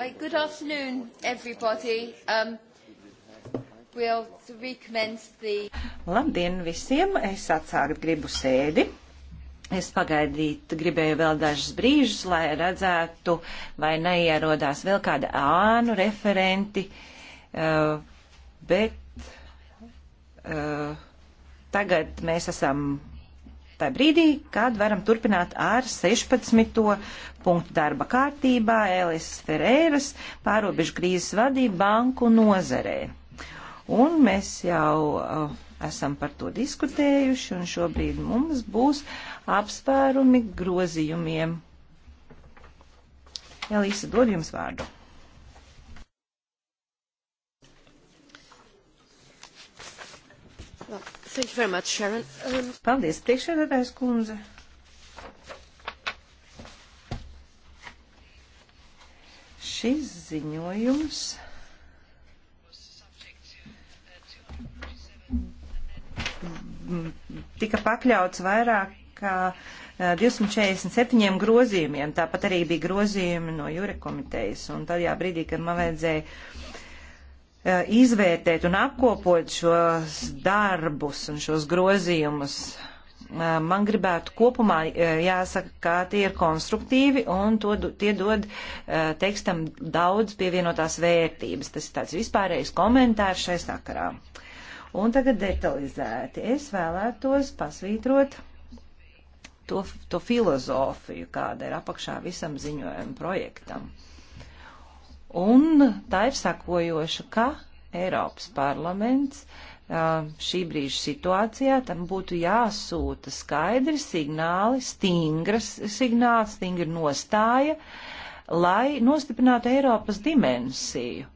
Hi, good afternoon, everybody. Um, we'll recommence the... Labdien visiem! Es atsākt gribu sēdi. Es pagaidīt gribēju vēl dažus brīžus, lai redzētu, vai neierodās vēl kāda ānu referenti, uh, bet uh, tagad mēs esam tā brīdī, kad varam turpināt ar 16. punktu darba kārtībā Elis Ferēras pārobežu krīzes vadību banku nozarē. Un mēs jau uh, esam par to diskutējuši, un šobrīd mums būs apspērumi grozījumiem. Elīsa, dod jums vārdu. Labi. Thank you very much, Sharon. Um... Paldies, priekšsēdētājs kundze. Šis ziņojums. tika pakļauts vairāk kā 247 grozījumiem. Tāpat arī bija grozījumi no jūra komitejas. Un tajā brīdī, kad man vajadzēja Eh, izvērtēt un apkopot šos darbus un šos grozījumus. Eh, man gribētu kopumā eh, jāsaka, ka tie ir konstruktīvi un to, tie dod tekstam daudz pievienotās vērtības. Tas ir tāds vispārējais komentārs šai sakarā. Un tagad detalizēti. Es vēlētos pasvītrot to, to filozofiju, kāda ir apakšā visam ziņojuma projektam. Uh, Un tā ir sakojoša, ka Eiropas parlaments šī brīža situācijā tam būtu jāsūta skaidri signāli, stingras signāli, stingra nostāja, lai nostiprinātu Eiropas dimensiju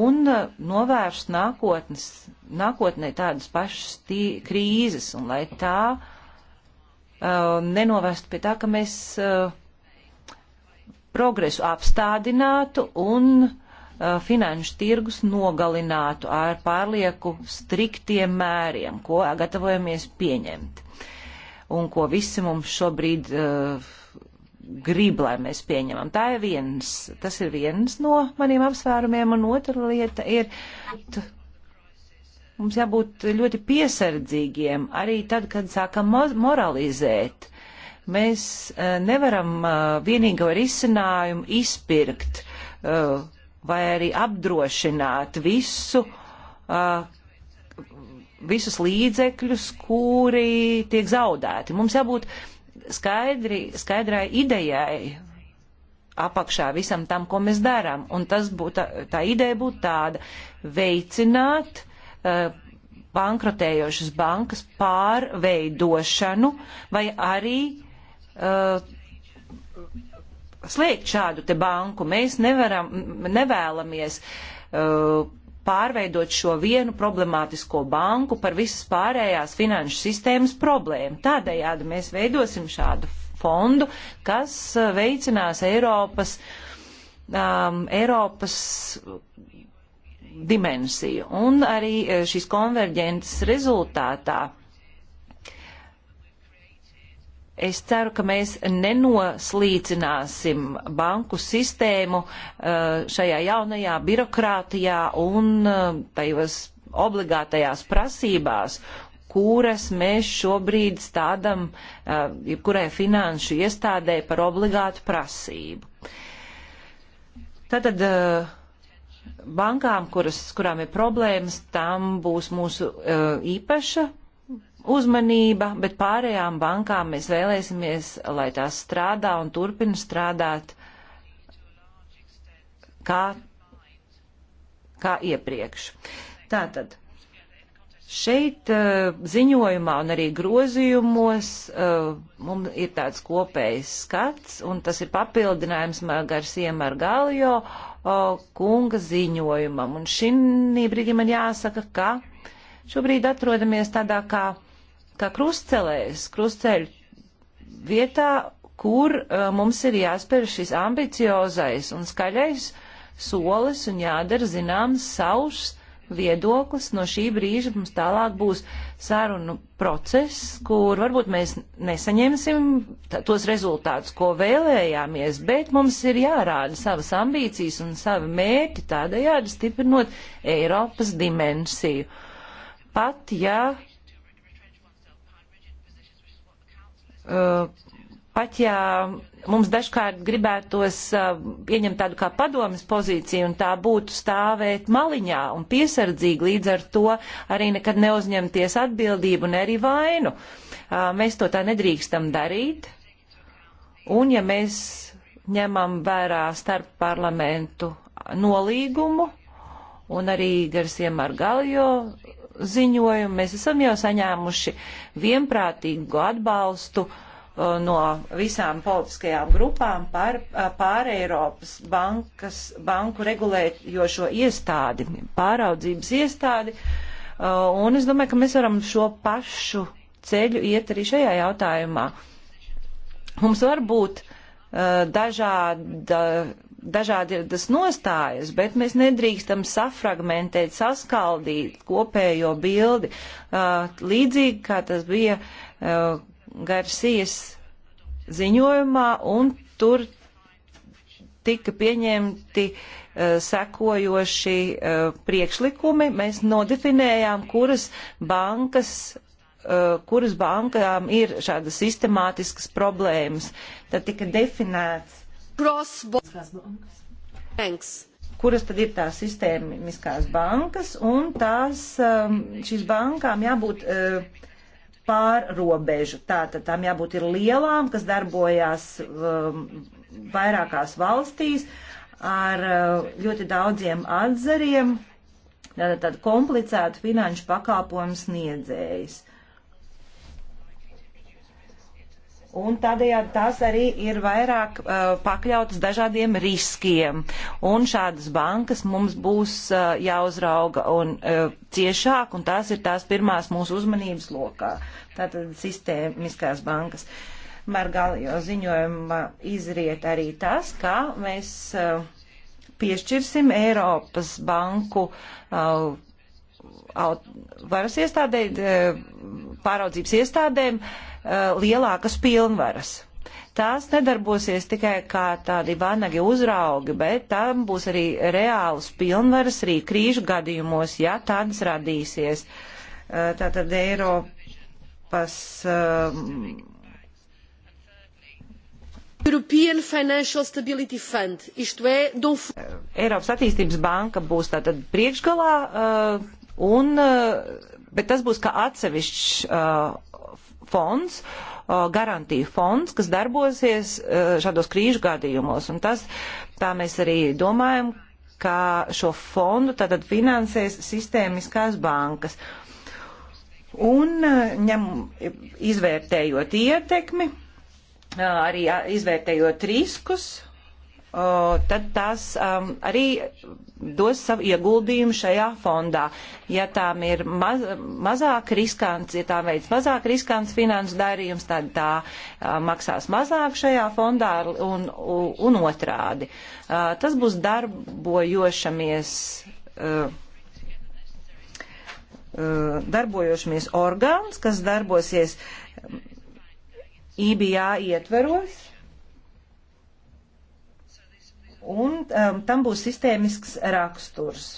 un novērst nākotnes, nākotnē tādas pašas tī, krīzes un lai tā uh, nenovērst pie tā, ka mēs uh, progresu apstādinātu un uh, finanšu tirgus nogalinātu ar pārlieku striktiem mēriem, ko gatavojamies pieņemt un ko visi mums šobrīd uh, grib, lai mēs pieņemam. Tā ir viens, tas ir viens no maniem apsvērumiem, un otra lieta ir, mums jābūt ļoti piesardzīgiem arī tad, kad sākam moralizēt Mēs eh, nevaram eh, vienīgo risinājumu izpirkt eh, vai arī apdrošināt visu, visus līdzekļus, kuri tiek zaudēti. Mums jābūt skaidri, skaidrai idejai apakšā visam tam, ko mēs darām. Un tas būtu, tā ideja būtu tāda - veicināt uh, bankrotējošas bankas pārveidošanu vai arī Uh, slēgt šādu te banku. Mēs nevaram, nevēlamies uh, pārveidot šo vienu problemātisko banku par visas pārējās finanšu sistēmas problēmu. Tādējādi mēs veidosim šādu fondu, kas uh, veicinās Eiropas, um, Eiropas dimensiju. Un arī uh, šīs konverģences rezultātā uh, Es ceru, ka mēs nenoslīcināsim banku sistēmu eh, šajā jaunajā birokrātijā un eh, tajos obligātajās prasībās, kuras mēs šobrīd stādam eh, jebkurai finanšu iestādē par obligātu prasību. Tātad bankām, kuras, kurām ir problēmas, tam būs mūsu īpaša uzmanība, bet pārējām bankām mēs vēlēsimies, lai tās strādā un turpina strādāt kā, kā iepriekš. Tātad. Šeit uh, ziņojumā un arī grozījumos uh, mums ir tāds kopējs skats, un tas ir papildinājums Garcia Margalio uh, eh, kunga ziņojumam. Un šī brīdī man jāsaka, ka šobrīd atrodamies tādā kā kā krustcelēs, krustceļu vietā, kur uh, mums ir jāspēr šis ambiciozais un skaļais solis un jādara zināms savs viedoklis. No šī brīža mums tālāk būs sarunu process, kur varbūt mēs nesaņemsim tos rezultātus, ko vēlējāmies, bet mums ir jārāda savas ambīcijas un savi mērķi tādējādi stiprinot Eiropas dimensiju. Pat ja Uh, pat ja mums dažkārt gribētos pieņemt uh, tādu kā padomas pozīciju un tā būtu stāvēt maliņā un piesardzīgi līdz ar to arī nekad neuzņemties atbildību un arī vainu. Uh, mēs to tā nedrīkstam darīt. Un ja mēs ņemam vērā starp parlamentu nolīgumu un arī Garsiem Argaljo ziņojumu. Mēs esam jau saņēmuši vienprātīgu atbalstu uh, no visām politiskajām grupām par uh, pāreiropas bankas, banku regulējošo iestādi, pāraudzības iestādi. Uh, un es domāju, ka mēs varam šo pašu ceļu iet arī šajā jautājumā. Mums var būt dažāda dažādas nostājas, bet mēs nedrīkstam safragmentēt, saskaldīt kopējo bildi, uh, līdzīgi kā tas bija uh, Garcijas ziņojumā, un tur tika pieņemti uh, sekojoši priekšlikumi. Mēs nodefinējām, kuras bankas kuras bankām ir šādas sistemātiskas problēmas. Tad tika definēts Banks. Kuras tad ir tās sistēmiskās bankas, un tās, um, šīs bankām jābūt uh, pārrobežu. Tātad tām jābūt ir lielām, kas darbojās um, vairākās valstīs ar uh, ļoti daudziem atzariem, tātad komplicētu finanšu pakāpojumu sniedzējs. Un tādējādi tās arī ir vairāk uh, pakļautas dažādiem riskiem. Un šādas bankas mums būs uh, jāuzrauga un uh, ciešāk, un tās ir tās pirmās mūsu uzmanības lokā. Tātad sistēmiskās bankas. Margalio ziņojuma izriet arī tas, kā mēs uh, piešķirsim Eiropas banku uh, varas iestādē, pāraudzības iestādēm eh, lielākas pilnvaras. Tās nedarbosies tikai kā tādi vanagi uzraugi, bet tam būs arī reālas pilnvaras arī krīžu gadījumos, ja tādas radīsies. Eh, tātad Eiropas. Um, European Financial Stability Fund, isto é, do... Eiropas attīstības banka būs tātad priekšgalā uh, Un, eh, bet tas būs kā atsevišķs uh, fonds, uh, garantija fonds, kas darbosies uh, šādos krīžu gadījumos. Un tas, tā mēs arī domājam, ka šo fondu tātad finansēs sistēmiskās bankas. Un ņem, izvērtējot ietekmi, arī izvērtējot riskus, tad tas um, arī dos savu ieguldījumu šajā fondā. Ja tām ir maz, mazāk riskants, ja tām veids mazāk riskants finanses darījums, tad tā uh, maksās mazāk šajā fondā un, un, un otrādi. Uh, tas būs darbojošamies. Uh, darbojošamies orgāns, kas darbosies IBA ietveros, un um, tam būs sistēmisks raksturs.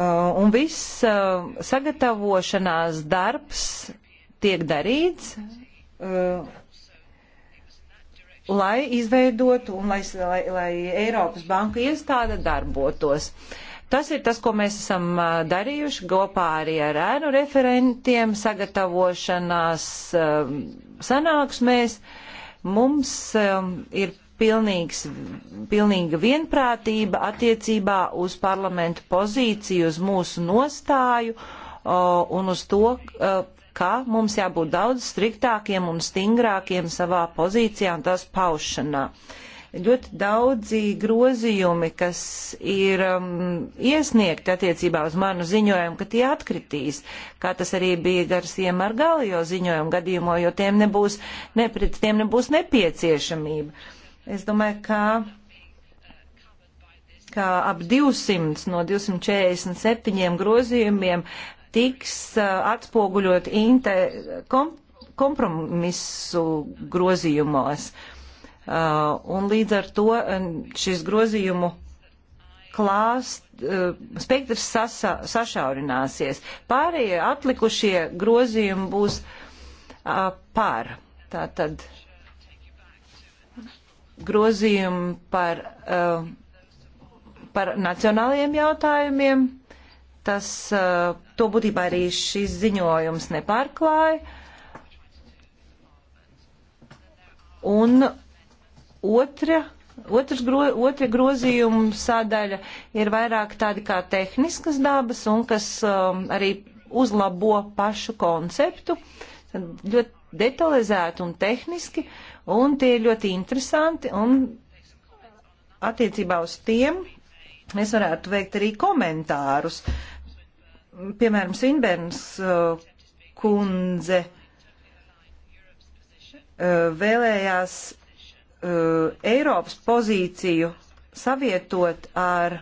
Uh, un viss uh, sagatavošanās darbs tiek darīts, uh, lai izveidotu un lai, lai, lai Eiropas banku iestāde darbotos. Tas ir tas, ko mēs esam uh, darījuši kopā arī ar ēnu referentiem sagatavošanās uh, sanāksmēs. Uh, Mums um, ir pilnīgs, pilnīga vienprātība attiecībā uz parlamentu pozīciju, uz mūsu nostāju uh, un uz to, uh, ka mums jābūt daudz striktākiem un stingrākiem savā pozīcijā un tās paušanā. Uh, ļoti daudzi grozījumi, kas ir um, iesniegti attiecībā uz manu ziņojumu, ka tie atkritīs, kā tas arī bija Garsiem ar Galio ziņojumu gadījumā, jo tiem nebūs, ne, pret tiem nebūs nepieciešamība. Es domāju, ka ka ap 200 no 247 grozījumiem tiks uh, atspoguļot inte kom kompromisu grozījumos. Uh, Uh, un līdz ar to um, šis grozījumu klāst, uh, spektrs sasa, sašaurināsies. Pārējie atlikušie grozījumi būs uh, par. Tātad grozījumi par, par nacionālajiem jautājumiem. Tas, to būtībā arī šis ziņojums nepārklāja. Un Otra, otrs gro, otra grozījuma sadaļa ir vairāk tādi kā tehniskas dabas un kas um, arī uzlabo pašu konceptu. Tad ļoti detalizēti un tehniski, un tie ir ļoti interesanti, un attiecībā uz tiem es varētu veikt arī komentārus. Piemēram, Svinbērns uh, kundze uh, vēlējās uh, Eiropas pozīciju savietot ar,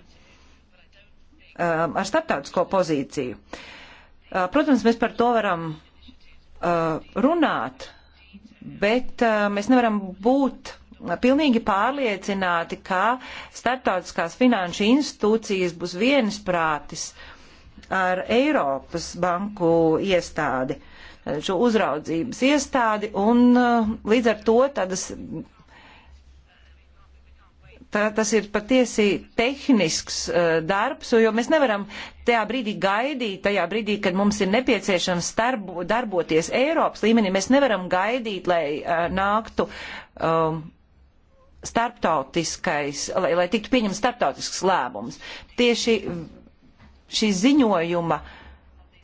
um, ar starptautisko pozīciju. Uh, protams, mēs par to varam uh, runāt, bet uh, mēs nevaram būt pilnīgi pārliecināti, ka starptautiskās finanšu institūcijas būs viensprātis ar Eiropas banku iestādi, šo uzraudzības iestādi, un uh, līdz ar to tādas tā, tas ir patiesi tehnisks uh, darbs, jo mēs nevaram tajā brīdī gaidīt, tajā brīdī, kad mums ir nepieciešams starbo, darboties Eiropas līmenī, mēs nevaram gaidīt, lai uh, nāktu. Um, starptautiskais, lai, lai tiktu pieņemts starptautisks lēmums. Tieši šī ziņojuma uh,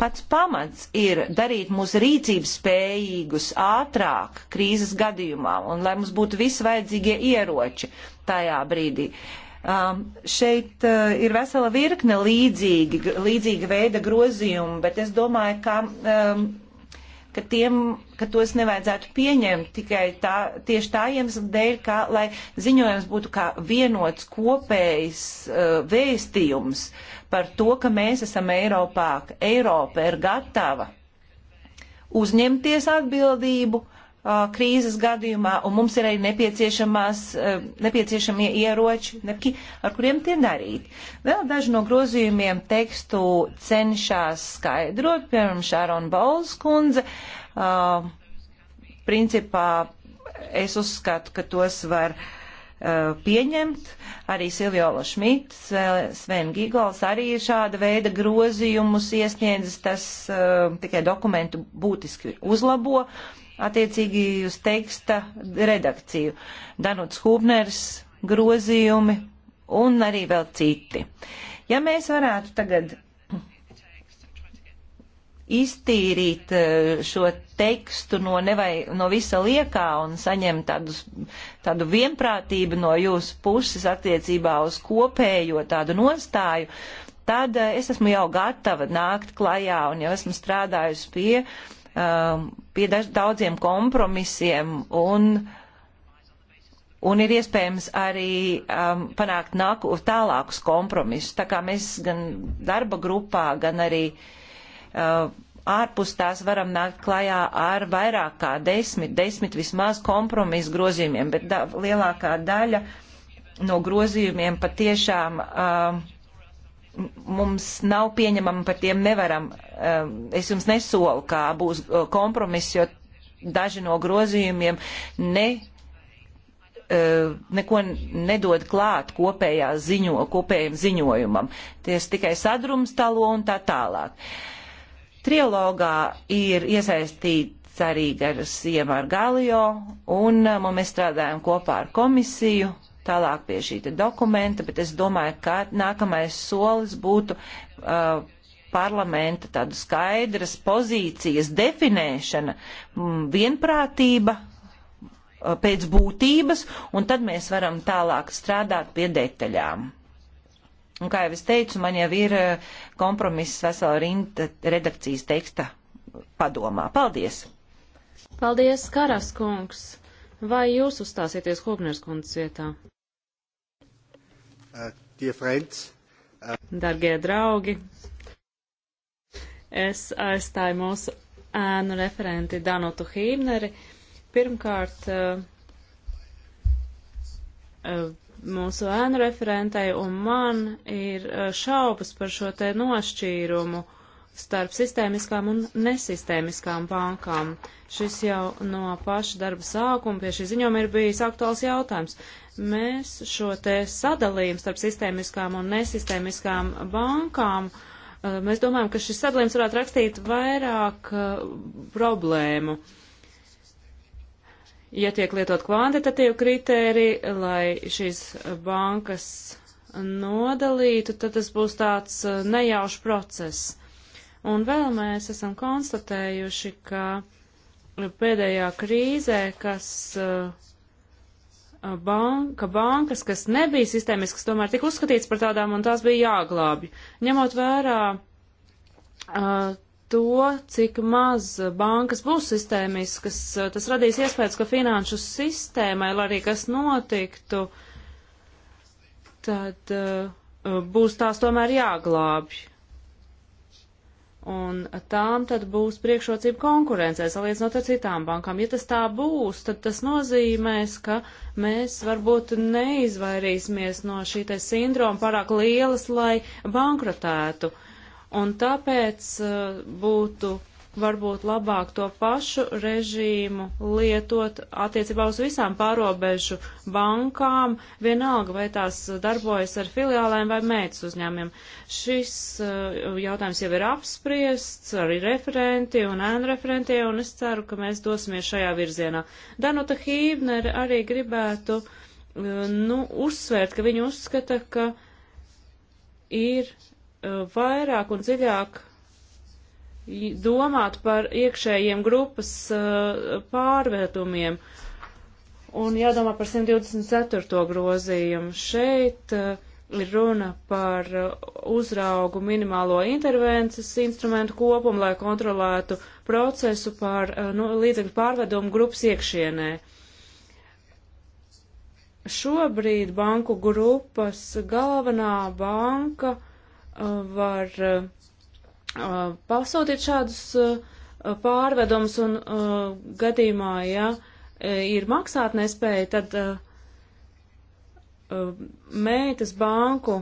pats pamats ir darīt mūsu rīcības spējīgus ātrāk krīzes gadījumā un lai mums būtu visi vajadzīgie ieroči tajā brīdī. Um, šeit uh, ir vesela virkne līdzīgi, līdzīga veida grozījumu, bet es domāju, ka, um, ka, tiem, ka tos nevajadzētu pieņemt tikai tā, tieši tā iemesla dēļ, ka, lai ziņojums būtu kā vienots kopējs uh, vēstījums par to, ka mēs esam Eiropā, ka Eiropa ir gatava uzņemties atbildību uh, krīzes gadījumā, un mums ir arī nepieciešamās, uh, nepieciešamie ieroči, nepki, ar kuriem tie darīt. Vēl daži no grozījumiem tekstu cenšas skaidrot, piemēram, Šārona Bols kundze, uh, principā es uzskatu, ka tos var uh, Uh, pieņemt. Arī Silvio Lošmits, uh, Sven Gigols arī ir šāda veida grozījumus iesniedzis. Tas uh, tikai dokumentu būtiski uzlabo attiecīgi uz teksta redakciju. Danuts Hubners grozījumi un arī vēl citi. Ja mēs varētu tagad iztīrīt šo tekstu no, nevai, no visa liekā un saņemt tādus tādu vienprātību no jūsu puses attiecībā uz kopējo tādu nostāju, tad eh, es esmu jau gatava nākt klajā un jau esmu strādājusi pie, um, pie daž, daudziem kompromisiem un, un ir iespējams arī um, panākt nāku, tālākus kompromisus. Tā kā mēs gan darba grupā, gan arī uh, ārpus tās varam nākt klajā ar vairāk kā desmit, desmit vismaz kompromisu grozījumiem, bet da, lielākā daļa no grozījumiem patiešām uh, mums nav pieņemama, par tiem nevaram. Uh, es jums nesolu, kā būs uh, kompromiss, jo daži no grozījumiem ne uh, neko nedod klāt kopējā ziņo, kopējiem ziņojumam. Ties tikai sadrumstalo un tā tālāk. Uh, Trilogā ir iesaistīts arī Garsieva ar Galio, un um, mēs strādājam kopā ar komisiju tālāk pie šī dokumenta, bet es domāju, ka nākamais solis būtu uh, parlamenta tādu skaidras pozīcijas definēšana, m, mm, vienprātība uh, pēc būtības, un tad mēs varam tālāk strādāt pie detaļām. Un, kā jau es teicu, man jau ir eh, kompromiss vesela rinda redakcijas teksta padomā. Paldies! Paldies, Karas kungs! Vai jūs uzstāsieties Hogniers kundzes vietā? Uh, uh... Dargie draugi, es aizstāju mūsu ēnu referenti Danotu Hīmneri. Pirmkārt, uh, uh mūsu ēnu referentei un man ir e, šaubas par šo te nošķīrumu starp sistēmiskām un nesistēmiskām bankām. Šis jau no paša darba sākuma pie šī ziņojuma ir bijis aktuāls jautājums. Mēs šo te sadalījumu starp sistēmiskām un nesistēmiskām bankām, e, mēs domājam, ka šis sadalījums varētu rakstīt vairāk uh, problēmu. Uh, ja tiek lietot kvantitatīvi kritēriji, lai šīs bankas nodalītu, tad tas būs tāds eh, nejaušs process. Un vēl mēs esam konstatējuši, ka pēdējā krīzē, kas eh, banka, bankas, kas nebija sistēmiskas, tomēr tika uzskatīts par tādām un tās bija jāglābj. Ņemot vērā eh, to, cik maz bankas būs sistēmiskas. Tas radīs iespējas, ka finanšu sistēmai, lai arī kas notiktu, tad uh, būs tās tomēr jāglābj. Un tām tad būs priekšrocība konkurencē, salīdzinot ar citām bankām. Ja tas tā būs, tad tas nozīmēs, ka mēs varbūt neizvairīsimies no šī te sindroma pārāk lielas, lai bankrotētu. Uh, Un tāpēc eh, būtu varbūt labāk to pašu režīmu lietot attiecībā uz visām pārobežu bankām, vienalga vai tās darbojas ar filiālēm vai meitas uzņēmiem. Šis uh, jautājums jau ir apspriests, arī referenti un ēnreferentie, un es ceru, ka mēs dosimies šajā virzienā. Danuta Hībner arī gribētu uh, nu, uzsvērt, ka viņa uzskata, ka ir vairāk un dziļāk domāt par iekšējiem grupas eh, pārvietumiem un jādomā par 124. grozījumu. Šeit eh, ir runa par eh, uzraugu minimālo intervences instrumentu kopumu, lai kontrolētu procesu par nu, līdzekļu pārvedumu grupas iekšienē. Šobrīd banku grupas galvenā banka uh, var uh, pasūtīt šādus uh, pārvedumus un uh, gadījumā, ja ir maksātnespēja, tad meitas banku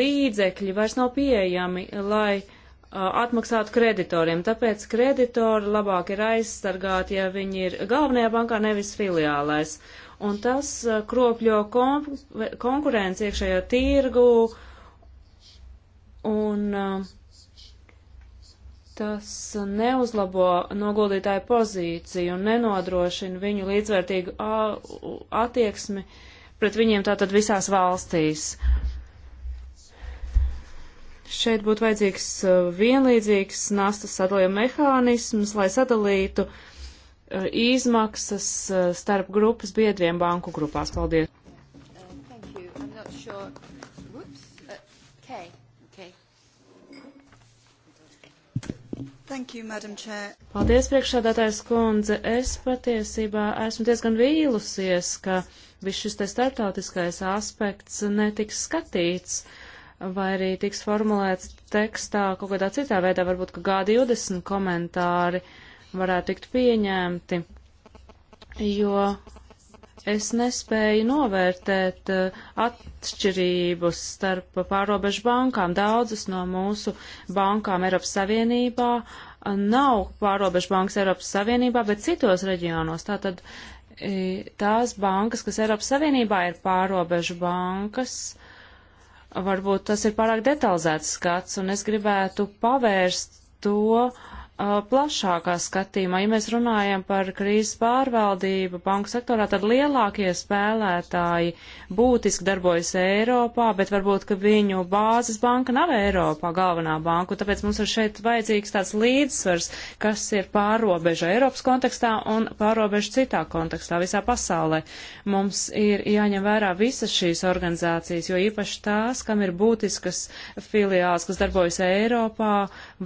līdzekļi vairs nav pieejami, lai atmaksātu kreditoriem. Tāpēc kreditori labāk ir aizsargāti, ja viņi ir galvenajā bankā, nevis filiālēs. Un tas kropļo konkurenci iekšējā tirgu, un uh, tas neuzlabo noguldītāju pozīciju un nenodrošina viņu līdzvērtīgu uh, attieksmi pret viņiem tātad visās valstīs. Šeit būtu vajadzīgs uh, vienlīdzīgs nastas sadalījuma mehānisms, lai sadalītu izmaksas starp grupas biedriem banku grupās. Paldies! Uh, sure. Thank you, Madam Chair. Paldies, priekšsādātājs kundze. Es patiesībā esmu diezgan vīlusies, ka viss šis te starptautiskais aspekts netiks skatīts vai arī tiks formulēts tekstā kaut kādā citā veidā, varbūt, ka G20 komentāri varētu tikt pieņemti, jo es nespēju novērtēt eh, atšķirības starp pārobežu bankām. Daudzas no mūsu bankām Eiropas Savienībā eh, nav pārobežu bankas Eiropas Savienībā, bet citos reģionos. Tātad eh, tās bankas, kas Eiropas Savienībā ir pārobežu bankas, varbūt tas ir pārāk detalizēts skats, un es gribētu pavērst to uh, Uh, plašākā skatījumā. Ja mēs runājam par krīzes pārvaldību banku sektorā, tad lielākie spēlētāji būtiski darbojas Eiropā, bet varbūt, ka viņu bāzes banka nav Eiropā galvenā banka, tāpēc mums ir šeit vajadzīgs tāds līdzsvars, kas ir pārobeža Eiropas kontekstā un pārobeža citā kontekstā visā pasaulē. Mums ir jāņem vērā visas šīs organizācijas, jo īpaši tās, kam ir būtiskas filiāls, kas darbojas Eiropā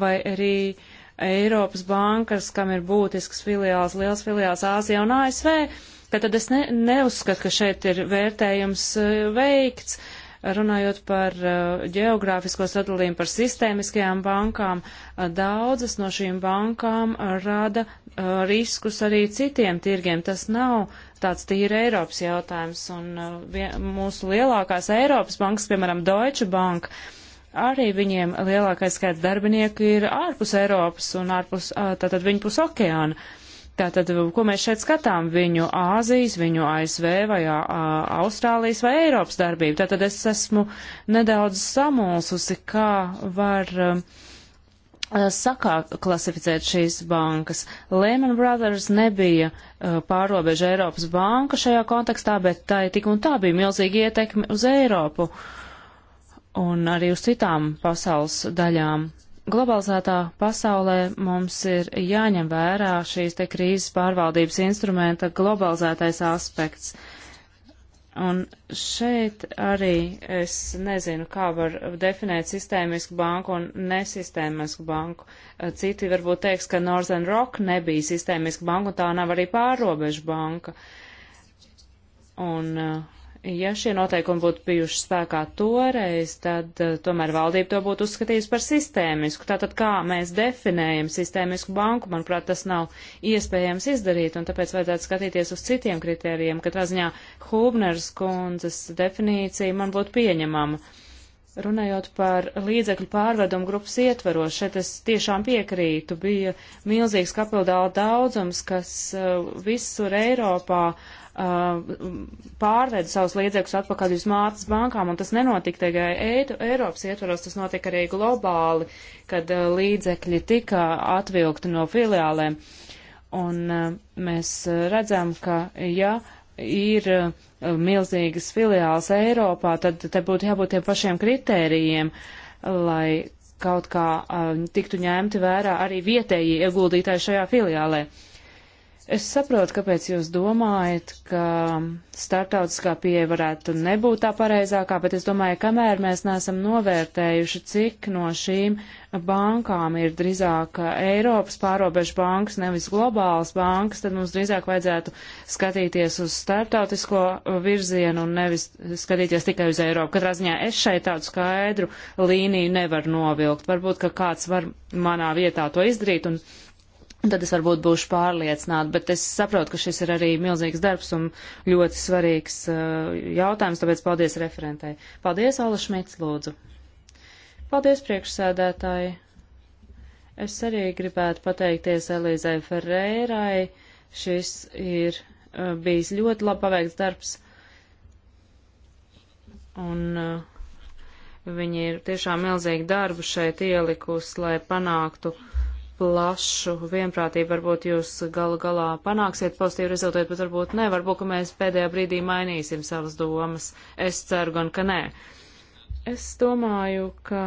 vai arī Eiropas bankas, kam ir būtisks filiāls, liels filiāls Āzijā un ASV, ka tad es ne, neuzskatu, ka šeit ir vērtējums e, veikts. Runājot par ģeogrāfisko e, sadalījumu par sistēmiskajām bankām, e, daudzas no šīm bankām rada riskus arī citiem tirgiem. Tas nav tāds tīri Eiropas jautājums. Un vien, mūsu lielākās Eiropas bankas, piemēram, Deutsche Bank, uh, arī viņiem lielākais skaits darbinieku ir ārpus Eiropas un ārpus, tātad viņu pus okeāna. Tātad, ko mēs šeit skatām? Viņu Āzijas, viņu ASV vai a, Austrālijas vai Eiropas darbību. Tātad es esmu nedaudz samulsusi, kā var a, sakā klasificēt šīs bankas. Lehman Brothers nebija a, pārobeža Eiropas banka šajā kontekstā, bet tai tik un tā bija milzīga ietekme uz Eiropu. Uh, un arī uz citām pasaules daļām. Globalizētā pasaulē mums ir jāņem vērā šīs te krīzes pārvaldības instrumenta globalizētais aspekts. Un šeit arī es nezinu, kā var definēt sistēmisku banku un nesistēmisku banku. Citi varbūt teiks, ka Northern Rock nebija sistēmiska banka un tā nav arī pārrobežu banka. Un uh, Ja šie noteikumi būtu bijuši spēkā toreiz, tad eh, tomēr valdība to būtu uzskatījusi par sistēmisku. Tātad kā mēs definējam sistēmisku banku, manuprāt, tas nav iespējams izdarīt, un tāpēc vajadzētu skatīties uz citiem kritērijiem. Katrā ziņā Hūbners kundzes definīcija man būtu pieņemama. Runājot par līdzekļu pārvedumu grupas ietveros, šeit es tiešām piekrītu, bija milzīgs kapildāla daudzums, kas eh, visur Eiropā Uh, pārved savus līdzekļus atpakaļ uz mācas bankām, un tas nenotika tikai Eiropas ietvaros, tas notika arī globāli, kad uh, līdzekļi tika atvilkti no filiālēm. Un uh, mēs redzam, ka ja ir milzīgas filiāls Eiropā, tad te būtu jābūt tiem pašiem kritērijiem, lai kaut kā tiktu ņemti vērā arī vietējie ieguldītāji šajā filiālē. Uh, Es saprotu, kāpēc jūs domājat, ka startautiskā pieeja varētu nebūt tā pareizākā, bet es domāju, kamēr mēs neesam novērtējuši, cik no šīm bankām ir drīzāk Eiropas pārobežu bankas, nevis globālas bankas, tad mums drīzāk vajadzētu skatīties uz startautisko virzienu un nevis skatīties tikai uz Eiropu. Katrā ziņā es šeit tādu skaidru līniju nevaru novilkt. Varbūt, ka kāds var manā vietā to izdarīt un tad es varbūt būšu pārliecināta, bet es saprotu, ka šis ir arī milzīgs darbs un ļoti svarīgs uh, jautājums, tāpēc paldies referentai. Paldies, Ola Šmits, lūdzu. Paldies, priekšsēdētāji. Es arī gribētu pateikties Elīzai Ferreirai. Šis ir uh, bijis ļoti labi paveikts darbs. Un uh, viņi ir tiešām milzīgi darbu šeit ielikusi, lai panāktu uh, plašu vienprātību. Varbūt jūs galu galā panāksiet pozitīvu rezultātu, bet varbūt ne. Varbūt, ka mēs pēdējā brīdī mainīsim savas domas. Es ceru gan, ka nē. Es domāju, ka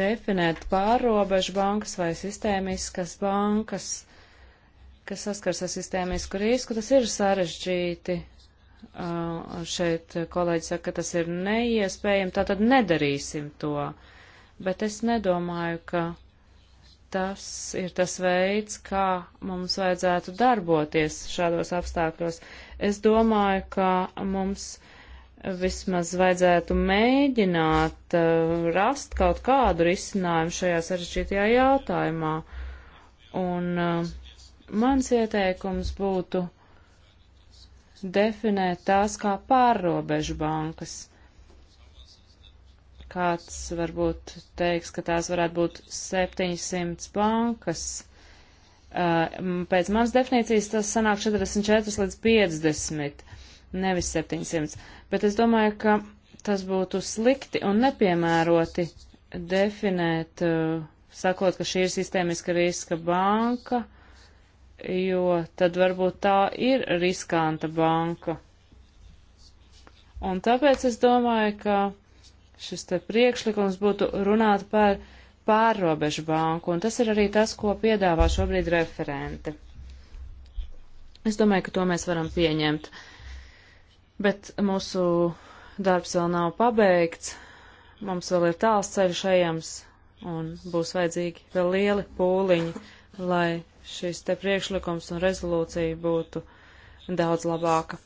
definēt pārobežu bankas vai sistēmiskas bankas, kas saskars ar sistēmisku risku, tas ir sarežģīti. Uh, šeit kolēģi saka, ka tas ir neiespējami, tātad nedarīsim to. Bet es nedomāju, ka tas ir tas veids, kā mums vajadzētu darboties šādos apstākļos. Es domāju, ka mums vismaz vajadzētu mēģināt uh, rast kaut kādu risinājumu šajā sarežģītajā jautājumā. Un uh, mans ieteikums būtu definēt tās kā pārrobežu bankas Kāds varbūt teiks, ka tās varētu būt 700 bankas. Uh, pēc manas definīcijas tas sanāk 44 līdz 50, nevis 700. Bet es domāju, ka tas būtu slikti un nepiemēroti definēt, uh, sakot, ka šī ir sistēmiska riska banka, jo tad varbūt tā ir riskanta banka. Un tāpēc es domāju, ka šis te priekšlikums būtu runāt par pārrobežu banku, un tas ir arī tas, ko piedāvā šobrīd referente. Es domāju, ka to mēs varam pieņemt, bet mūsu darbs vēl nav pabeigts, mums vēl ir tāls ceļš ejams, un būs vajadzīgi vēl lieli pūliņi, lai šis te priekšlikums un rezolūcija būtu daudz labāka.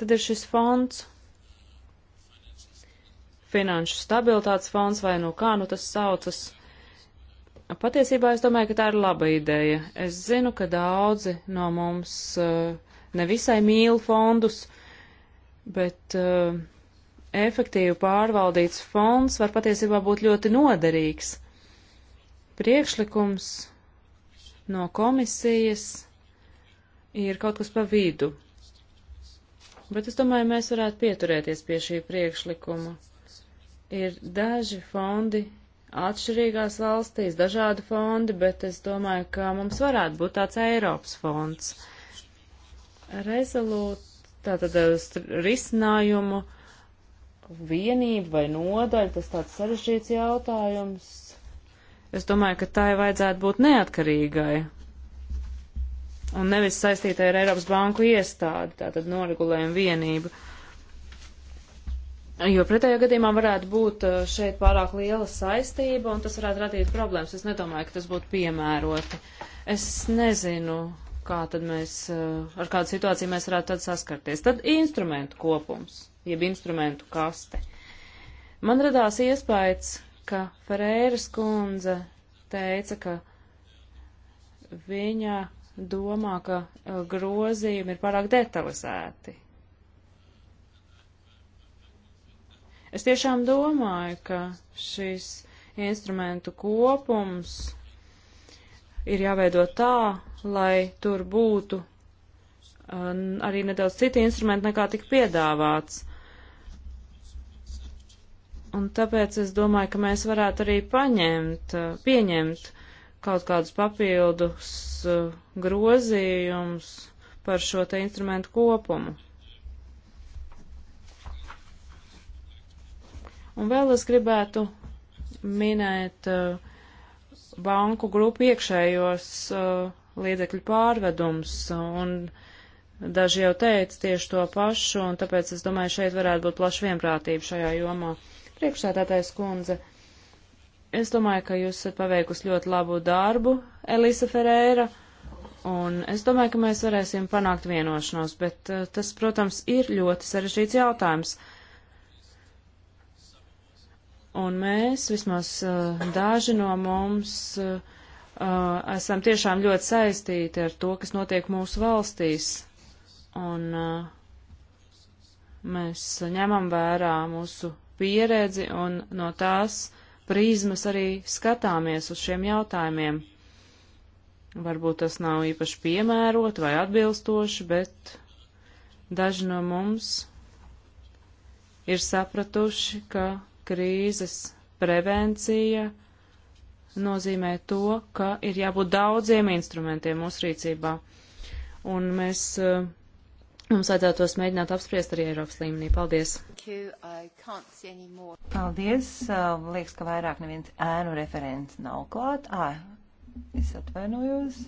Tad ir šis fonds, finanšu stabilitātes fonds vai no kā nu tas saucas. Patiesībā es domāju, ka tā ir laba ideja. Es zinu, ka daudzi no mums eh, nevisai mīl fondus, bet eh, efektīvi pārvaldīts fonds var patiesībā būt ļoti noderīgs. Priekšlikums no komisijas ir kaut kas pa vidu. Bet es domāju, mēs varētu pieturēties pie šī priekšlikuma ir daži fondi atšķirīgās valstīs, dažādi fondi, bet es domāju, ka mums varētu būt tāds Eiropas fonds. Rezolūt, tātad eh, risinājumu vienība vai nodaļa, tas tāds sarežģīts jautājums. Es domāju, ka tai vajadzētu būt neatkarīgai un nevis saistītai ar Eiropas banku iestādi, tātad noregulējumu vienību. Uh, Jo pretējā gadījumā varētu būt eh, šeit pārāk liela saistība, un tas varētu radīt problēmas. Es nedomāju, ka tas būtu piemēroti. Es nezinu, kā tad mēs, eh, ar kādu situāciju mēs varētu tad saskarties. Tad instrumentu kopums, jeb instrumentu kaste. Man radās iespējas, ka Ferēras kundze teica, ka viņa domā, ka eh, grozījumi ir pārāk detalizēti. Es tiešām domāju, ka šīs instrumentu kopums ir jāveido tā, lai tur būtu uh, arī nedaudz citi instrumenti nekā tik piedāvāts. Un tāpēc es domāju, ka mēs varētu arī paņemt, uh, pieņemt kaut kādus papildus uh, grozījumus par šo te instrumentu kopumu. Un vēl es gribētu minēt uh, banku grupu iekšējos uh, līdzekļu pārvedums, un daži jau teica tieši to pašu, un tāpēc es domāju, šeit varētu būt plaša vienprātība šajā jomā. Priekšsētātais kundze, es domāju, ka jūs esat paveikusi ļoti labu darbu, Elisa Ferēra, un es domāju, ka mēs varēsim panākt vienošanos, bet uh, tas, protams, ir ļoti sarežģīts jautājums. Uh, Un mēs, vismaz eh, daži no mums, eh, eh, esam tiešām ļoti saistīti ar to, kas notiek mūsu valstīs. Un mēs ņemam vērā mūsu pieredzi un no tās prizmas arī skatāmies uz šiem jautājumiem. Varbūt tas nav īpaši piemērot vai atbilstoši, bet daži no mums ir sapratuši, ka krīzes prevencija nozīmē to, ka ir jābūt daudziem instrumentiem mūsu rīcībā. Un mēs, eh, mums vajadzētu tos mēģināt apspriest arī Eiropas līmenī. Paldies! Paldies! Eh, liekas, ka vairāk neviens ēnu referents nav klāt. Ā, es atvainojos.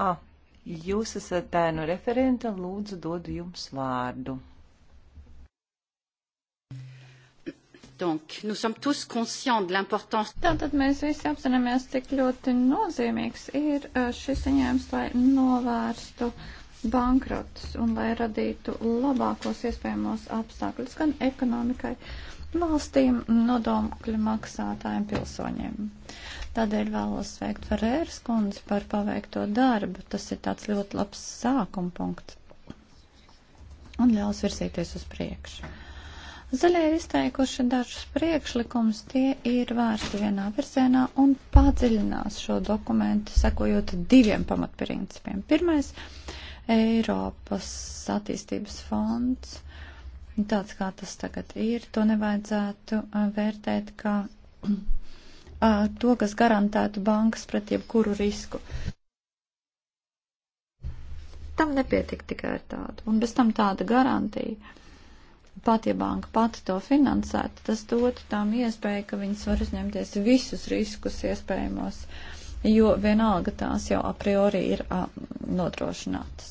Ah, Jūs esat tēnu referenta, lūdzu dodu jums vārdu. Donc, nous sommes tous conscients de l'importance. Tātad mēs visi apzināmies, cik ļoti nozīmīgs ir uh, šis ziņojums, lai novērstu bankrotus un lai radītu labākos iespējamos apstākļus gan ekonomikai, valstīm, nodokļu maksātājiem, pilsoņiem. Uh, Tādēļ vēlos sveikt Ferēras kundzi par paveikto darbu. Tas ir tāds ļoti labs sākuma punkts un ļaus virzīties uz priekšu. Zaļie ir izteikuši dažus priekšlikumus, tie ir vērsti vienā virzienā un padziļinās šo dokumentu, sekojot diviem pamatprincipiem. Pirmais - Eiropas attīstības fonds. Tāds kā tas tagad ir, to nevajadzētu vērtēt kā to, kas garantētu bankas pret jebkuru risku. Tam nepietika tikai ar tādu. Un bez tam tāda garantija, pat ja banka pati to finansētu, tas dotu tām iespēju, ka viņas var uzņemties visus riskus iespējamos, jo vienalga tās jau a priori ir a, nodrošinātas.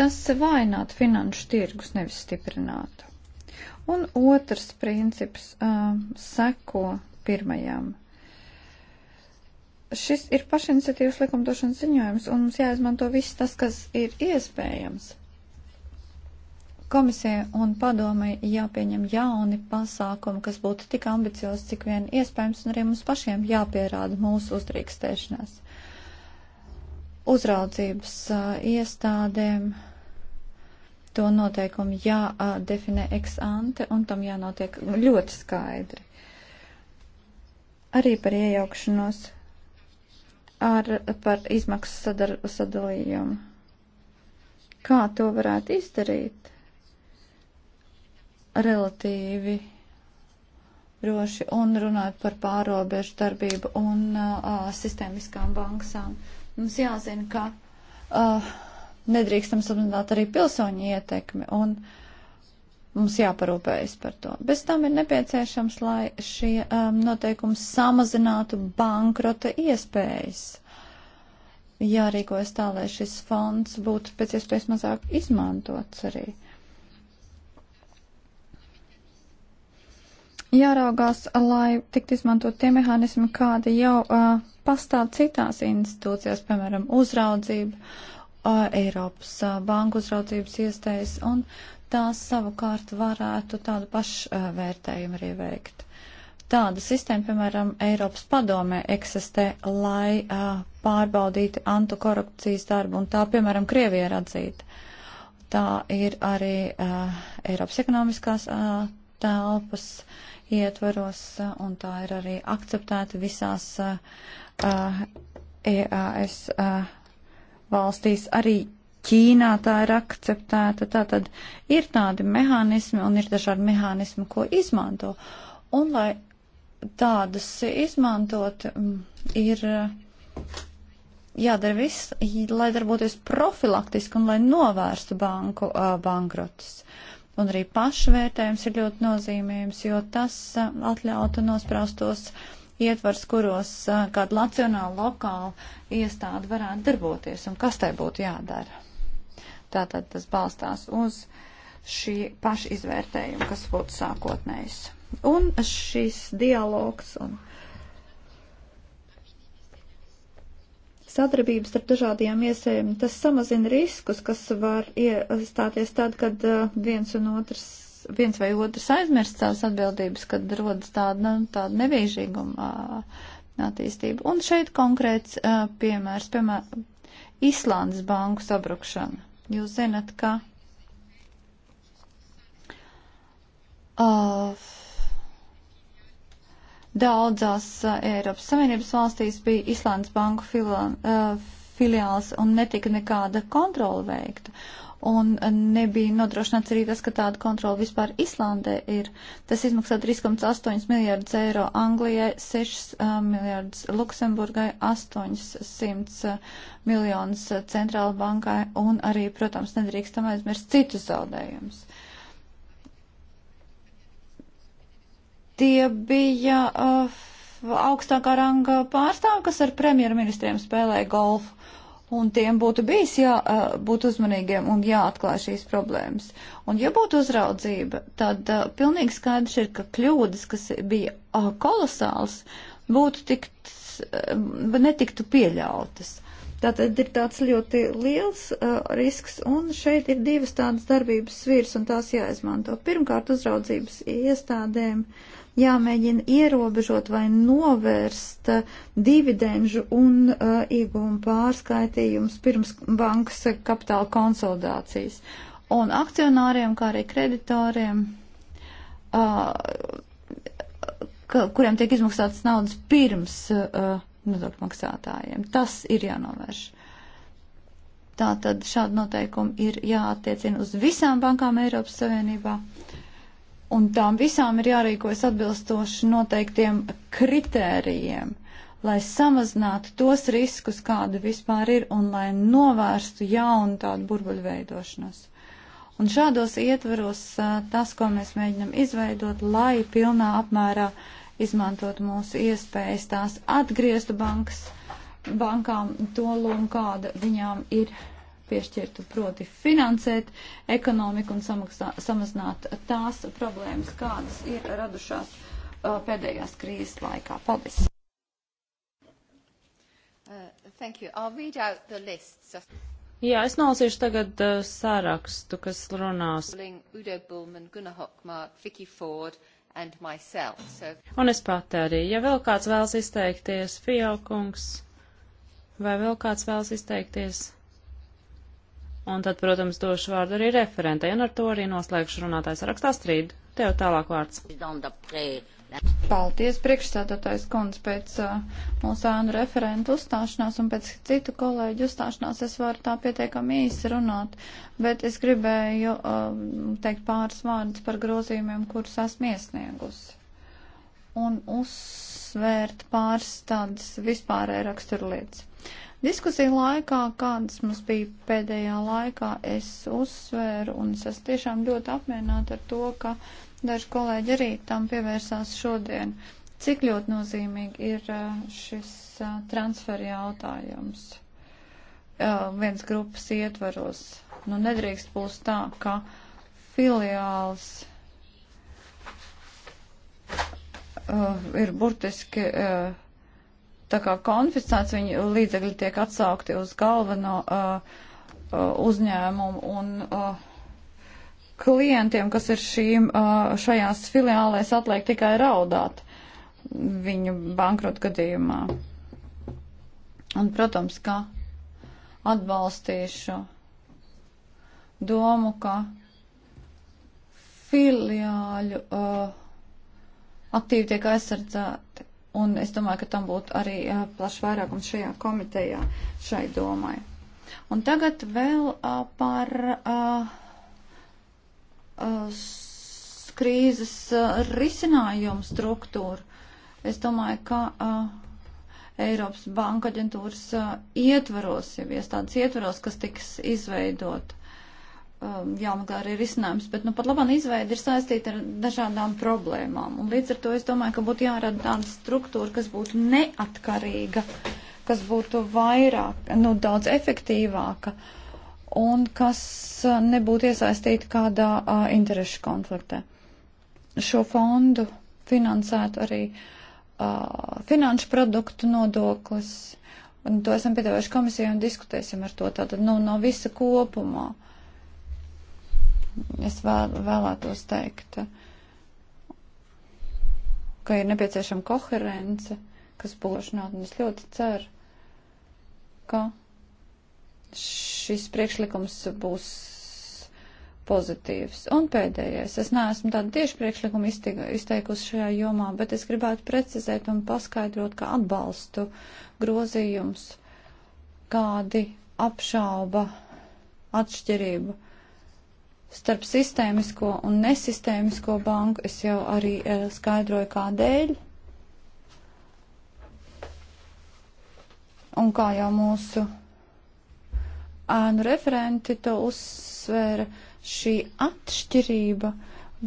Tas vainātu finanšu tirgus, nevis stiprinātu un otrs princips uh, seko pirmajam. Šis ir pašiniciatīvas likumdošanas ziņojums, un mums jāizmanto viss tas, kas ir iespējams. Komisija un padomai jāpieņem jauni pasākumi, kas būtu tik ambiciozi, cik vien iespējams, un arī mums pašiem jāpierāda mūsu uzdrīkstēšanās. Uzraudzības uh, iestādēm uh, to noteikumu jādefinē ex ante un tam jānotiek ļoti skaidri. Arī par iejaukšanos ar, par izmaksu sadar, sadalījumu. Kā to varētu izdarīt? Relatīvi droši un runāt par pārobežu darbību un uh, sistēmiskām banksām. Mums jāzina, ka uh, nedrīkstam samazināt arī pilsoņu ietekmi, un mums jāparūpējas par to. Bez tam ir nepieciešams, lai šie um, noteikumi samazinātu bankrota iespējas. Jārīkojas tā, lai šis fonds būtu pēc iespējas mazāk izmantots arī. Jāraugās, lai tiktu izmantot tie mehānismi, kādi jau uh, pastāv citās institūcijās, piemēram, uzraudzība Eiropas banku uzraudzības iestājas, un tās savukārt varētu tādu pašvērtējumu arī veikt. Tāda sistēma, piemēram, Eiropas padomē eksistē, lai uh, pārbaudītu antikorupcijas darbu, un tā, piemēram, Krievija ir atzīta. Tā ir arī uh, Eiropas ekonomiskās uh, telpas ietvaros, uh, un tā ir arī akceptēta visās uh, EAS. Uh, valstīs, arī Ķīnā tā ir akceptēta. Tātad ir tādi mehānismi un ir dažādi mehānismi, ko izmanto. Un lai tādus izmantot, mm, ir eh, jādara viss, lai darboties profilaktiski un lai novērstu banku uh, bankrotus. Un arī pašvērtējums ir ļoti nozīmējums, jo tas uh, atļautu nospraustos uh, ietvars, kuros kāda nacionāla lokāla iestāde varētu darboties un kas tai būtu jādara. Tātad tas balstās uz šī paša izvērtējuma, kas būtu sākotnējs. Un šis dialogs un sadarbības starp dažādajām iesējumiem, tas samazina riskus, kas var iestāties tad, kad viens un otrs viens vai otrs aizmirst savas atbildības, kad rodas tāda, nu, tāda nevīžīguma attīstība. Un šeit konkrēts uh, piemērs, piemēram, Islandes banku sabrukšana. Jūs zinat, ka uh, daudzās uh, Eiropas Savienības valstīs bija Islandes banku filiāls uh, filiāls un netika nekāda kontrola veikta un nebija nodrošināts arī tas, ka tāda kontrola vispār Islandē ir. Tas izmaksā 3,8 miljārdus eiro Anglijai, 6 uh, miljārdus Luksemburgai, 800 miljonus Centrāla bankai un arī, protams, nedrīkstam aizmirst citus zaudējumus. Tie bija uh, augstākā ranga pārstāvi, kas ar premjerministriem spēlēja golfu un tiem būtu bijis jābūt uzmanīgiem un jāatklāj šīs problēmas. Un ja būtu uzraudzība, tad uh, pilnīgi skaidrs ir, ka kļūdas, kas bija uh, kolosāls, būtu tikt, uh, netiktu pieļautas. Tātad ir tāds ļoti liels uh, risks, un šeit ir divas tādas darbības svirs, un tās jāizmanto. Pirmkārt, uzraudzības iestādēm uh, jāmēģina ierobežot vai novērst eh, dividendžu un uh, eh, iegūmu pārskaitījumus pirms bankas kapitāla konsolidācijas. Un akcionāriem, kā arī kreditoriem, uh, ka, kuriem tiek izmaksātas naudas pirms uh, nodokļu maksātājiem, tas ir jānovērš. Tātad šāda noteikuma ir jāattiecina uz visām bankām Eiropas Savienībā. Uh, Un tām visām ir jārīkojas atbilstoši noteiktiem kritērijiem, lai samazinātu tos riskus, kāda vispār ir, un lai novērstu jaunu tādu burbuļu veidošanos. Un šādos ietvaros tas, ko mēs mēģinam izveidot, lai pilnā apmērā izmantot mūsu iespējas, tās atgrieztu bankas, bankām to lomu, kāda viņām ir piešķirtu, proti finansēt ekonomiku un samaksā, samazināt tās problēmas, kādas ir radušās uh, pēdējās krīzes laikā. Paldies! Uh, Jā, es nolasīšu tagad uh, sārakstu, kas runās. Udo Bullman, Gunnar Hockmark, Vicky Ford, Myself, so... Un es pati arī. Ja vēl kāds vēlas izteikties, Fiokungs, vai vēl kāds vēlas izteikties? Un tad, protams, došu vārdu arī referentai, un ar to arī noslēgšu runātājs rakstā strīdu. Tev tālāk vārds. Paldies, priekšstādātājs kundze, pēc uh, mūsu ānu referentu uzstāšanās un pēc citu kolēģu uzstāšanās es varu tā pietiekami īsi runāt, bet es gribēju uh, teikt pāris vārdus par grozījumiem, kurus esmu iesniegusi. Un uzsvērt pāris tādas vispārēja raksturlietas. Diskusiju laikā, kādas mums bija pēdējā laikā, es uzsvēru un es esmu tiešām ļoti apmierināta ar to, ka daži kolēģi arī tam pievērsās šodien. Cik ļoti nozīmīgi ir eh, šis eh, transfer jautājums eh, viens grupas ietvaros? Nu, nedrīkst būs tā, ka filiāls uh, ir burtiski. Uh, tā kā konfiscēts, viņu līdzekļi tiek atsaukti uz galveno uh, uh, uzņēmumu un uh, klientiem, kas ir šīm, uh, šajās filiālēs, atliek tikai raudāt viņu bankrotu gadījumā. Un, protams, ka atbalstīšu domu, ka filiāļu uh, aktīvi tiek aizsardzēti un es domāju, ka tam būtu arī uh, plašs vairākums šajā komitejā šai domai. Un tagad vēl uh, par uh, uh, krīzes uh, risinājumu struktūru. Es domāju, ka uh, Eiropas banka aģentūras uh, ietvaros, jau iestādes ietvaros, kas tiks izveidot um, jāmeklē arī risinājums, bet nu, pat labam izveidi ir saistīta ar dažādām problēmām. Un līdz ar to es domāju, ka būtu jārada tāda struktūra, kas būtu neatkarīga, kas būtu vairāk, nu, daudz efektīvāka un kas uh, nebūtu iesaistīta kādā uh, interešu konfliktē. Šo fondu finansētu arī uh, finanšu produktu nodoklis. Un to esam piedāvājuši komisijai un diskutēsim ar to. Tātad, nu, no visa kopumā. Uh, es vēl, vēlētos teikt, ka ir nepieciešama koherence, kas būšanāt, un es ļoti ceru, ka šis priekšlikums būs pozitīvs. Un pēdējais, es neesmu tādu tieši priekšlikumu izteikusi šajā jomā, bet es gribētu precizēt un paskaidrot, ka atbalstu grozījums, kādi apšauba atšķirību starp sistēmisko un nesistēmisko banku. Es jau arī uh, skaidroju, kādēļ. Un kā jau mūsu ēnu referenti to uzsvēra, šī atšķirība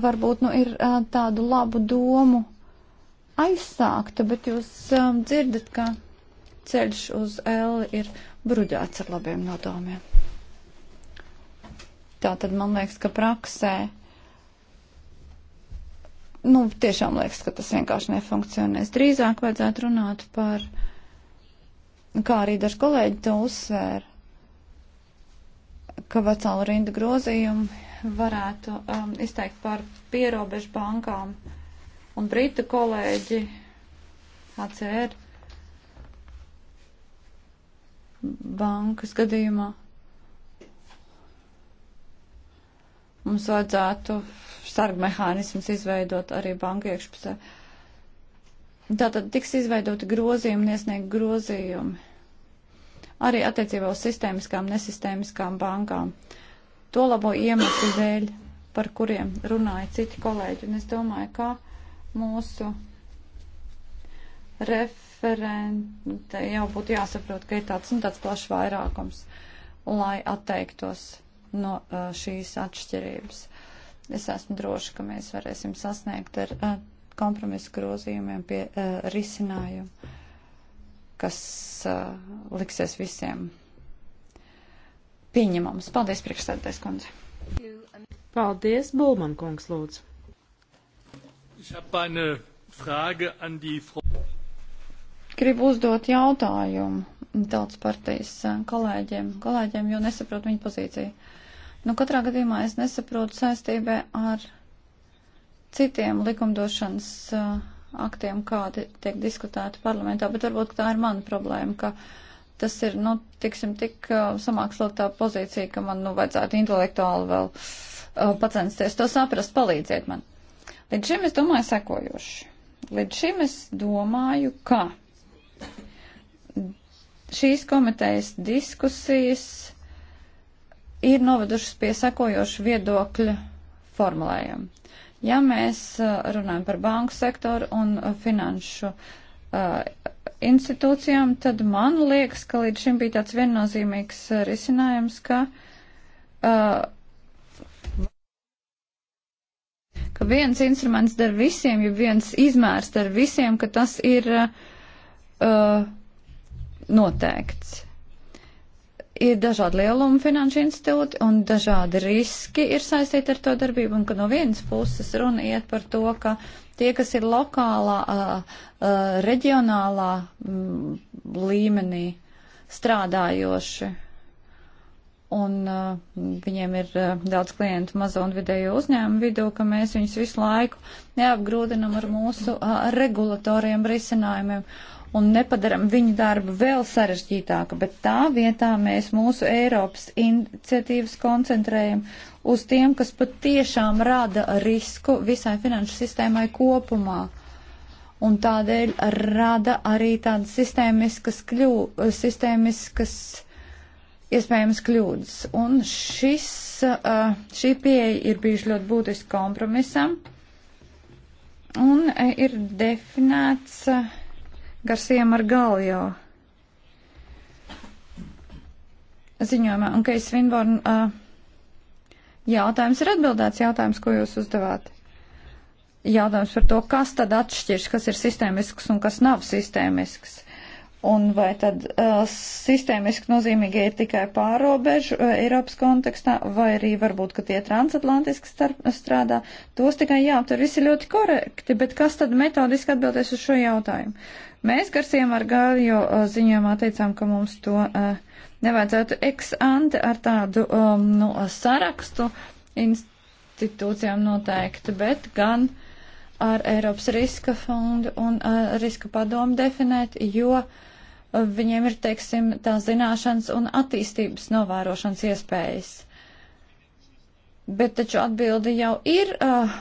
varbūt nu, ir uh, tādu labu domu aizsākta, bet jūs um, dzirdat, ka ceļš uz L ir bruģēts ar labiem nodomiem. Tā tad man liekas, ka praksē, nu, tiešām liekas, ka tas vienkārši nefunkcionēs. Drīzāk vajadzētu runāt par, kā arī daži kolēģi to uzsvēra, ka vecāla rinda grozījumi varētu um, izteikt par pierobežu bankām un britu kolēģi ACR bankas gadījumā Mums vajadzētu sargu mehānismus izveidot arī banku iekšpusē. Tātad tiks izveidoti grozījumi un iesniegt grozījumi. Arī attiecībā uz sistēmiskām, nesistēmiskām bankām. To labo iemeslu dēļ, par kuriem runāja citi kolēģi. Un es domāju, ka mūsu referente jau būtu jāsaprot, ka ir tāds, nu, tāds plašs vairākums, lai atteiktos no šīs atšķirības. Es esmu droši, ka mēs varēsim sasniegt ar kompromisu grozījumiem pie risinājumu, kas liksies visiem pieņemams. Paldies, priekšstādātais kundze. Paldies, Bulman kungs, lūdzu. Gribu uzdot jautājumu tautas partijas kolēģiem, kolēģiem, jo nesaprotu viņu pozīciju. Nu, katrā gadījumā es nesaprotu saistībā ar citiem likumdošanas uh, aktiem, kādi tiek diskutēti parlamentā, bet varbūt tā ir mana problēma, ka tas ir, nu, tiksim, tik uh, samākslotā pozīcija, ka man, nu, vajadzētu intelektuāli vēl uh, pacensties to saprast, palīdziet man. Līdz šim es domāju sekojoši. Līdz šim es domāju, ka šīs komitejas diskusijas ir novedušas pie sekojošu viedokļu formulējumu. Ja mēs uh, runājam par banku sektoru un uh, finanšu uh, institūcijām, tad man liekas, ka līdz šim bija tāds viennozīmīgs uh, risinājums, ka, uh, ka viens instruments dar visiem, ja viens izmērs dar visiem, ka tas ir uh, noteikts ir dažādi lielumi finanšu institūti un dažādi riski ir saistīti ar to darbību, un ka no vienas puses runa iet par to, ka tie, kas ir lokālā, reģionālā līmenī strādājoši, un viņiem ir daudz klientu mazo un vidējo uzņēmumu vidū, ka mēs viņus visu laiku neapgrūdinam ar mūsu regulatoriem risinājumiem un nepadaram viņu darbu vēl sarežģītāku, bet tā vietā mēs mūsu Eiropas iniciatīvas koncentrējam uz tiem, kas patiešām rada risku visai finanšu sistēmai kopumā. Un tādēļ rada arī tādas sistēmiskas, kļū, sistēmiskas iespējams kļūdas. Un šis, uh, šī pieeja ir bijuši ļoti būtiski kompromisam. Un uh, ir definēts uh, Garsiem ar Galjo ziņojumā, un Keis Vinborn, uh, jautājums ir atbildēts, jautājums, ko jūs uzdevāt. Jautājums par to, kas tad atšķirs, kas ir sistēmisks un kas nav sistēmisks. Un vai tad uh, sistēmiski nozīmīgi ir tikai pārobežu uh, Eiropas kontekstā, vai arī varbūt, ka tie transatlantiski starp, strādā, tos tikai jāaptver, visi ļoti korekti, bet kas tad metodiski atbildēs uz šo jautājumu? Uh, Mēs Garsiem ar Gāļu uh, ziņojumā teicām, ka mums to uh, nevajadzētu ex-ante ar tādu um, nu, sarakstu institūcijām noteikti, bet gan ar Eiropas riska fondu un uh, riska padomu definēt, jo uh, viņiem ir, teiksim, tā zināšanas un attīstības novērošanas iespējas. Bet taču atbildi jau ir uh,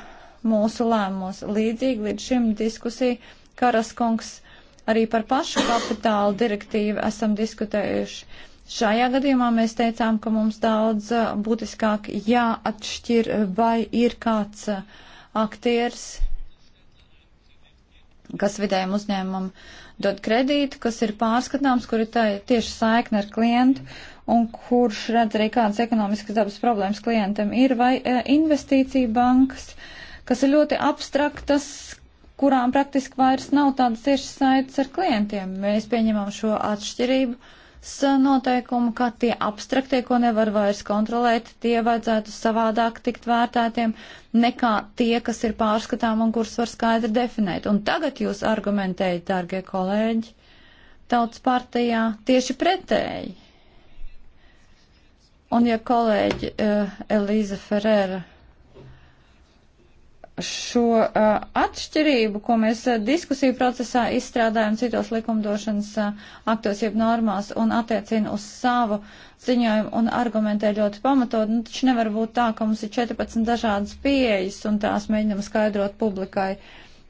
mūsu lēmumos. Līdzīgi līdz šim diskusija Karaskungs Arī par pašu kapitāla direktīvu esam diskutējuši. Šajā gadījumā mēs teicām, ka mums daudz būtiskāk jāatšķir, vai ir kāds aktieris, kas vidējiem uzņēmumam dod kredītu, kas ir pārskatāms, kur ir tā, tieši saikne ar klientu un kurš redz arī kādas ekonomiskas dabas problēmas klientam ir, vai investīcija bankas, kas ir ļoti abstraktas, kurām praktiski vairs nav tādas tiešas saites ar klientiem. Mēs pieņemam šo atšķirību noteikumu, ka tie abstraktie, ko nevar vairs kontrolēt, tie vajadzētu savādāk tikt vērtētiem nekā tie, kas ir pārskatām un kurus var skaidri definēt. Un tagad jūs argumentējat, dārgie kolēģi, tautas partijā tieši pretēji. Un ja kolēģi uh, Elīza Ferēra šo uh, atšķirību, ko mēs uh, diskusiju procesā izstrādājam citos likumdošanas uh, aktos, jeb normās, un attiecina uz savu ziņojumu un argumentē ļoti pamatot. Nu, taču nevar būt tā, ka mums ir 14 dažādas pieejas un tās mēģinam skaidrot publikai.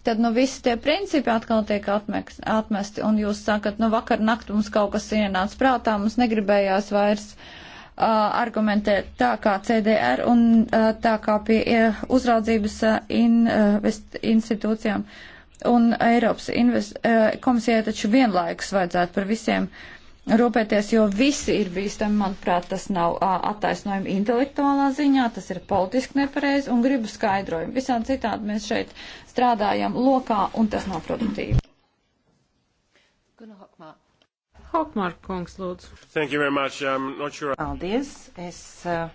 Tad, nu, visi tie principi atkal tiek atmeks, atmesti, un jūs sakat, nu, vakar nakt mums kaut kas ienāca prātā, mums negribējās vairs. Uh, argumentēt tā kā CDR un tā kā pie uzraudzības invest, institūcijām un Eiropas invest, komisijai taču vienlaikus vajadzētu par visiem rūpēties, jo visi ir bīstami, manuprāt, tas nav attaisnojumi intelektuālā ziņā, tas ir politiski nepareizi un gribu skaidrojumu. Visādi citādi mēs šeit strādājam lokā un tas nav produktīvi. Gunnar Hockmark. Hokmārk kungs, lūdzu. Thank you very much. I'm not sure. Paldies. Es uh,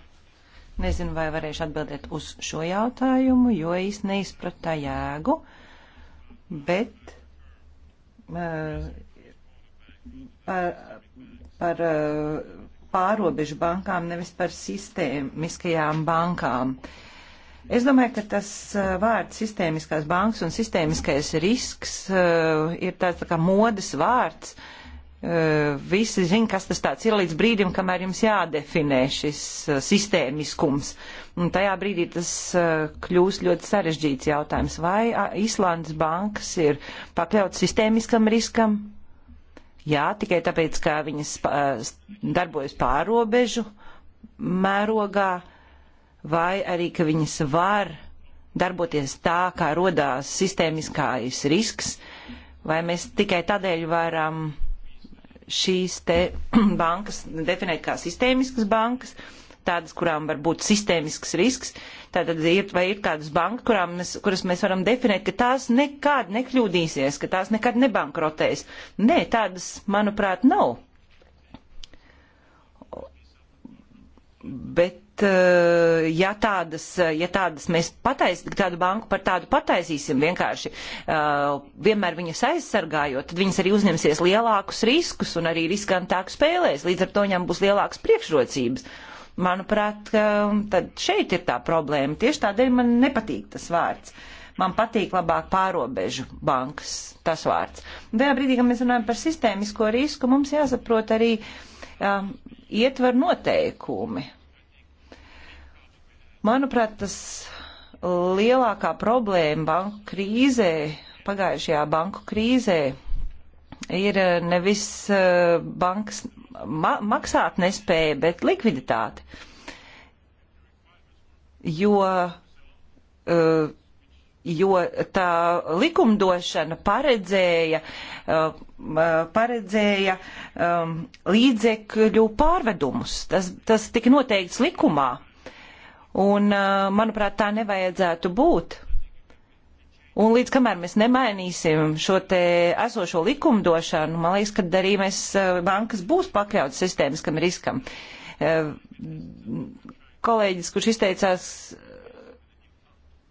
nezinu, vai varēšu atbildēt uz šo jautājumu, jo es neizpratu tā jēgu, bet uh, par, par uh, pārobežu bankām, nevis par sistēmiskajām bankām. Es domāju, ka tas uh, vārds sistēmiskās bankas un sistēmiskais risks uh, ir tāds tā kā modes vārds. Uh, Eh, visi zina, kas tas tāds ir līdz brīdim, kamēr jums jādefinē šis eh, sistēmiskums. Un tajā brīdī tas eh, kļūs ļoti sarežģīts jautājums. Vai Islandes bankas ir pakļauts sistēmiskam riskam? Jā, tikai tāpēc, ka viņas darbojas pārobežu mērogā, vai arī, ka viņas var darboties tā, kā rodās sistēmiskais risks, vai mēs tikai tādēļ varam. Um, šīs te bankas definēt kā sistēmiskas bankas, tādas, kurām var būt sistēmisks risks. Tātad ir, vai ir kādas bankas, mēs, kuras mēs varam definēt, ka tās nekad nekļūdīsies, ka tās nekad nebankrotēs. Nē, tādas, manuprāt, nav. Bet Eh, ja tādas, eh, ja tādas mēs patais, tādu banku par tādu pataisīsim vienkārši, eh, vienmēr viņus aizsargājot, tad viņas arī uzņemsies lielākus riskus un arī riskantāk spēlēs, līdz ar to viņam būs lielākas priekšrocības. Manuprāt, mm, tad šeit ir tā problēma. Tieši tādēļ man nepatīk tas vārds. Man patīk labāk pārobežu bankas tas vārds. Un tajā brīdī, kad mēs runājam par sistēmisko risku, mums jāsaprot arī um, ietver noteikumi Manuprāt, tas lielākā problēma banku krīzē, pagājušajā banku krīzē, ir eh, nevis eh, bankas ma maksāt nespēja, bet likviditāte. Jo, eh, jo tā likumdošana paredzēja, paredzēja līdzekļu pārvedumus. Tas, tas tika noteikts likumā Un, manuprāt, tā nevajadzētu būt. Un līdz kamēr mēs nemainīsim šo te esošo likumdošanu, man liekas, ka arī mēs bankas būs pakļautas sistēmiskam riskam. Kolēģis, kurš izteicās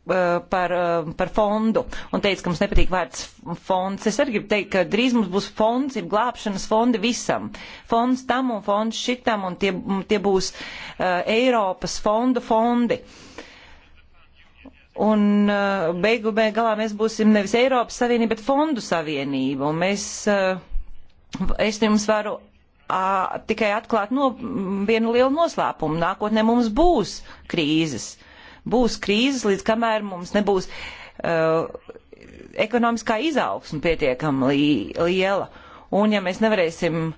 Eh, par, eh, par fondu un teica, ka mums nepatīk vārds fonds. Es arī gribu teikt, ka drīz mums būs fonds, ir glābšanas fondi visam. Fonds tam un fonds šitam un tie, tie būs uh, Eiropas fondu fondi. Un uh, beigu galā mēs būsim nevis Eiropas Savienība, bet Fondu Savienība. Un mēs, uh, es jums varu uh, tikai atklāt no, vienu lielu noslēpumu. Nākotnē mums būs krīzes. Uh, būs krīzes, līdz kamēr mums nebūs uh, ekonomiskā izaugsme pietiekami li liela. Un ja mēs nevarēsim uh,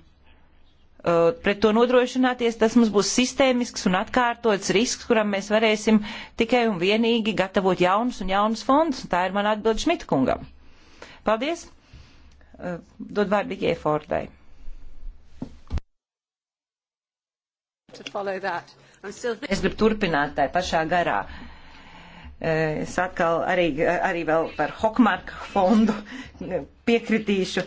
pret to nodrošināties, tas mums būs sistēmisks un atkārtots risks, kuram mēs varēsim tikai un vienīgi gatavot jaunus un jaunus fondus. Un tā ir mana atbilde Šmitkungam. Paldies! Uh, dod vārdu Bigē Fordai. To follow that. Es gribu turpināt tā pašā garā. E, es atkal arī, arī vēl par Hokmarka fondu piekritīšu.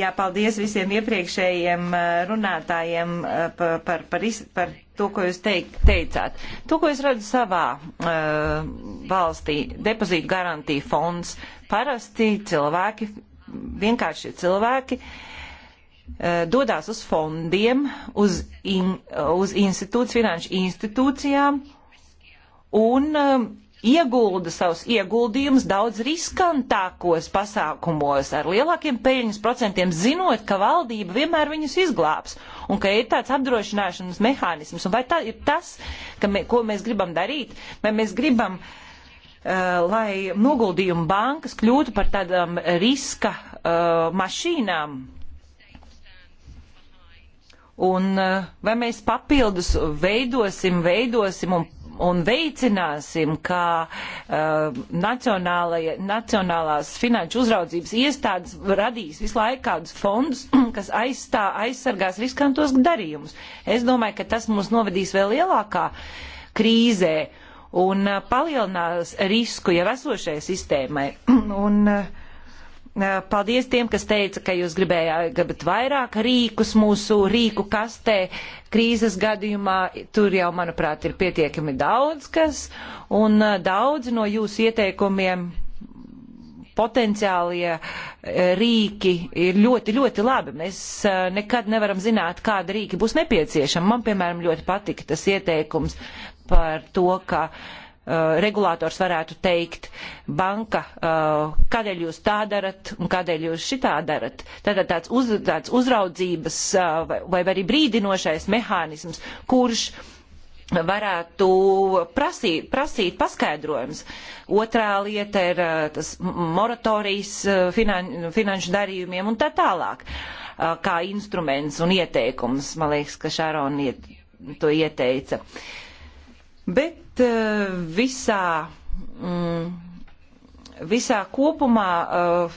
Jā, paldies visiem iepriekšējiem e, runātājiem e, par, par, par, par to, ko jūs teik, teicāt. To, ko es redzu savā uh, valstī, depozītu garantija fonds, parasti cilvēki, vienkārši cilvēki uh, Eh, dodas uz fondiem, uz, in, uz institūts, finanšu institūcijām un um, iegulda savus ieguldījumus daudz riskantākos pasākumos ar lielākiem peļņas procentiem, zinot, ka valdība vienmēr viņus izglābs un ka ir tāds apdrošināšanas mehānisms. Un vai tā ir tas, mē, ko mēs gribam darīt? Vai mēs gribam, uh, lai noguldījumu bankas kļūtu par tādām riska uh, mašīnām, Un eh, vai mēs papildus veidosim, veidosim un, un veicināsim, kā uh, nacionālās finanšu uzraudzības iestādes radīs visu laiku kādus fondus, kas aizstā, aizsargās riskantos darījumus. Es domāju, ka tas mūs novedīs vēl lielākā krīzē un uh, palielinās risku jau esošajai sistēmai. un, uh, Eh, paldies tiem, kas teica, ka jūs gribējāt vairāk rīkus mūsu rīku kastē. Krīzes gadījumā tur jau, manuprāt, ir pietiekami daudz kas, un eh, daudzi no jūsu ieteikumiem potenciālie eh, rīki ir ļoti, ļoti labi. Mēs nekad nevaram zināt, kāda rīki būs nepieciešama. Man, piemēram, ļoti patika tas ieteikums par to, ka uh, Uh, regulātors varētu teikt, banka, uh, kādēļ jūs tā darat un kādēļ jūs šitā darat. Tātad tāds, uz, tāds uzraudzības uh, vai, vai arī brīdinošais mehānisms, kurš varētu prasīt, prasīt paskaidrojums. Otrā lieta ir tas moratorijas finan, finanšu darījumiem un tā tālāk, kā instruments un ieteikums. Man liekas, ka Šārona iet, to ieteica. Uh, Bet eh, visā, mm, visā kopumā uh,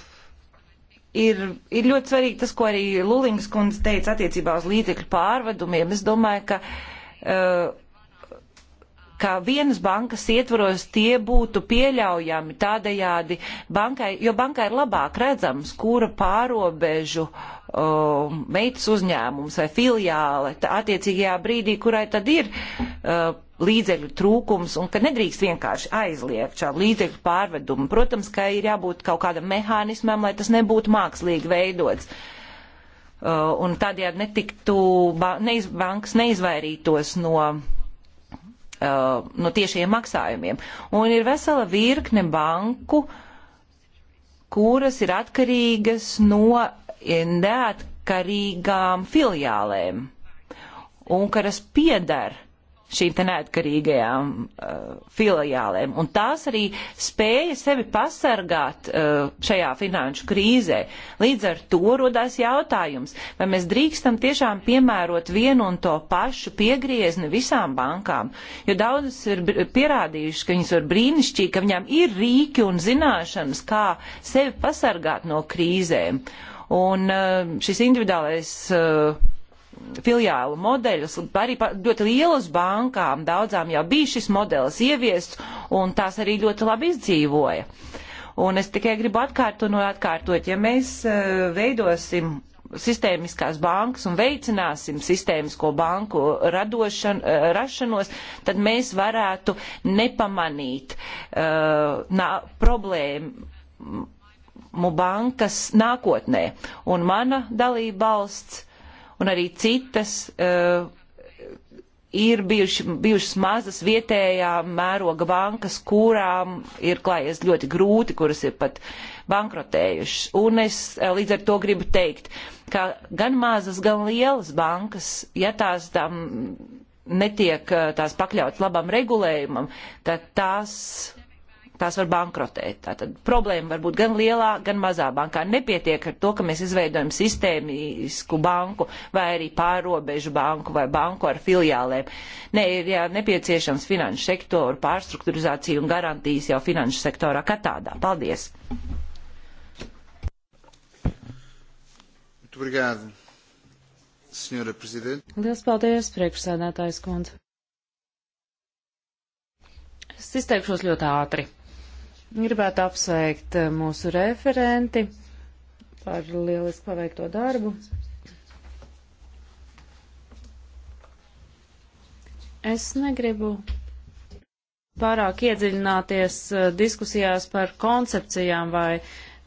ir, ir ļoti svarīgi tas, ko arī Lulings kundze teica attiecībā uz līdzekļu pārvadumiem. Es domāju, ka, uh, ka vienas bankas ietvaros tie būtu pieļaujami tādējādi bankai, jo bankai ir labāk redzams, kura pārobežu uh, meitas uzņēmums vai filiāle attiecīgajā brīdī, kurai tad ir. Uh, līdzekļu trūkums un ka nedrīkst vienkārši aizliegt šādu līdzekļu pārvedumu. Protams, ka ir jābūt kaut kādam mehānismam, lai tas nebūtu mākslīgi veidots. Uh, un tādējādi netiktu, ba neiz, bankas neizvairītos no, uh, no tiešiem maksājumiem. Un ir vesela virkne banku, kuras ir atkarīgas no neatkarīgām filiālēm un kuras piedara šīm te neatkarīgajām uh, filiālēm. Un tās arī spēja sevi pasargāt uh, šajā finanšu krīzē. Līdz ar to rodās jautājums, vai mēs drīkstam tiešām piemērot vienu un to pašu piegriezni visām bankām, jo daudzas ir pierādījušas, ka viņas var brīnišķīgi, ka viņām ir rīki un zināšanas, kā sevi pasargāt no krīzēm. Un uh, šis individuālais uh, filiālu modeļus, arī ļoti lielas bankām, daudzām jau bija šis modelis ieviests, un tās arī ļoti labi izdzīvoja. Un es tikai gribu atkārtot, no atkārtot, ja mēs uh, veidosim sistēmiskās bankas un veicināsim sistēmisko banku radošan, e, rašanos, tad mēs varētu nepamanīt uh, nā, problēmu bankas nākotnē. Un mana dalība valsts un arī citas uh, ir bijuši, bijušas mazas vietējā mēroga bankas, kurām ir klājies ļoti grūti, kuras ir pat bankrotējušas. Un es eh, līdz ar to gribu teikt, ka gan mazas, gan lielas bankas, ja tās tam netiek eh, tās pakļautas labam regulējumam, tad tās tās var bankrotēt. Tātad problēma var būt gan lielā, gan mazā bankā. Nepietiek ar to, ka mēs izveidojam sistēmisku banku vai arī pārobežu banku vai banku ar filiālēm. Nē, ir jā, nepieciešams finanšu sektoru pārstrukturizācija un garantijas jau finanšu sektorā kā tādā. Paldies! Liels paldies, priekšsēdētājs kundze. Es izteikšos ļoti ātri. Gribētu apsveikt eh, mūsu referenti par lielisku paveikto darbu. Es negribu pārāk iedziļināties eh, diskusijās par koncepcijām, vai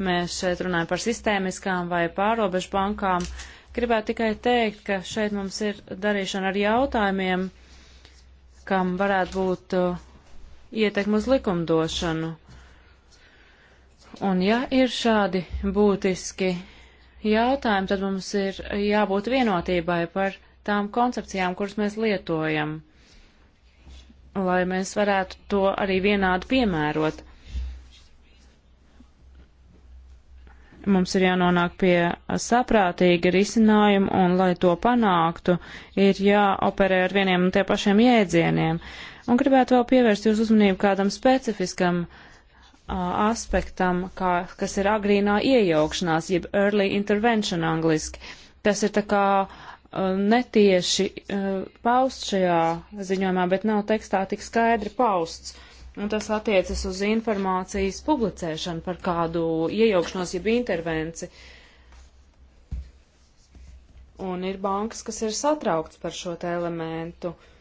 mēs šeit runājam par sistēmiskām vai pārobežu bankām. Gribētu tikai teikt, ka šeit mums ir darīšana ar jautājumiem, kam varētu būt eh, ietekmi uz likumdošanu. Un ja ir šādi būtiski jautājumi, tad mums ir jābūt vienotībai par tām koncepcijām, kuras mēs lietojam, lai mēs varētu to arī vienādi piemērot. Mums ir jānonāk pie saprātīga risinājuma, un, lai to panāktu, ir jāoperē ar vieniem un tie pašiem jēdzieniem. Un gribētu vēl pievērst jūs uzmanību kādam specifiskam uh, aspektam, kā, kas ir agrīnā iejaukšanās, jeb early intervention angliski. Tas ir tā kā netieši pausts šajā ziņojumā, bet nav tekstā tik skaidri pausts. Un tas attiecas uz informācijas publicēšanu par kādu iejaukšanos, jeb intervenci. Un ir bankas, kas ir satraukts par šo te elementu. Uh,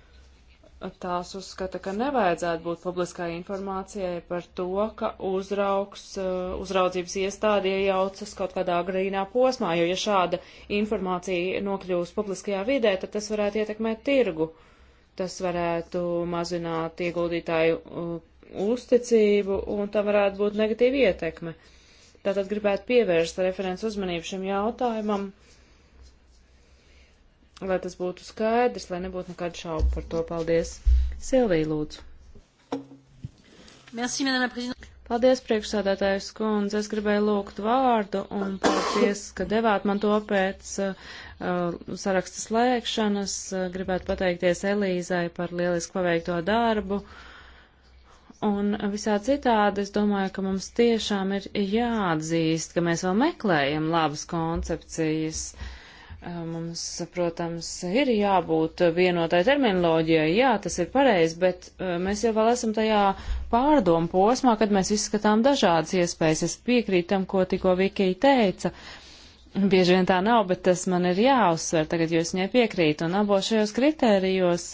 tās uzskata, ka nevajadzētu būt publiskai informācijai par to, ka uzraugs, uh, uzraudzības iestādi iejaucas kaut kādā grīnā posmā, jo ja šāda informācija nokļūs publiskajā vidē, tad tas varētu ietekmēt tirgu. Tas varētu mazināt ieguldītāju uh, uzticību un tam varētu būt negatīva ietekme. Tātad gribētu pievērst referents uzmanību šim jautājumam lai tas būtu skaidrs, lai nebūtu nekādu šaubu par to. Paldies. Silvija, lūdzu. Merci, madame la présidente. Paldies, priekšsādātājs kundze. Es gribēju lūgt vārdu un paldies, ka devāt man to pēc uh, saraksta slēgšanas. Uh, gribētu pateikties Elīzai par lielisku paveikto darbu. Un visā citādi es domāju, ka mums tiešām ir jāatzīst, ka mēs vēl meklējam labas koncepcijas. Uh, Mums, protams, ir jābūt vienotai terminoloģijai, jā, tas ir pareizi, bet mēs jau vēl esam tajā pārdomu posmā, kad mēs izskatām dažādas iespējas. Es piekrītu tam, ko tikko Vikija teica. Bieži vien tā nav, bet tas man ir jāuzsver tagad, jo es viņai piekrītu. Un abos šajos kritērijos,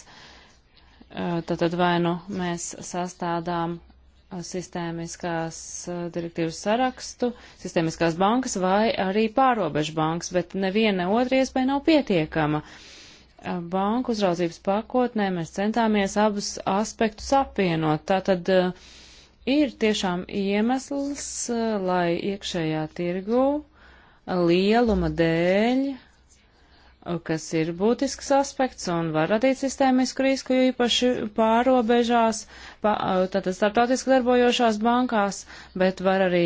tātad vai nu mēs sastādām sistēmiskās eh, direktīvas sarakstu, sistēmiskās bankas vai arī pārobežu bankas, bet neviena otra iespēja nav pietiekama. Eh, banku uzraudzības pakotnē mēs centāmies abus aspektus apvienot. Tātad eh, ir tiešām iemesls, lai iekšējā tirgu lieluma dēļ kas ir būtisks aspekts un var radīt sistēmisku risku, jo īpaši pārobežās uh, tātad starptautiski darbojošās bankās, bet var arī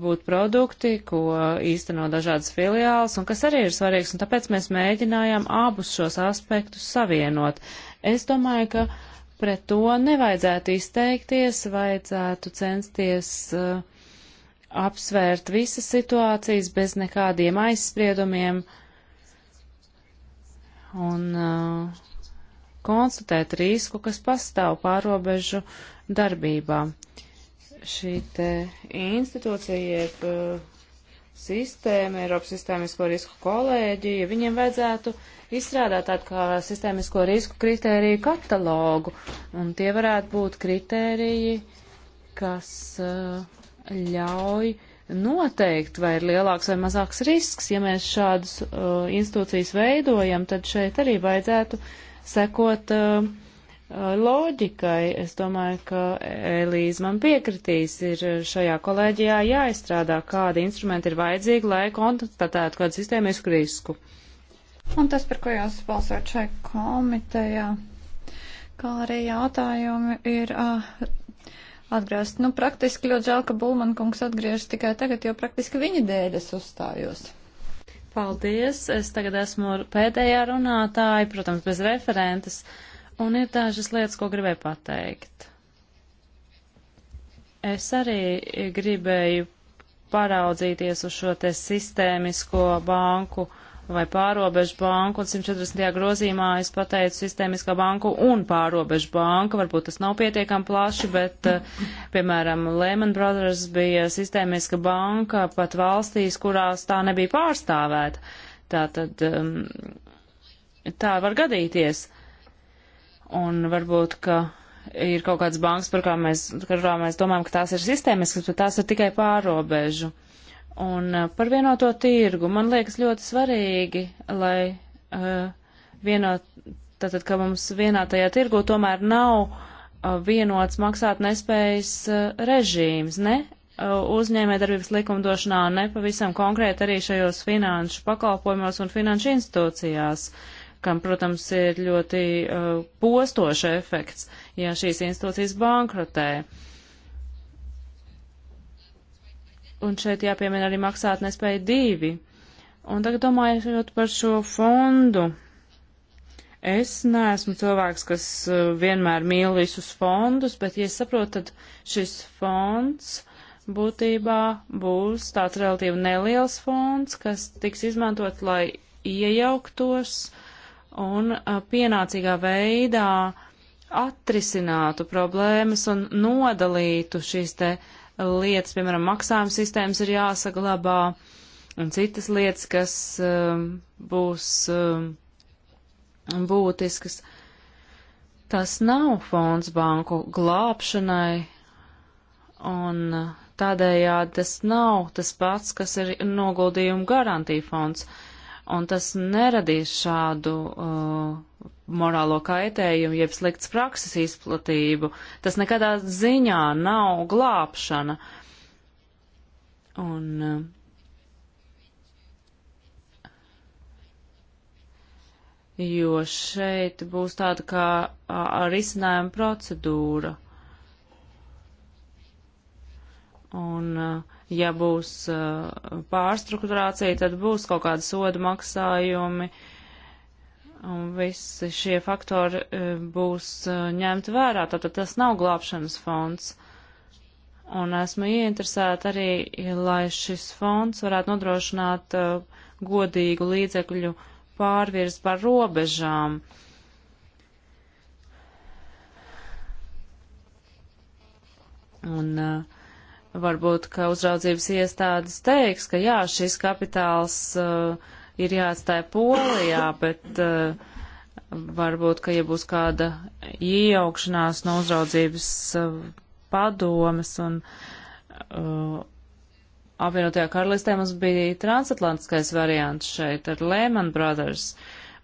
būt produkti, ko īsteno dažādas filiāls un kas arī ir svarīgs, un tāpēc mēs mēģinājām abus šos aspektus savienot. Es domāju, ka pret to nevajadzētu izteikties, vajadzētu censties uh, apsvērt visas situācijas bez nekādiem aizspriedumiem. Un uh, konstatēt risku, kas pastāv pārobežu darbībā. Šī te institūcija, jeb uh, sistēma, Eiropas sistēmisko risku kolēģija, viņiem vajadzētu izstrādāt tādu kā sistēmisko risku kritēriju katalogu, un tie varētu būt kritēriji, kas uh, ļauj noteikt, vai ir lielāks vai mazāks risks. Ja mēs šādas uh, institūcijas veidojam, tad šeit arī vajadzētu uh, sekot uh, uh, loģikai. Es domāju, ka Elīze man piekritīs, ir uh, šajā kolēģijā jāizstrādā, kādi instrumenti ir vajadzīgi, lai konstatētu kādu sistēmisku risku. Un tas, par ko jūs balsot šai komitejā, kā arī jautājumi ir uh, atgriezt. Nu, praktiski ļoti žēl, ka Bulman kungs atgriežas tikai tagad, jo praktiski viņa dēļ es uzstājos. Paldies. Es tagad esmu pēdējā runātāja, protams, bez referentes, un ir dažas lietas, ko gribēju pateikt. Es arī gribēju paraudzīties uz šo te sistēmisko banku vai pārobežu banku, un 140. grozījumā es pateicu sistēmiskā banku un pārobežu banku, varbūt tas nav pietiekami plaši, bet, eh, piemēram, Lehman Brothers bija sistēmiska banka pat valstīs, kurās tā nebija pārstāvēta. Tā tad, ehm, tā var gadīties. Un varbūt, ka ir kaut kāds banks, par kā mēs, kā mēs domājam, ka tās ir sistēmiskas, bet tās ir tikai pārobežu. Uh, Un eh, par vienoto tirgu man liekas ļoti svarīgi, lai uh, vienot, tātad, ka mums vienā tajā tirgu tomēr nav uh, vienots maksāt nespējas uh, režīms, ne uzņēmējdarbības likumdošanā, ne pavisam konkrēti arī šajos finanšu pakalpojumos un finanšu institūcijās, kam, protams, ir ļoti uh, postoša efekts, ja šīs institūcijas bankrotē. Uh, Un šeit jāpiemina arī maksāt nespēja divi. Un tagad domājot par šo fondu. Es neesmu cilvēks, kas eh, vienmēr mīl visus fondus, bet, ja es saprotu, tad šis fonds būtībā būs tāds relatīvi neliels fonds, kas tiks izmantot, lai iejauktos un eh, pienācīgā veidā atrisinātu problēmas un nodalītu šīs te uh, lietas, piemēram, maksājuma sistēmas ir jāsaglabā un citas lietas, kas uh, būs uh, būtiskas. Tas nav fonds banku glābšanai, un tādējādi tas nav tas pats, kas ir noguldījuma garantija fonds. Uh, un tas neradīs šādu uh, morālo kaitējumu, jeb sliktas prakses izplatību. Tas nekadā ziņā nav glābšana. Un, uh, jo šeit būs tāda kā uh, ar izcinājumu procedūra. Un uh, ja būs uh, pārstrukturācija, tad būs kaut kādi sodu maksājumi, un visi šie faktori uh, būs uh, ņemti vērā, tātad tas nav glābšanas fonds. Un esmu ieinteresēta arī, lai šis fonds varētu nodrošināt godīgu līdzekļu pārvirs par robežām. Un uh, varbūt, ka uzraudzības iestādes teiks, ka jā, šis kapitāls uh, ir jāatstāja polijā, bet uh, varbūt, ka ja būs kāda iejaukšanās no uzraudzības uh, padomas un uh, apvienotajā karalistē mums bija transatlantiskais variants šeit ar Lehman Brothers.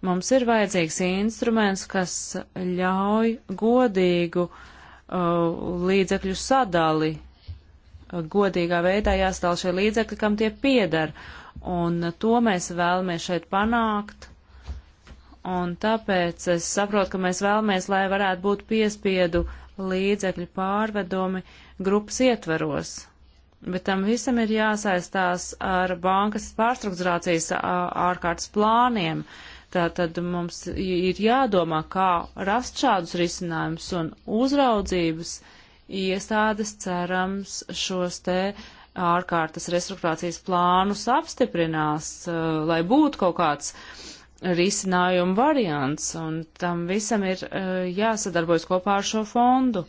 Mums ir vajadzīgs instruments, kas ļauj godīgu uh, līdzekļu sadali godīgā veidā jāstāv šie līdzekļi, kam tie piedara. Un to mēs vēlamies šeit panākt. Un tāpēc es saprotu, ka mēs vēlamies, lai varētu būt piespiedu līdzekļu pārvedumi grupas ietveros. Bet tam visam ir jāsaistās ar bankas pārstrukturācijas ārkārtas plāniem. Tātad mums ir jādomā, kā rast šādus risinājumus un uzraudzības uh, iestādes cerams šos te ārkārtas restrukturācijas plānus apstiprinās, eh, lai būtu kaut kāds risinājuma variants, un tam visam ir eh, jāsadarbojas kopā ar šo fondu.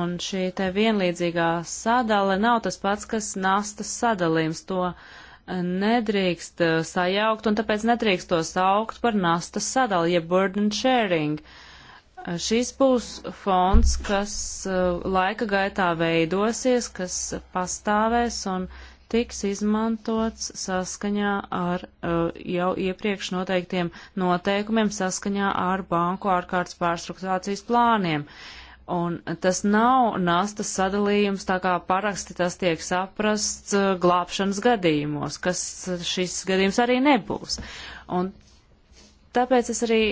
Un šī te vienlīdzīgā sadale nav tas pats, kas nastas sadalījums. To eh, nedrīkst sajaukt, un tāpēc nedrīkst to saukt par nastas sadali, jeb burden sharing. Uh, Šis būs fonds, kas uh, laika gaitā veidosies, kas pastāvēs un tiks izmantots saskaņā ar uh, jau iepriekš noteiktiem noteikumiem, saskaņā ar banku ārkārtas pārstrukturācijas plāniem. Un tas nav nastas sadalījums, tā kā parasti tas tiek saprasts uh, glābšanas gadījumos, kas šis gadījums arī nebūs. Un tāpēc es arī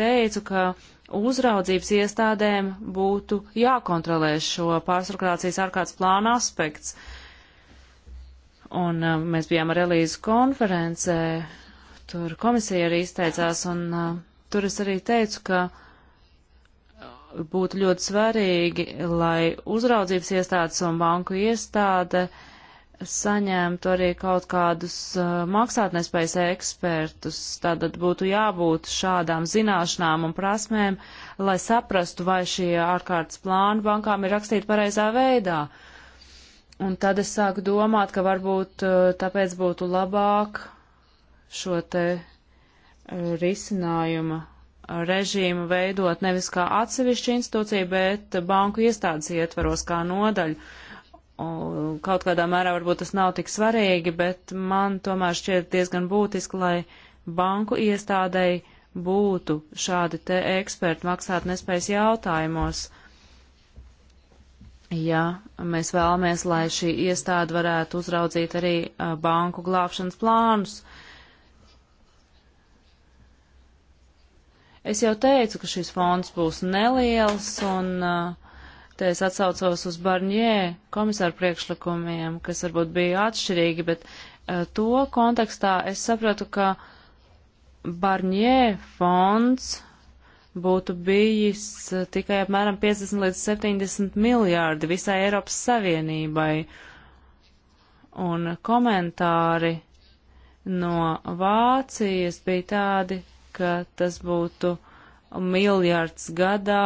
teicu, ka uh, uzraudzības iestādēm būtu jākontrolē šo pārstrukturācijas ārkārtas plāna aspekts. Un uh, mēs bijām ar Elīzu konferencē, tur komisija arī izteicās, un uh, tur es arī teicu, ka uh, būtu ļoti svarīgi, lai uzraudzības iestādes un banku iestāde uh, saņemtu arī kaut kādus uh, maksātnespējas ekspertus. Tātad būtu jābūt šādām zināšanām un prasmēm, lai saprastu, vai šie ārkārtas plāni bankām ir rakstīti pareizā veidā. Un tad es sāku domāt, ka varbūt uh, tāpēc būtu labāk šo te uh, risinājuma režīmu veidot nevis kā atsevišķu institūciju, bet banku iestādes ietvaros kā nodaļu kaut kādā mērā varbūt tas nav tik svarīgi, bet man tomēr šķiet diezgan būtiski, lai banku iestādēji būtu šādi te eksperti maksāt nespējas jautājumos. Ja mēs vēlamies, lai šī iestāde varētu uzraudzīt arī banku glābšanas plānus, es jau teicu, ka šis fonds būs neliels un uh, Te es atsaucos uz Barņē komisāru priekšlikumiem, kas varbūt bija atšķirīgi, bet uh, to kontekstā es sapratu, ka Barņē fonds būtu bijis eh, tikai apmēram 50 līdz 70 miljārdi visai Eiropas Savienībai. Un komentāri no Vācijas bija tādi, ka tas būtu miljards gadā,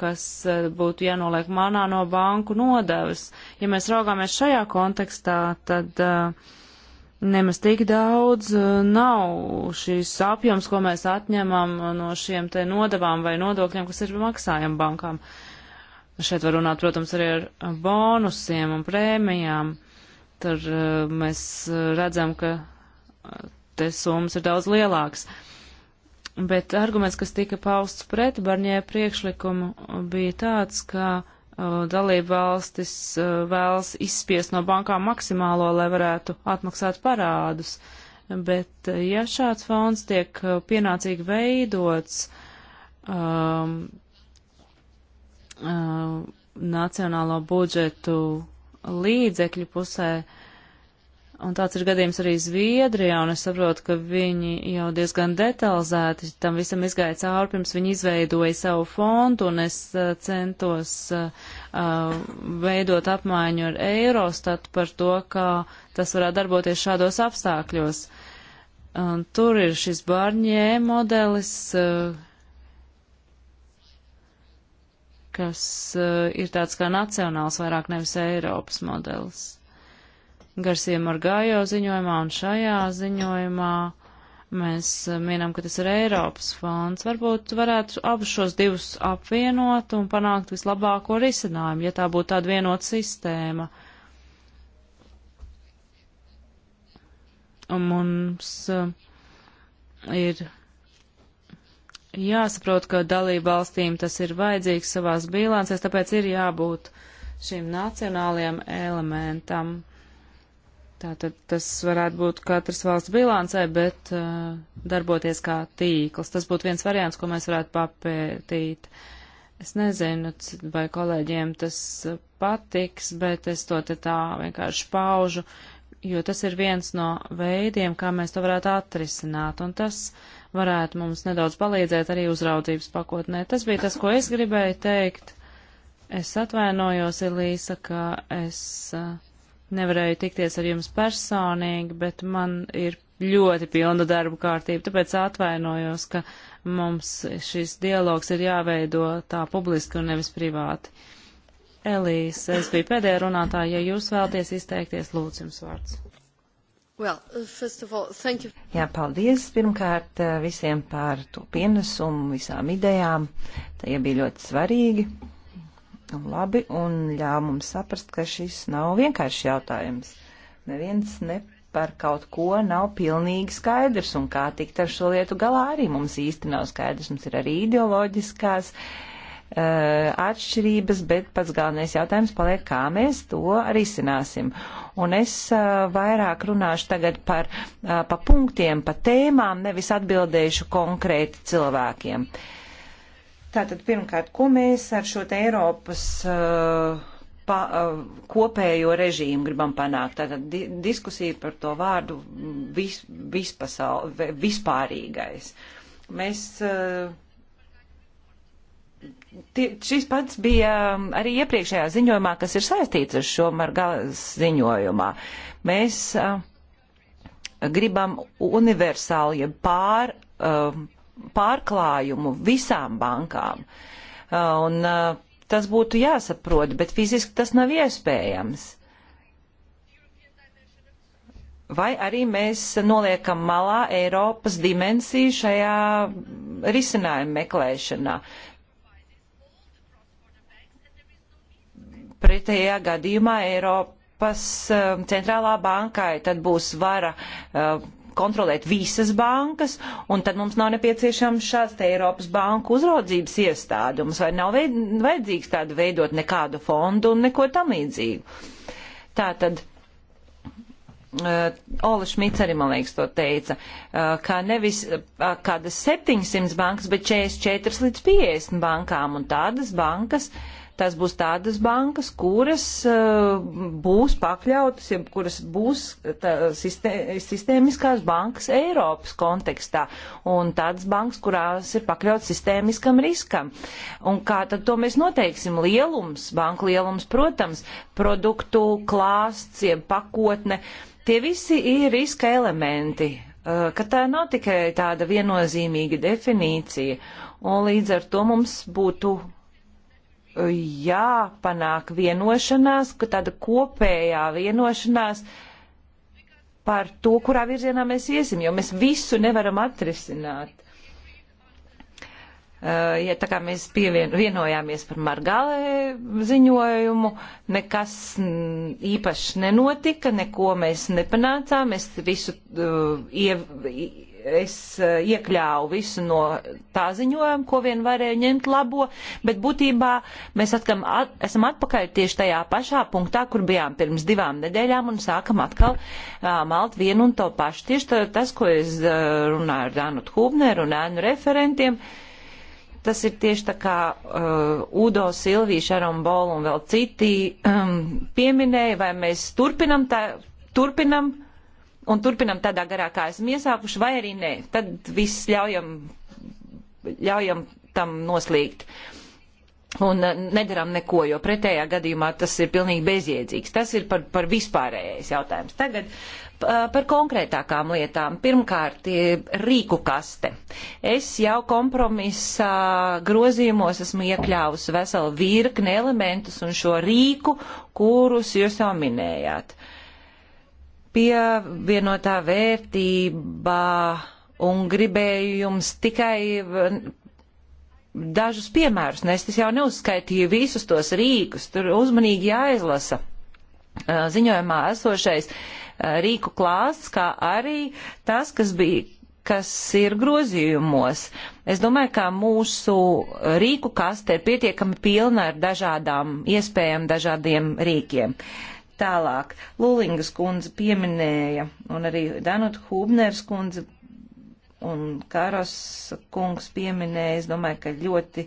kas eh, būtu jānoliek manā no banku nodevas. Ja mēs raugāmies šajā kontekstā, tad eh, nemaz tik daudz eh, nav šīs apjoms, ko mēs atņemam no šiem te nodevām vai nodokļiem, kas ir maksājam bankām. Šeit var runāt, protams, arī ar bonusiem un prēmijām. Tur mēs redzam, ka te summas ir daudz lielākas. Uh, Bet arguments, kas tika pausts pret Barņē priekšlikumu, bija tāds, ka uh, dalība valstis uh, vēlas izspiest no bankām maksimālo, lai varētu atmaksāt parādus. Bet uh, ja šāds fonds tiek pienācīgi veidots um, nacionālo budžetu līdzekļu pusē, uh, Un tāds ir gadījums arī Zviedrijā, un es saprotu, ka viņi jau diezgan detalizēti tam visam izgāja cauri, pirms viņi izveidoja savu fondu, un es eh, centos uh, veidot apmaiņu ar Eirostatu par to, kā tas varētu darboties šādos apstākļos. Un tur ir šis barņē modelis, uh, kas uh, ir tāds kā nacionāls vairāk nevis Eiropas modelis. Garsie Margājo ziņojumā un šajā ziņojumā mēs eh, minam, ka tas ir Eiropas fonds. Varbūt varētu abus šos divus apvienot un panākt vislabāko risinājumu, ja tā būtu tāda vienota sistēma. Un mums eh, ir jāsaprot, ka dalību valstīm tas ir vajadzīgs savās bilancēs, tāpēc ir jābūt šim nacionālajam elementam Tātad tas varētu būt katras valsts bilancē, bet uh, darboties kā tīkls. Tas būtu viens variants, ko mēs varētu papētīt. Es nezinu, vai kolēģiem tas patiks, bet es to te tā vienkārši paužu, jo tas ir viens no veidiem, kā mēs to varētu atrisināt, un tas varētu mums nedaudz palīdzēt arī uzraudzības pakotnē. Tas bija tas, ko es gribēju teikt. Es atvainojos, Elīsa, ka es. Uh, nevarēju tikties ar jums personīgi, bet man ir ļoti pilna darba kārtība, tāpēc atvainojos, ka mums šis dialogs ir jāveido tā publiski un nevis privāti. Elīs, es biju pēdējā runātāja, ja jūs vēlties izteikties, lūdzu jums vārds. Well, all, Jā, paldies pirmkārt eh, visiem par to pienesumu, visām idejām. Tie bija ļoti svarīgi labi un ļāva mums saprast, ka šis nav vienkāršs jautājums. Neviens ne par kaut ko nav pilnīgi skaidrs, un kā tikt ar šo lietu galā arī mums īsti nav skaidrs. Mums ir arī ideoloģiskās uh, atšķirības, bet pats galvenais jautājums paliek, kā mēs to risināsim. Un es uh, vairāk runāšu tagad par, uh, pa punktiem, pa tēmām, nevis atbildēšu konkrēti cilvēkiem. Uh, Tātad pirmkārt, ko mēs ar šo te Eiropas uh, pa, uh, kopējo režīmu gribam panākt? Tātad di diskusija par to vārdu vis, vispasaul, vispārīgais. Mēs uh, Tie, šis pats bija um, arī iepriekšējā ziņojumā, kas ir saistīts ar šo Margalas ziņojumā. Mēs uh, gribam universāli, ja pār uh, pārklājumu visām bankām. Uh, un uh, tas būtu jāsaprot, bet fiziski tas nav iespējams. Vai arī mēs noliekam malā Eiropas dimensiju šajā risinājuma meklēšanā? Pretējā gadījumā Eiropas uh, centrālā bankai tad būs vara kontrolēt visas bankas, un tad mums nav nepieciešams šāds te Eiropas banku uzraudzības iestādi. Mums vai nav veid, vajadzīgs tādu veidot nekādu fondu un neko tam līdzīgu. Tātad. Uh, Ola Šmits arī, man liekas, to teica, uh, ka nevis uh, kādas 700 bankas, bet 44 līdz 50 bankām un tādas bankas, uh, tās būs tādas bankas, kuras uh, būs pakļautas, ja kuras būs tā, sistē, sistēmiskās bankas Eiropas kontekstā un tādas bankas, kurās ir pakļautas sistēmiskam riskam. Un kā tad to mēs noteiksim? Lielums, banku lielums, protams, produktu klāsts, pakotne, tie visi ir riska elementi eh, ka tā nav tikai tāda viennozīmīga definīcija, un līdz ar to mums būtu jāpanāk vienošanās, ka tāda kopējā vienošanās par to, kurā virzienā mēs iesim, jo mēs visu nevaram atrisināt. Uh, ja tā kā mēs vienojāmies par Margalē ziņojumu, nekas īpašs nenotika, neko mēs nepanācām, mēs visu uh, ie, es eh, iekļāvu visu no tā ziņojuma, ko vien varēju ņemt labo, bet būtībā mēs atkam, at, esam atpakaļ tieši tajā pašā punktā, kur bijām pirms divām nedēļām un sākam atkal uh, malt vienu un to pašu. Tieši tā, tas, ko es uh, runāju ar Dānu Hubneru un ēnu referentiem, tas ir tieši tā kā uh, Udo, Silvija, Šaron Bol un vēl citi um, pieminēja, vai mēs turpinam tā, turpinam un turpinam tādā garā, kā esam iesākuši, vai arī nē. Tad viss ļaujam, ļaujam tam noslīgt. Un eh, nedaram neko, jo pretējā gadījumā tas ir pilnīgi bezjēdzīgs. Tas ir par, par vispārējais jautājums. Tagad par konkrētākām lietām. Pirmkārt, rīku kaste. Es jau kompromisa grozījumos esmu iekļāvusi veselu virkni elementus un šo rīku, kurus jūs jau minējāt. Uh, pievienotā vērtībā un gribēju jums tikai eh, dažus piemērus nest. Es jau neuzskaitīju visus tos rīkus, tur uzmanīgi jāizlasa eh, ziņojumā esošais eh, rīku klāsts, kā arī tas, kas bija kas ir grozījumos. Es domāju, ka mūsu rīku kaste ir pietiekami pilna ar dažādām iespējām, dažādiem rīkiem. Uh, Tālāk, Lulingas kundze pieminēja, un arī Danuta Hubners kundze un Karos kungs pieminēja, es domāju, ka ļoti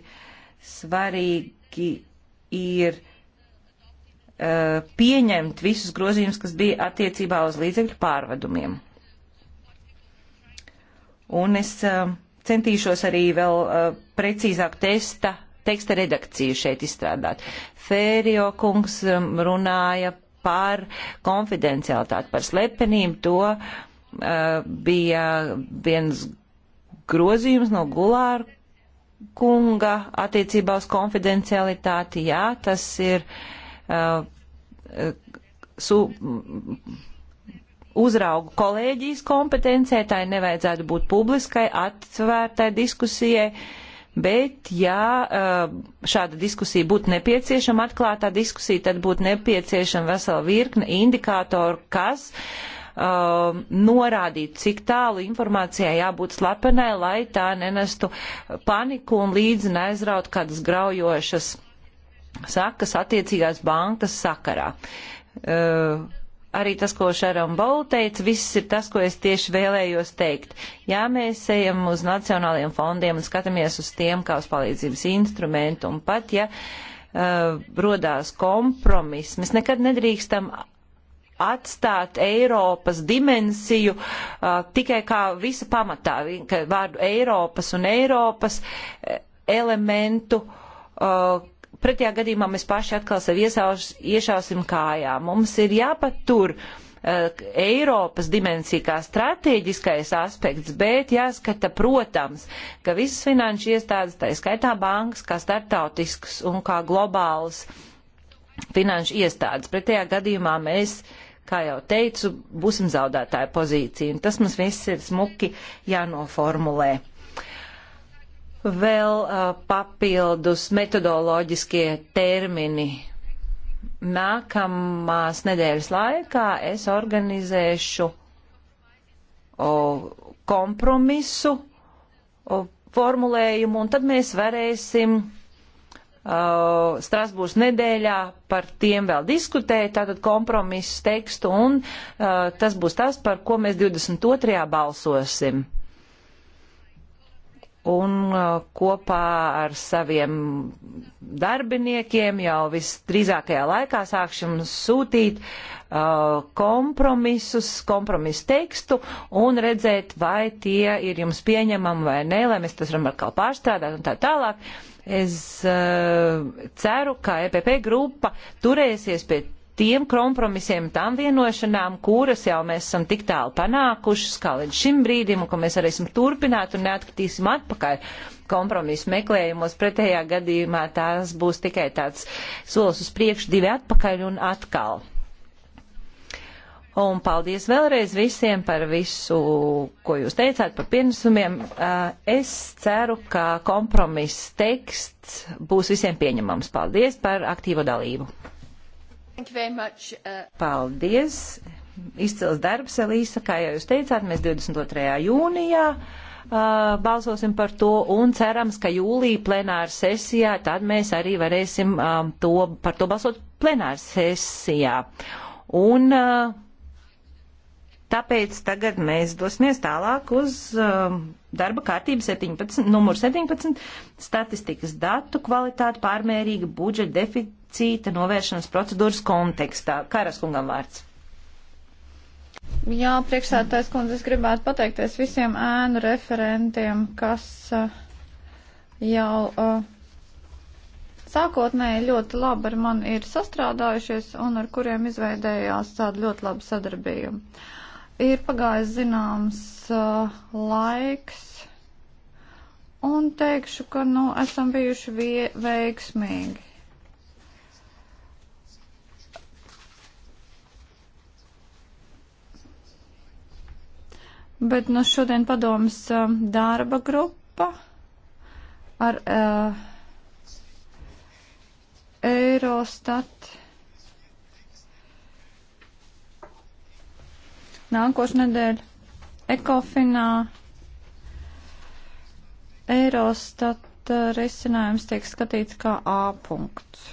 svarīgi ir uh, pieņemt visus grozījumus, kas bija attiecībā uz līdzekļu pārvadumiem. Un es uh, centīšos arī vēl uh, precīzāk testa teksta redakciju šeit izstrādāt. Fērio kungs um, runāja par konfidencialitāti, par slepenību. To uh, bija viens grozījums no Gulāra kunga attiecībā uz konfidencialitāti. Jā, tas ir uh, su, uzraugu kolēģijas kompetencē, tai nevajadzētu būt publiskai, atvērtai diskusijai. Uh, Bet, ja eh, šāda diskusija būtu nepieciešama, atklātā diskusija, tad būtu nepieciešama vesela virkne indikātoru, kas uh, eh, norādīt, cik tālu informācijai jābūt slepenai, lai tā nenestu paniku un līdzi neaizraut kādas graujošas sakas attiecīgās bankas sakarā. Uh, arī tas, ko Šaram Bolu teica, viss ir tas, ko es tieši vēlējos teikt. Jā, mēs ejam uz nacionāliem fondiem un skatāmies uz tiem kā uz palīdzības instrumentu, un pat, ja uh, rodās kompromiss, mēs nekad nedrīkstam atstāt Eiropas dimensiju uh, tikai kā visa pamatā, vārdu Eiropas un Eiropas uh, elementu, uh, pretējā gadījumā mēs paši atkal sev iesauš, iešausim kājā. Mums ir jāpatur eh, Eiropas dimensija kā strateģiskais aspekts, bet jāskata, protams, ka visas finanšu iestādes, tā skaitā bankas, kā startautiskas un kā globālas finanšu iestādes. Pretējā gadījumā mēs, kā jau teicu, būsim zaudētāja pozīcija, un tas mums viss ir smuki jānoformulē vēl uh, papildus metodoloģiskie termini. Nākamās nedēļas laikā es organizēšu o, kompromisu o, formulējumu, un tad mēs varēsim o, Strasbūras nedēļā par tiem vēl diskutēt, tātad kompromisu tekstu, un o, tas būs tas, par ko mēs 22. balsosim un uh, kopā ar saviem darbiniekiem jau visdrīzākajā laikā sāksim sūtīt uh, kompromisus, kompromisu tekstu un redzēt, vai tie ir jums pieņemami vai nē, lai mēs tas varam atkal pārstrādāt un tā tālāk. Es uh, ceru, ka EPP grupa turēsies pie tiem kompromisiem, tām vienošanām, kuras jau mēs esam tik tālu panākušas, kā līdz šim brīdim, un ko mēs varēsim turpināt un neatkritīsim atpakaļ kompromisu meklējumos. Pretējā gadījumā tās būs tikai tāds solis uz priekšu, divi atpakaļ un atkal. Un paldies vēlreiz visiem par visu, ko jūs teicāt par pienesumiem. Eh, es ceru, ka kompromiss teksts būs visiem pieņemams. Paldies par aktīvo dalību. Uh, Paldies! Izcils darbs, Elīsa, kā jau jūs teicāt, mēs 22. jūnijā uh, balsosim par to un cerams, ka jūlija plenāra sesijā, tad mēs arī varēsim um, to, par to balsot plenāra sesijā. Un uh, Tāpēc tagad mēs dosimies tālāk uz uh, darba kārtību 17, numur 17 statistikas datu kvalitāti pārmērīga budžeta deficīta deficīta novēršanas procedūras kontekstā. Karaskungam vārds. Jā, priekšsētājs kundze, es gribētu pateikties visiem ēnu referentiem, kas uh, jau uh, sākotnēji ļoti labi ar mani ir sastrādājušies un ar kuriem izveidējās tāda ļoti laba sadarbība. Ir pagājis zināms uh, laiks, un teikšu, ka nu, esam bijuši vie, veiksmīgi. Bet nu, šodien padomas um, darba grupa ar uh, Eurostat. Nākošais nedēļa Ekofinā Eurostat uh, risinājums tiek skatīts kā A punkts.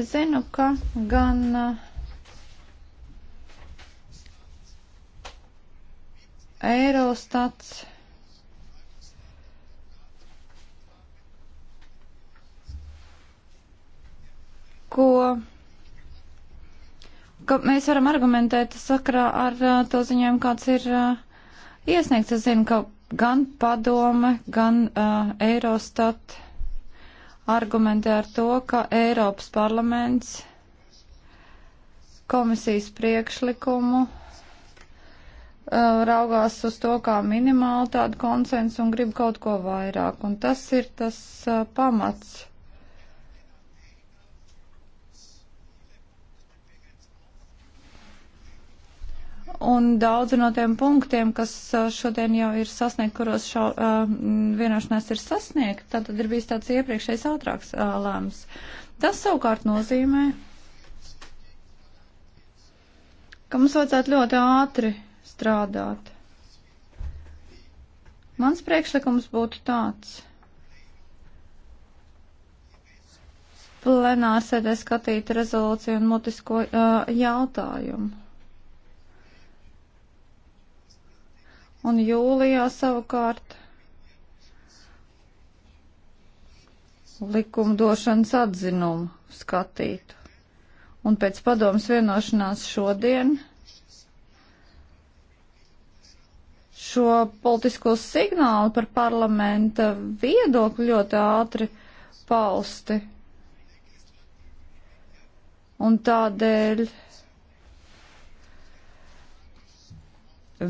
Es zinu, ka gan uh, Eirostats. Ko ka mēs varam argumentēt sakarā ar to ziņojumu, kāds ir iesniegts. Es zinu, ka gan padome, gan uh, Eirostat argumentē ar to, ka Eiropas parlaments komisijas priekšlikumu Uh, raugās uz to kā minimālu tādu konsensu un grib kaut ko vairāk. Un tas ir tas uh, pamats. Un daudzi no tiem punktiem, kas uh, šodien jau ir sasniegt, kuros šā, uh, vienošanās ir sasniegt, tad ir bijis tāds iepriekšējais ātrāks uh, lēms. Tas savukārt nozīmē, ka mums vajadzētu ļoti ātri strādāt. Mans priekšlikums būtu tāds. Plenārsēdē skatīt rezolūciju un mutisko uh, jautājumu. Un jūlijā savukārt likumdošanas atzinumu skatītu. Un pēc padomas vienošanās šodien šo politisko signālu par parlamenta viedokli ļoti ātri pausti. Un tādēļ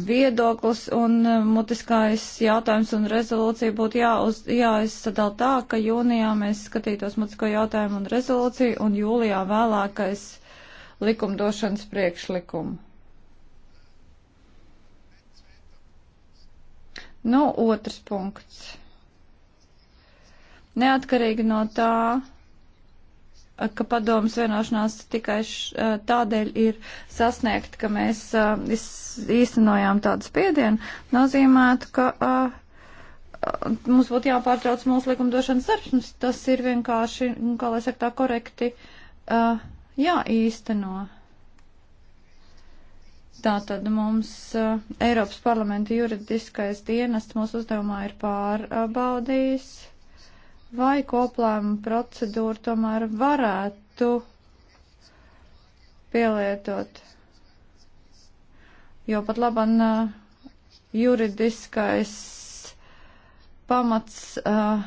viedoklis un mutiskais jautājums un rezolūcija būtu jāuz, jāizsadala tā, ka jūnijā mēs skatītos mutisko jautājumu un rezolūciju un jūlijā vēlākais likumdošanas priekšlikumu. Nu, otrs punkts. Neatkarīgi no tā, ka padomas vienošanās tikai š, tādēļ ir sasniegta, ka mēs iz, īstenojām tādu spiedienu, nozīmētu, ka a, a, mums būtu jāpārtrauc mūsu likumdošanas darbs. Tas ir vienkārši, nu, kā lai saka, tā korekti a, jāīsteno. Tātad mums uh, Eiropas parlamenta juridiskais dienests mūsu uzdevumā ir pārbaudījis, vai koplēma procedūra tomēr varētu pielietot. Jo pat laban uh, eh, juridiskais pamats uh,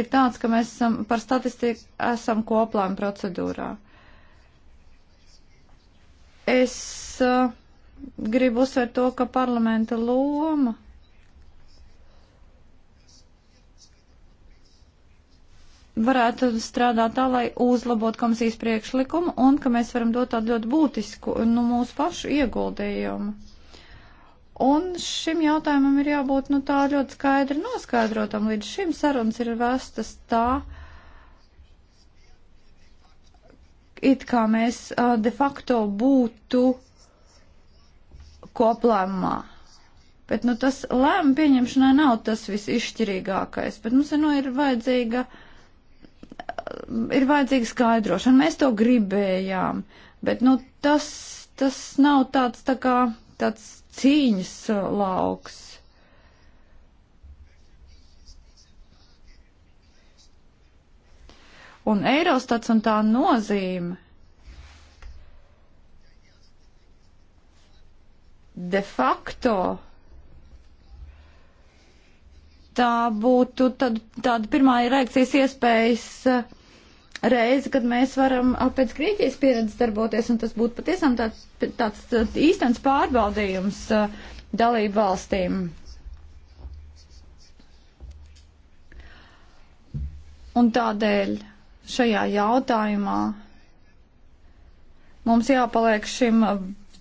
ir tāds, ka mēs esam, par statistiku esam koplēma procedūrā. Es uh, gribu uzsvērt to, ka parlamenta loma varētu strādāt tā, lai uzlabot komisijas priekšlikumu un ka mēs varam dot tādu ļoti būtisku nu, mūsu pašu ieguldījumu. Un šim jautājumam ir jābūt nu, tā ļoti skaidri noskaidrotam. Līdz šim sarunas ir vestas tā, it kā mēs uh, de facto būtu uh, koplēmumā. Bet nu, tas lēma pieņemšanai nav tas visizšķirīgākais, bet mums nu, ir vajadzīga. Ir vajadzīga skaidrošana. Mēs to gribējām, bet nu, tas, tas nav tāds, tā kā, tāds cīņas lauks. Un Eirostats un tā nozīme de facto tā būtu tad, tāda pirmā reakcijas iespējas uh, reize, kad mēs varam uh, pēc Grieķijas pieredzes darboties, un tas būtu patiesam tāds, tāds, tāds īstens pārbaudījums uh, dalību valstīm. Un tādēļ šajā jautājumā mums jāpaliek šim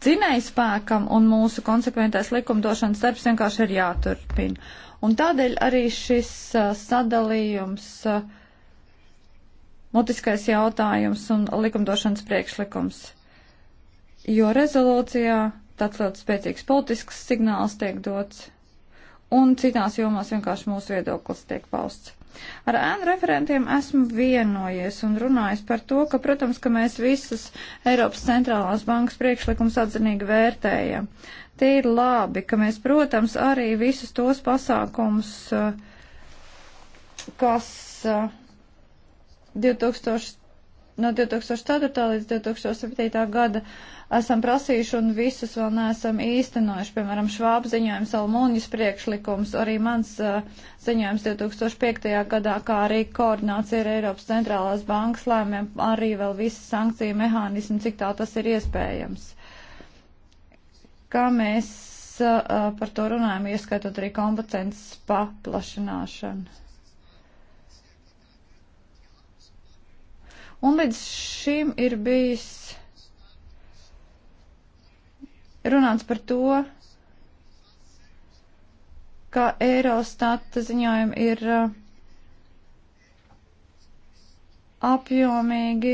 dzinējspēkam un mūsu konsekventais likumdošanas darbs vienkārši ir jāturpina. Un tādēļ arī šis uh, sadalījums, uh, mutiskais jautājums un likumdošanas priekšlikums. Jo rezolūcijā tāds ļoti spēcīgs politisks signāls tiek dots, un citās jomās vienkārši mūsu viedoklis tiek pausts. Ar ēnu referentiem esmu vienojies un runājis par to, ka, protams, ka mēs visas Eiropas centrālās bankas priekšlikums atzinīgi vērtējam. Tie ir labi, ka mēs, protams, arī visus tos pasākums, kas 2000, eh, no 2004. līdz 2007. gada esam prasījuši un visus vēl neesam īstenojuši. Piemēram, Švāb ziņojums, Almūnijas priekšlikums, arī mans uh, ziņojums 2005. gadā, kā arī koordinācija ar Eiropas centrālās bankas lēmiem, arī vēl visi sankciju mehānismi, cik tā tas ir iespējams. Kā mēs uh, par to runājam, ieskaitot arī kompetences paplašināšanu. Un līdz šim ir bijis runāts par to, ka Eirostata ziņojumi ir uh, apjomīgi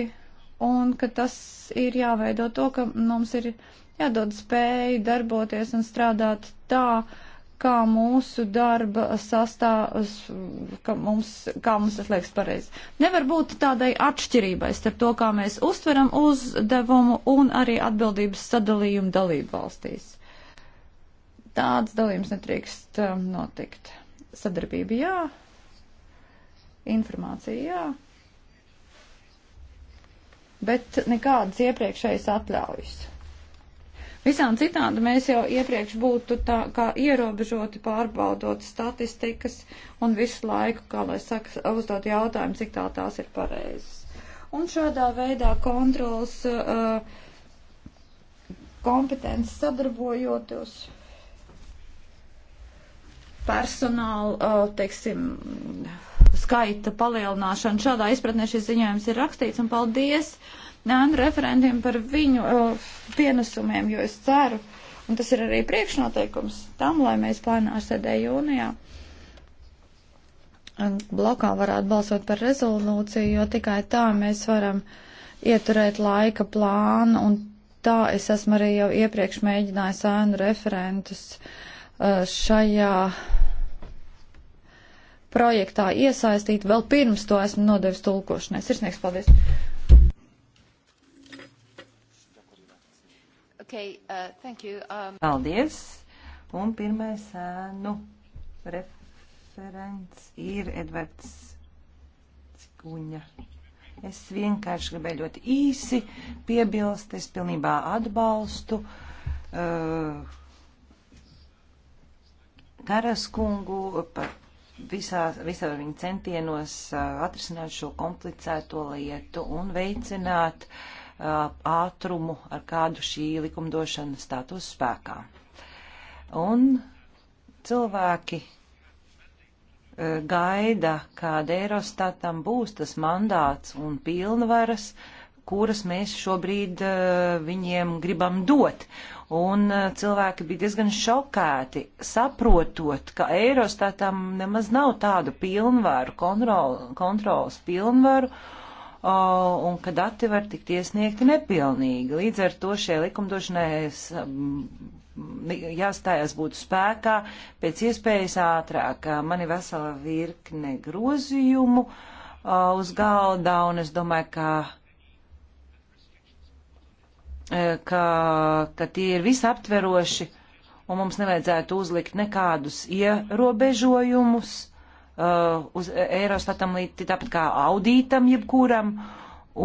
un ka tas ir jāveido to, ka mums ir jādod spēju darboties un strādāt tā, uh, kā mūsu darba sastāvs, kā mums, kā mums tas liekas pareizi. Nevar būt tādai atšķirībai starp to, kā mēs uztveram uzdevumu un arī atbildības sadalījumu dalību valstīs. Tāds dalījums netrīkst um, notikt. Sadarbība jā, informācija jā, bet nekādas iepriekšējas atļaujas. Visām citādi mēs jau iepriekš būtu tā kā ierobežoti pārbaudot statistikas un visu laiku, kā lai saka, uzdot jautājumu, cik tā tās ir pareizas. Un šādā veidā kontrols uh, kompetences sadarbojoties personāla, uh, teiksim, skaita palielināšana. Šādā izpratnē šis ziņojums ir rakstīts, un paldies nānu referentiem par viņu uh, pienesumiem, jo es ceru, un tas ir arī priekšnoteikums tam, lai mēs plānā sēdē jūnijā uh, blokā varētu balsot par rezolūciju, jo tikai tā mēs varam ieturēt laika plānu, un tā es esmu arī jau iepriekš mēģinājis ēnu referentus uh, šajā projektā iesaistīt, vēl pirms to esmu nodevis tulkošanai. Sirsnieks, paldies! Okay, uh, thank you. Um... Paldies. Un pirmais ēnu uh, referents ir Edvards Cikuņa. Es vienkārši gribēju ļoti īsi piebilst, es pilnībā atbalstu uh, Karaskungu par visā, visā viņa centienos uh, atrisināt šo komplicēto lietu un veicināt uh, Uh, ātrumu, ar kādu šī likumdošana status spēkā. Un cilvēki uh, gaida, kāda Eirostatam būs tas mandāts un pilnvaras, kuras mēs šobrīd uh, viņiem gribam dot. Un cilvēki bija diezgan šokēti, saprotot, ka Eirostatam nemaz nav tādu pilnvaru, kontrol, kontrolas pilnvaru, un ka dati var tikt iesniegti nepilnīgi. Līdz ar to šie likumdošanai jāstājās būtu spēkā pēc iespējas ātrāk. Man ir vesela virkne grozījumu uz galda, un es domāju, ka e, ka, ka tie ir visaptveroši un mums nevajadzētu uzlikt nekādus ierobežojumus Uh, uz Eirostatam līdz tāpat kā audītam jebkuram.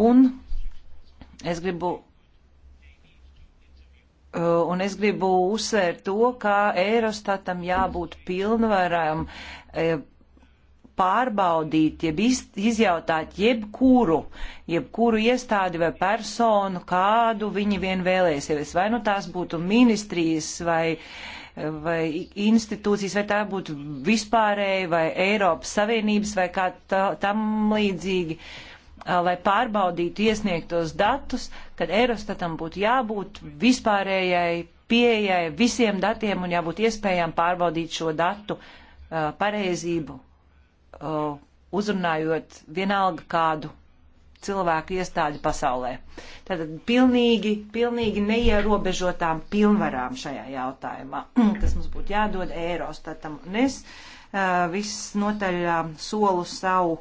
Un es gribu uh, Un es gribu uzsvērt to, ka Eirostatam jābūt pilnvaram eh, pārbaudīt, jeb izjautāt jebkuru, jebkuru iestādi vai personu, kādu viņi vien vēlēsies. Vai nu tās būtu ministrijas vai uh, vai institūcijas, vai tā būtu vispārēji, vai Eiropas Savienības, vai kā tā, tam līdzīgi, lai pārbaudītu iesniegtos datus, kad Eurostatam būtu jābūt vispārējai pieejai visiem datiem un jābūt iespējām pārbaudīt šo datu pareizību, uzrunājot vienalga kādu cilvēku iestāļu pasaulē. Tātad pilnīgi, pilnīgi neierobežotām pilnvarām šajā jautājumā, kas mums būtu jādod Eirostatam. Un es uh, viss notaļ uh, solu savu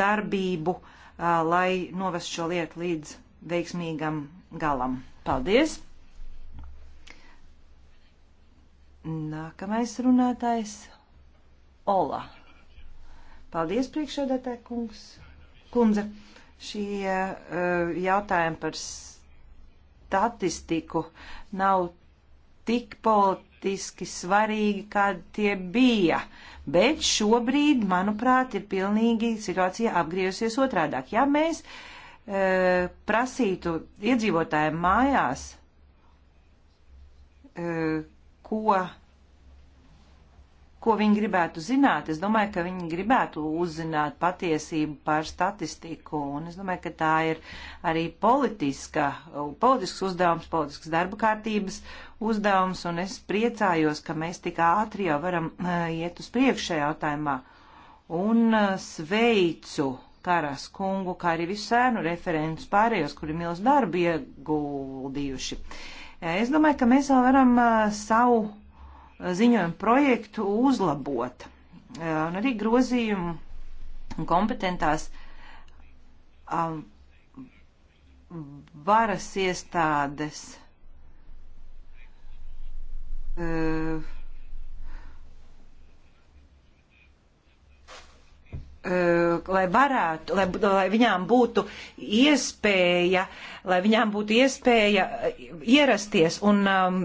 darbību, uh, lai novestu šo lietu līdz veiksmīgam galam. Paldies! Nākamais runātājs - Ola. Paldies, priekšsēdētāj kungs, kundze. Šie eh, jautājumi par statistiku nav tik politiski svarīgi, kā tie bija. Bet šobrīd, manuprāt, ir pilnīgi situācija apgriezusies otrādāk. Ja mēs e, prasītu iedzīvotājiem mājās, e, ko ko viņi gribētu zināt. Es domāju, ka viņi gribētu uzzināt patiesību par statistiku, un es domāju, ka tā ir arī politiska, politisks uzdevums, politisks darba kārtības uzdevums, un es priecājos, ka mēs tik ātri jau varam uh, iet uz priekšējā jautājumā. Un uh, sveicu Karas kungu, kā arī visu sēnu referentus pārējos, kuri milz darbu ieguldījuši. Eh, es domāju, ka mēs vēl varam uh, savu ziņojumu projektu uzlabot un arī grozījumu un kompetentās um, varas iestādes. Uh, Eh, lai varētu, lai, lai viņām būtu iespēja, lai viņām būtu iespēja eh, ierasties un, um,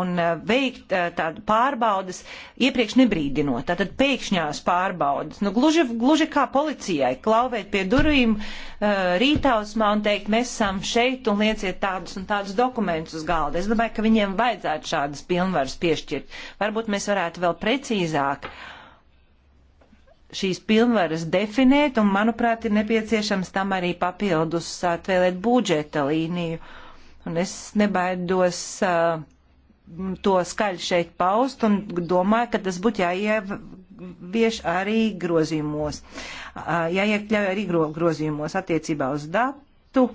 un eh, veikt tādu pārbaudas iepriekš nebrīdinot, tātad pēkšņās pārbaudas. Nu, gluži, gluži kā policijai, klauvēt pie durvīm rītausmā un teikt, mēs esam šeit un lieciet tādus un tādus dokumentus uz galda. Es domāju, ka viņiem vajadzētu šādas pilnvaras piešķirt. Varbūt mēs varētu vēl precīzāk uh, šīs pilnvaras definēt, un, manuprāt, ir nepieciešams tam arī papildus atvēlēt budžeta līniju. Un es nebaidos uh, to skaļi šeit paust, un domāju, ka tas būtu jāievieš arī grozījumos, uh, jāiekļauj arī gro, grozījumos attiecībā uz datu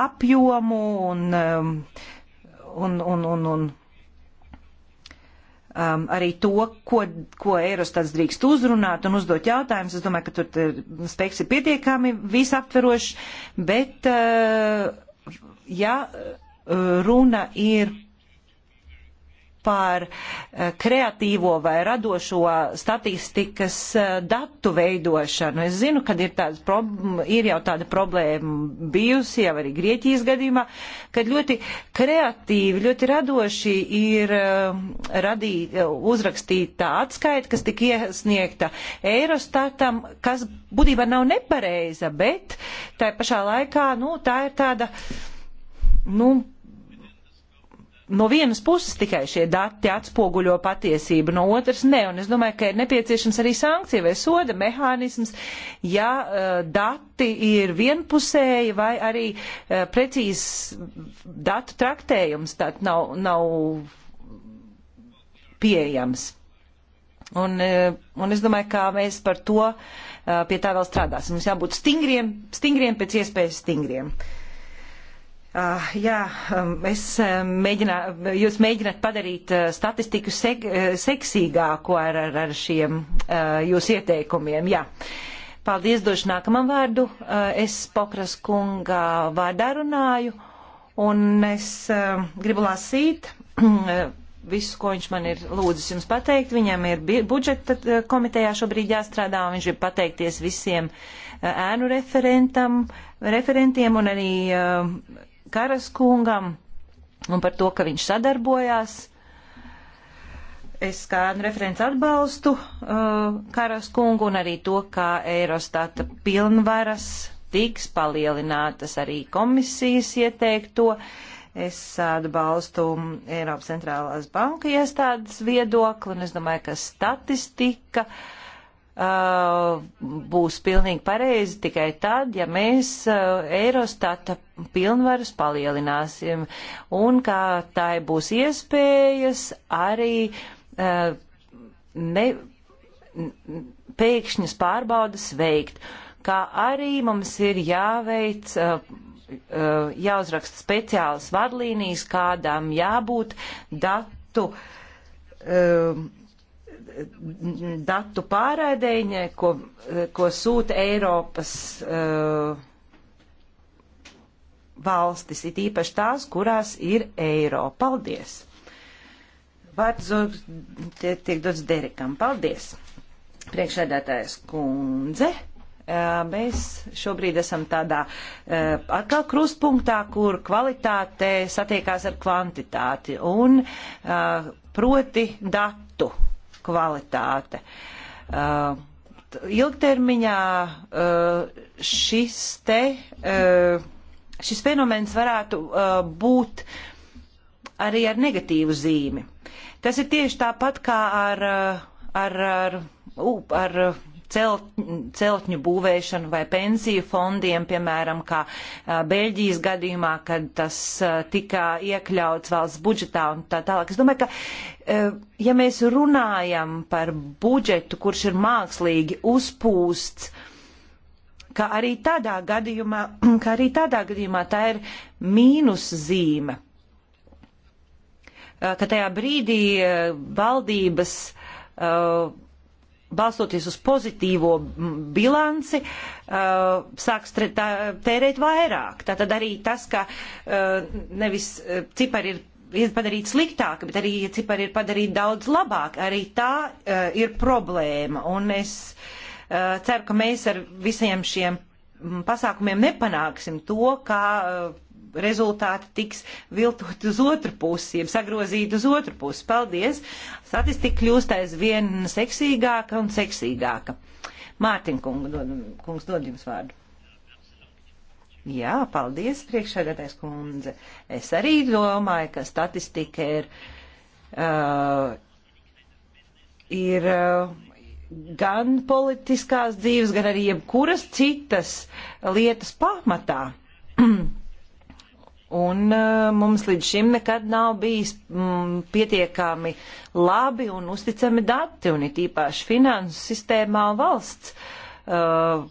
apjomu un, um, un, un, un, un um, arī to, ko, ko Eirostats drīkst uzrunāt un uzdot jautājumus. Es domāju, ka tur spēks ir pietiekami visaptverošs, bet uh, ja uh, runa ir par eh, kreatīvo vai radošo statistikas eh, datu veidošanu. Es zinu, ka ir, ir jau tāda problēma bijusi, jau arī Grieķijas gadījumā, kad ļoti kreatīvi, ļoti radoši ir eh, radī, uzrakstīta atskaita, kas tika iesniegta Eirostatam, kas būtībā nav nepareiza, bet tā pašā laikā, nu, tā ir tāda, nu, no vienas puses tikai šie dati atspoguļo patiesību, no otras ne. Un es domāju, ka ir nepieciešams arī sankcija vai soda mehānisms, ja uh, dati ir vienpusēji vai arī uh, precīzs datu traktējums tad nav, nav pieejams. Un, uh, un es domāju, ka mēs par to uh, pie tā vēl strādāsim. Mums jābūt stingriem, stingriem pēc iespējas stingriem. Uh, Uh, jā, um, es um, mēģināju, jūs mēģināt padarīt uh, statistiku sek, uh, seksīgāku ar, ar, ar šiem uh, jūs ieteikumiem, jā. Paldies, došu nākamam vārdu. Uh, es Pokras kunga vārdā runāju un es um, gribu lasīt uh, visu, ko viņš man ir lūdzis jums pateikt. Viņam ir budžeta komitejā šobrīd jāstrādā, un viņš ir pateikties visiem ēnu referentam, referentiem un arī uh, Karas kungam un par to, ka viņš sadarbojās. Es kā referents atbalstu uh, Karas kungu un arī to, kā Eirostata pilnvaras tiks palielinātas arī komisijas ieteikto. Es atbalstu Eiropas centrālās banka iestādes viedokli un es domāju, ka statistika uh, uh, būs pilnīgi pareizi tikai tad, ja mēs uh, Eirostata pilnvaras palielināsim un kā tā būs iespējas arī uh, ne, pēkšņas pārbaudas veikt, kā arī mums ir jāveic uh, uh, jāuzraksta speciālas vadlīnijas, kādām jābūt datu um, datu pārraidēņai, ko, ko sūta Eiropas uh, valstis, it īpaši tās, kurās ir eiro. Paldies! Vārds tiek, tiek dots Derikam. Paldies! Priekšēdētājs kundze eh, mēs šobrīd esam tādā eh, atkal krustpunktā, kur kvalitāte satiekās ar kvantitāti un proti datu kvalitāte. Uh, ilgtermiņā uh, šis te, uh, šis fenomens varētu uh, būt arī ar negatīvu zīmi. Tas ir tieši tāpat kā ar, uh, ar, ar, ar, ar celt, celtņu būvēšanu vai pensiju fondiem, piemēram, kā Beļģijas gadījumā, kad tas tika iekļauts valsts budžetā un tā tālāk. Es domāju, ka, ja mēs runājam par budžetu, kurš ir mākslīgi uzpūsts, ka arī tādā gadījumā, ka arī tādā gadījumā tā ir mīnus zīme, ka tajā brīdī valdības uh, balstoties uz pozitīvo bilanci, uh, sāks tā, tērēt vairāk. Tātad arī tas, ka uh, nevis uh, cipari ir, ir padarīti sliktāki, bet arī cipari ir padarīti daudz labāk, arī tā uh, ir problēma. Un es uh, ceru, ka mēs ar visiem šiem mm, pasākumiem nepanāksim to, kā uh, rezultāti tiks viltot uz otru pusi, jeb sagrozīt uz otru pusi. Paldies! Statistika kļūst aizvien seksīgāka un seksīgāka. Mārtiņ kungu, dod, kungs, dod jums vārdu. Jā, paldies, priekšsēdētājs kundze. Es arī domāju, ka statistika ir, uh, ir uh, gan politiskās dzīves, gan arī jebkuras citas lietas pamatā. Un uh, mums līdz šim nekad nav bijis mm, pietiekami labi un uzticami dati, un it īpaši finansu sistēmā valsts uh,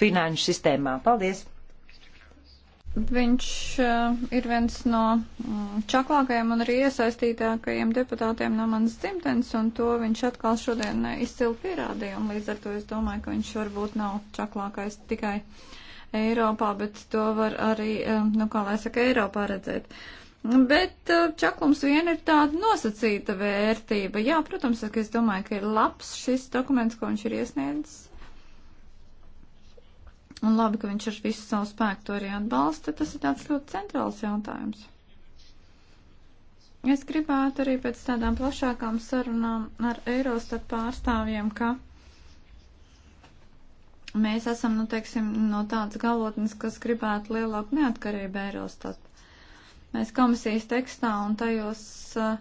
finanšu sistēmā. Paldies! Viņš uh, ir viens no mm, čaklākajiem un arī iesaistītākajiem deputātiem no manas dzimtenes, un to viņš atkal šodien uh, izcili pierādīja, un līdz ar to es domāju, ka viņš varbūt nav čaklākais tikai. Uh, Eiropā, bet to var arī, eh, nu kā lai saka, Eiropā redzēt. Bet eh, čaklums vien ir tāda nosacīta vērtība. Jā, protams, ka es domāju, ka ir labs šis dokuments, ko viņš ir iesniedzis. Un labi, ka viņš ar visu savu spēku to arī atbalsta. Tas ir tāds ļoti centrāls jautājums. Es gribētu arī pēc tādām plašākām sarunām ar Eirostat pārstāvjiem, ka mēs esam, nu, teiksim, no tādas galotnes, kas gribētu lielāku neatkarību Eirostat. Mēs komisijas tekstā un tajos uh,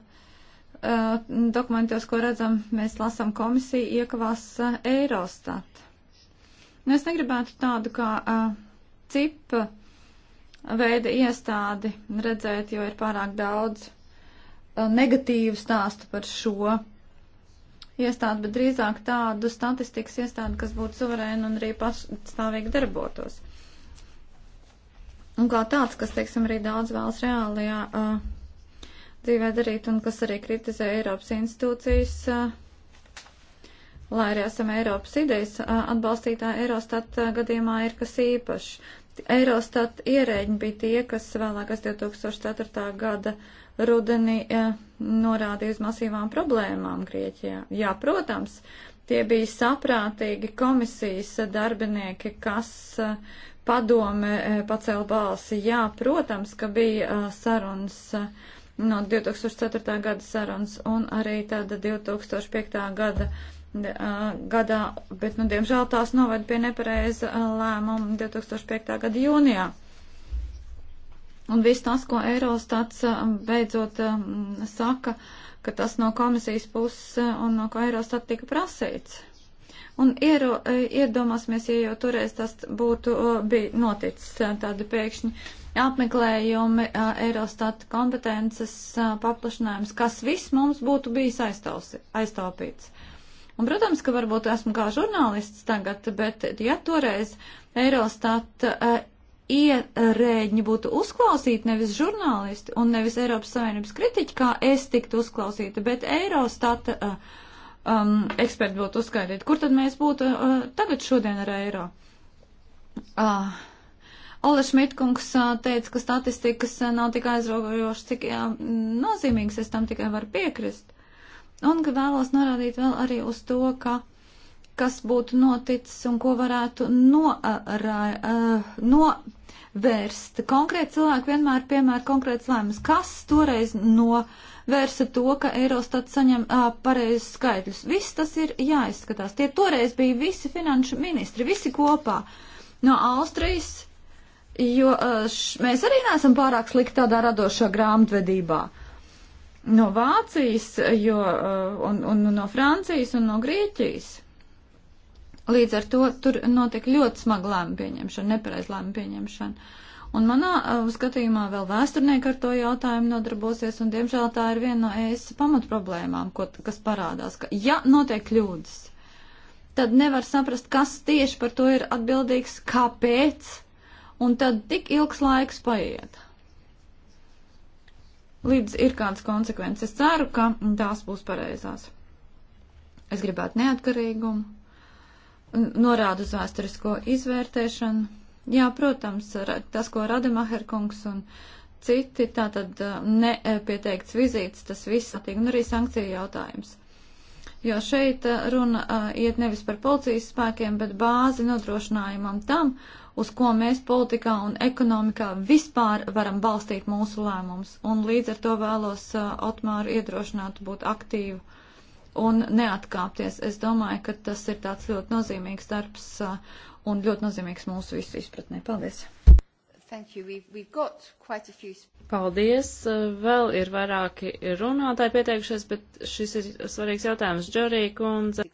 uh, dokumentos, ko redzam, mēs lasam komisiju iekavās uh, Eirostat. Nu, es negribētu tādu kā uh, cipa veida iestādi redzēt, jo ir pārāk daudz uh, negatīvu stāstu par šo iestādi, bet drīzāk tādu statistikas iestādi, kas būtu suverēna un arī pastāvīgi darbotos. Un kā tāds, kas, teiksim, arī daudz vēlas reālajā uh, dzīvē darīt un kas arī kritizē Eiropas institūcijas, uh, lai arī esam Eiropas idejas uh, atbalstītā Eurostat uh, gadījumā ir kas īpašs. Eurostat ierēģi bija tie, kas vēlākais 2004. gada uh, rudenī e, norādīja uz masīvām problēmām Grieķijā. Jā, protams, tie bija saprātīgi komisijas darbinieki, kas e, padome e, pacēla balsi. Jā, protams, ka bija sarunas no 2004. gada sarunas un arī tāda 2005. gada gadā, bet, nu, diemžēl tās noved pie nepareiza lēmuma 2005. gada jūnijā. Un viss tas, ko Eirostats eh, beidzot eh, saka, ka tas no komisijas puses eh, un no ko Eirostat tika prasīts. Un iero, iedomāsimies, ja jau toreiz tas būtu bija noticis tādi pēkšņi apmeklējumi, Eirostat kompetences paplašinājums, kas viss mums būtu bijis aiztausi, aiztaupīts. Un, protams, ka varbūt esmu kā žurnālists tagad, bet ja toreiz Eirostat ierēģi būtu uzklausīti, nevis žurnālisti un nevis Eiropas Savienības kritiķi, kā es tiktu uzklausīta, bet Eirostata uh, um, eksperti būtu uzskaitīti. Kur tad mēs būtu uh, tagad šodien ar eiro? Uh, Ola Šmitkungs uh, teica, ka statistikas uh, nav tik aizraujošas, cik jā, nozīmīgas es tam tikai varu piekrist. Un ka vēlos norādīt vēl arī uz to, ka kas būtu noticis un ko varētu norā, no, uh, vērst. Konkrēti cilvēki vienmēr piemēra konkrēts lēmums. Kas toreiz novērsa to, ka Eurostat saņem uh, pareizus skaidrus? Viss tas ir jāizskatās. Tie toreiz bija visi finanšu ministri, visi kopā no Austrijas, jo uh, š, mēs arī neesam pārāk slikti tādā radošā grāmatvedībā no Vācijas jo, un, un no Francijas un no Grieķijas. Līdz ar to tur notiek ļoti smaga lēma pieņemšana, nepareiz lēma pieņemšana. Un manā uh, skatījumā vēl vēsturnieki ar to jautājumu nodarbosies, un diemžēl tā ir viena no ES pamatproblēmām, ko, kas parādās, ka ja notiek kļūdas, tad nevar saprast, kas tieši par to ir atbildīgs, kāpēc, un tad tik ilgs laiks paiet līdz ir kādas konsekvences. Es ceru, ka tās būs pareizās. Es gribētu neatkarīgumu, norāda uz vēsturisko izvērtēšanu. Jā, protams, tas, ko Rademacher kungs un citi, tātad uh, nepieteikts vizītes, tas viss attiek, un arī sankciju jautājums. Jo šeit uh, runa uh, iet nevis par policijas spēkiem, bet bāzi nodrošinājumam tam, uz ko mēs politikā un ekonomikā vispār varam balstīt mūsu lēmumus. Un līdz ar to vēlos Otmāru iedrošināt būt aktīvu un neatkāpties. Es domāju, ka tas ir tāds ļoti nozīmīgs darbs uh, un ļoti nozīmīgs mūsu visu izpratnē. Paldies! We've, we've few... Paldies! Vēl ir vairāki runātāji pieteikušies, bet šis ir svarīgs jautājums. Džorija kundze.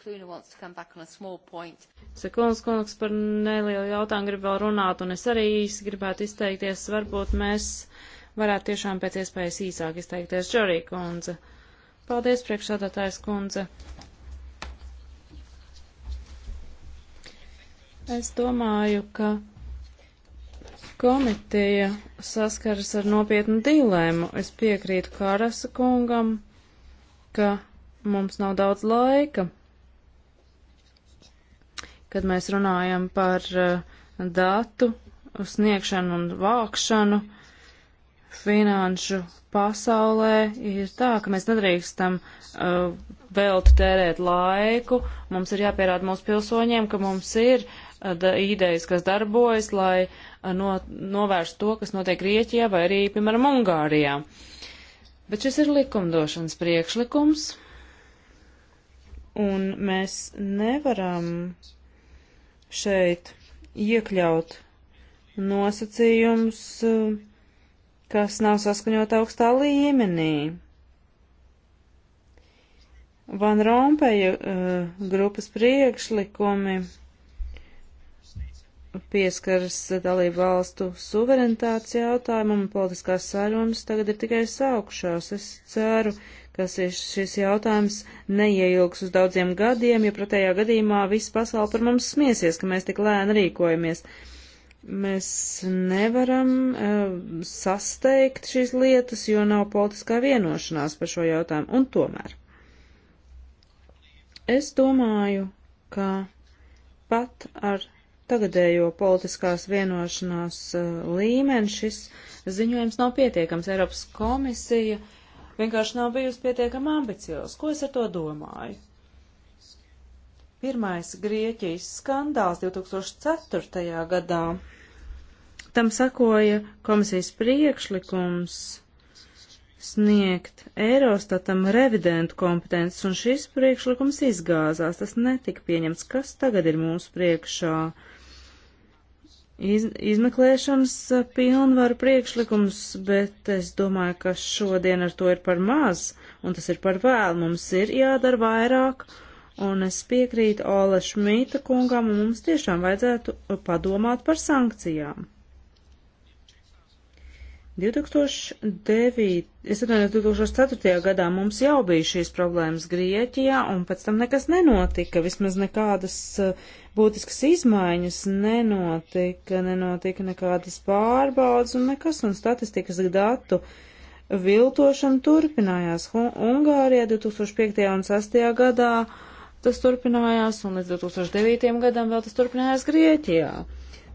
Sekundes kungs par nelielu jautājumu grib vēl runāt, un es arī īsi gribētu izteikties. Varbūt mēs varētu tiešām pēc iespējas īsāk izteikties. Džorija kundze. Uh, Paldies, priekšsādātājs kundze. Es domāju, ka komiteja saskaras ar nopietnu dilēmu. Es piekrītu Kārasa kungam, ka mums nav daudz laika, kad mēs runājam par eh, datu sniegšanu un vākšanu. Uh, finanšu pasaulē ir tā, ka mēs nedrīkstam uh, veltu tērēt laiku. Mums ir jāpierāda mūsu pilsoņiem, ka mums ir uh, idejas, kas darbojas, lai uh, no, novērstu to, kas notiek Grieķijā vai arī, piemēram, Ungārijā. Bet šis ir likumdošanas priekšlikums, un mēs nevaram šeit iekļaut nosacījums. Uh, kas nav saskaņot augstā līmenī. Van Rompeja uh, grupas priekšlikumi pieskaras dalību valstu suverenitātes jautājumam un politiskās sarunas tagad ir tikai sākušās. Es ceru, ka šis jautājums neieilgs uz daudziem gadiem, jo pretējā gadījumā viss pasauli par mums smiesies, ka mēs tik lēni rīkojamies. Uh, Mēs nevaram uh, sasteigt šīs lietas, jo nav politiskā vienošanās par šo jautājumu. Un tomēr es domāju, ka pat ar tagadējo politiskās vienošanās uh, līmeni šis ziņojums nav pietiekams. Eiropas komisija vienkārši nav bijusi pietiekama ambicioza. Ko es ar to domāju? Pirmais Grieķijas skandāls 2004. gadā. Tam sakoja komisijas priekšlikums sniegt Eirostatam revidentu kompetences, un šis priekšlikums izgāzās. Tas netika pieņemts. Kas tagad ir mūsu priekšā? Iz, izmeklēšanas pilnvaru priekšlikums, bet es domāju, ka šodien ar to ir par maz, un tas ir par vēl. Mums ir jādara vairāk, un es piekrītu Ola Šmīta kungam, un mums tiešām vajadzētu padomāt par sankcijām. 2009, es atvainojos, 2004. gadā mums jau bija šīs problēmas Grieķijā, un pēc tam nekas nenotika, vismaz nekādas eh, būtiskas izmaiņas nenotika, nenotika nekādas pārbaudas un nekas, un statistikas datu uh, viltošana turpinājās Hungārijā 2005. un 2006. gadā tas turpinājās, un līdz 2009. gadam vēl tas turpinājās Grieķijā.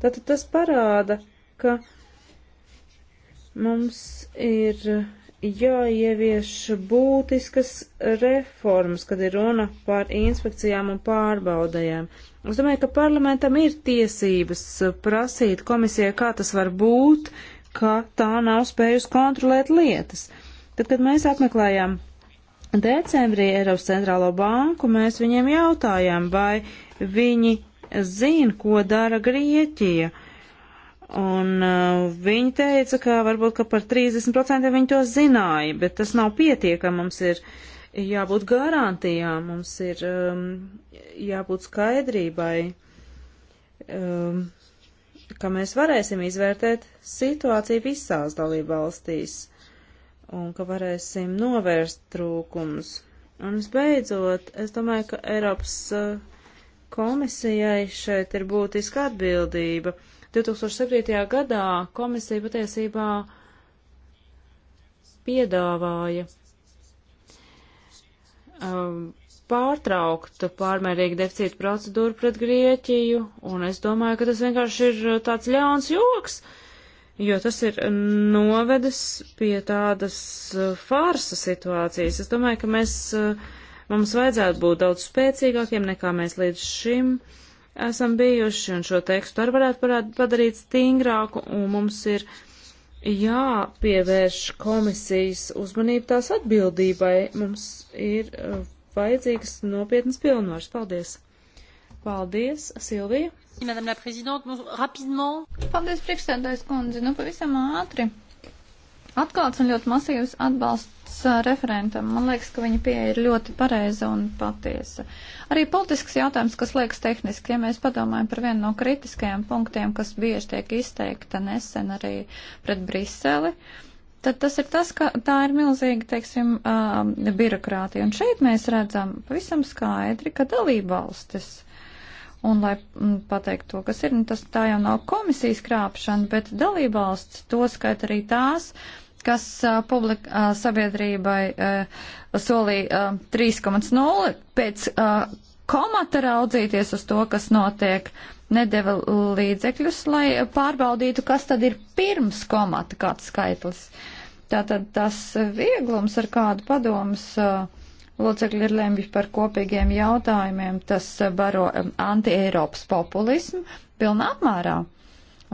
Tātad tas parāda, ka mums ir jāievieš būtiskas reformas, kad ir runa par inspekcijām un pārbaudējām. Es domāju, ka parlamentam ir tiesības prasīt komisijai, kā tas var būt, ka tā nav spējusi kontrolēt lietas. Tad, kad mēs apmeklējām decembrī Eiropas centrālo banku mēs viņiem jautājām, vai viņi zina, ko dara Grieķija. Un uh, viņi teica, ka varbūt, ka par 30% viņi to zināja, bet tas nav pietiekami. Mums ir jābūt garantijām, mums ir um, jābūt skaidrībai, um, ka mēs varēsim izvērtēt situāciju visās dalībvalstīs un ka varēsim novērst trūkumus. Un visbeidzot, es domāju, ka Eiropas eh, komisijai šeit ir būtiska atbildība. 2007. gadā komisija patiesībā piedāvāja um, pārtraukt pārmērīgu deficītu procedūru pret Grieķiju, un es domāju, ka tas vienkārši ir eh, tāds ļauns joks. Uh, jo tas ir novedis pie tādas uh, fārsa situācijas. Es domāju, ka mēs, uh, mums vajadzētu būt daudz spēcīgākiem nekā mēs līdz šim esam bijuši, un šo tekstu arī varētu padarīt stingrāku, un mums ir jāpievērš komisijas uzmanību tās atbildībai. Mums ir uh, vajadzīgas nopietnas pilnvaras. Paldies! Paldies, Silvija! Madame la Prezidente, nu, rapidement. Paldies, priekšstādājs kundze. Nu, pavisam ātri. Atklāts un ļoti masīvs atbalsts uh, referentam. Man liekas, ka viņa pieeja ir ļoti pareiza un patiesa. Arī politisks jautājums, kas liekas tehniski, ja mēs padomājam par vienu no kritiskajiem punktiem, kas bieži tiek izteikta nesen arī pret Briseli, tad tas ir tas, ka tā ir milzīga, teiksim, uh, birokrātija. Un šeit mēs redzam pavisam skaidri, ka dalībvalstis Un, lai mm, pateikt to, kas ir, nu, tas tā jau nav komisijas krāpšana, bet dalībvalsts, to skait arī tās, kas uh, publik, uh, sabiedrībai uh, solīja uh, 3,0 pēc uh, komata raudzīties uz to, kas notiek, nedeva līdzekļus, lai pārbaudītu, kas tad ir pirms komata kāds skaitlis. Tātad tas vieglums, ar kādu padomus. Uh, locekļi ir lemjuši par kopīgiem jautājumiem, tas eh, baro eh, anti-Eiropas populismu pilnā apmērā.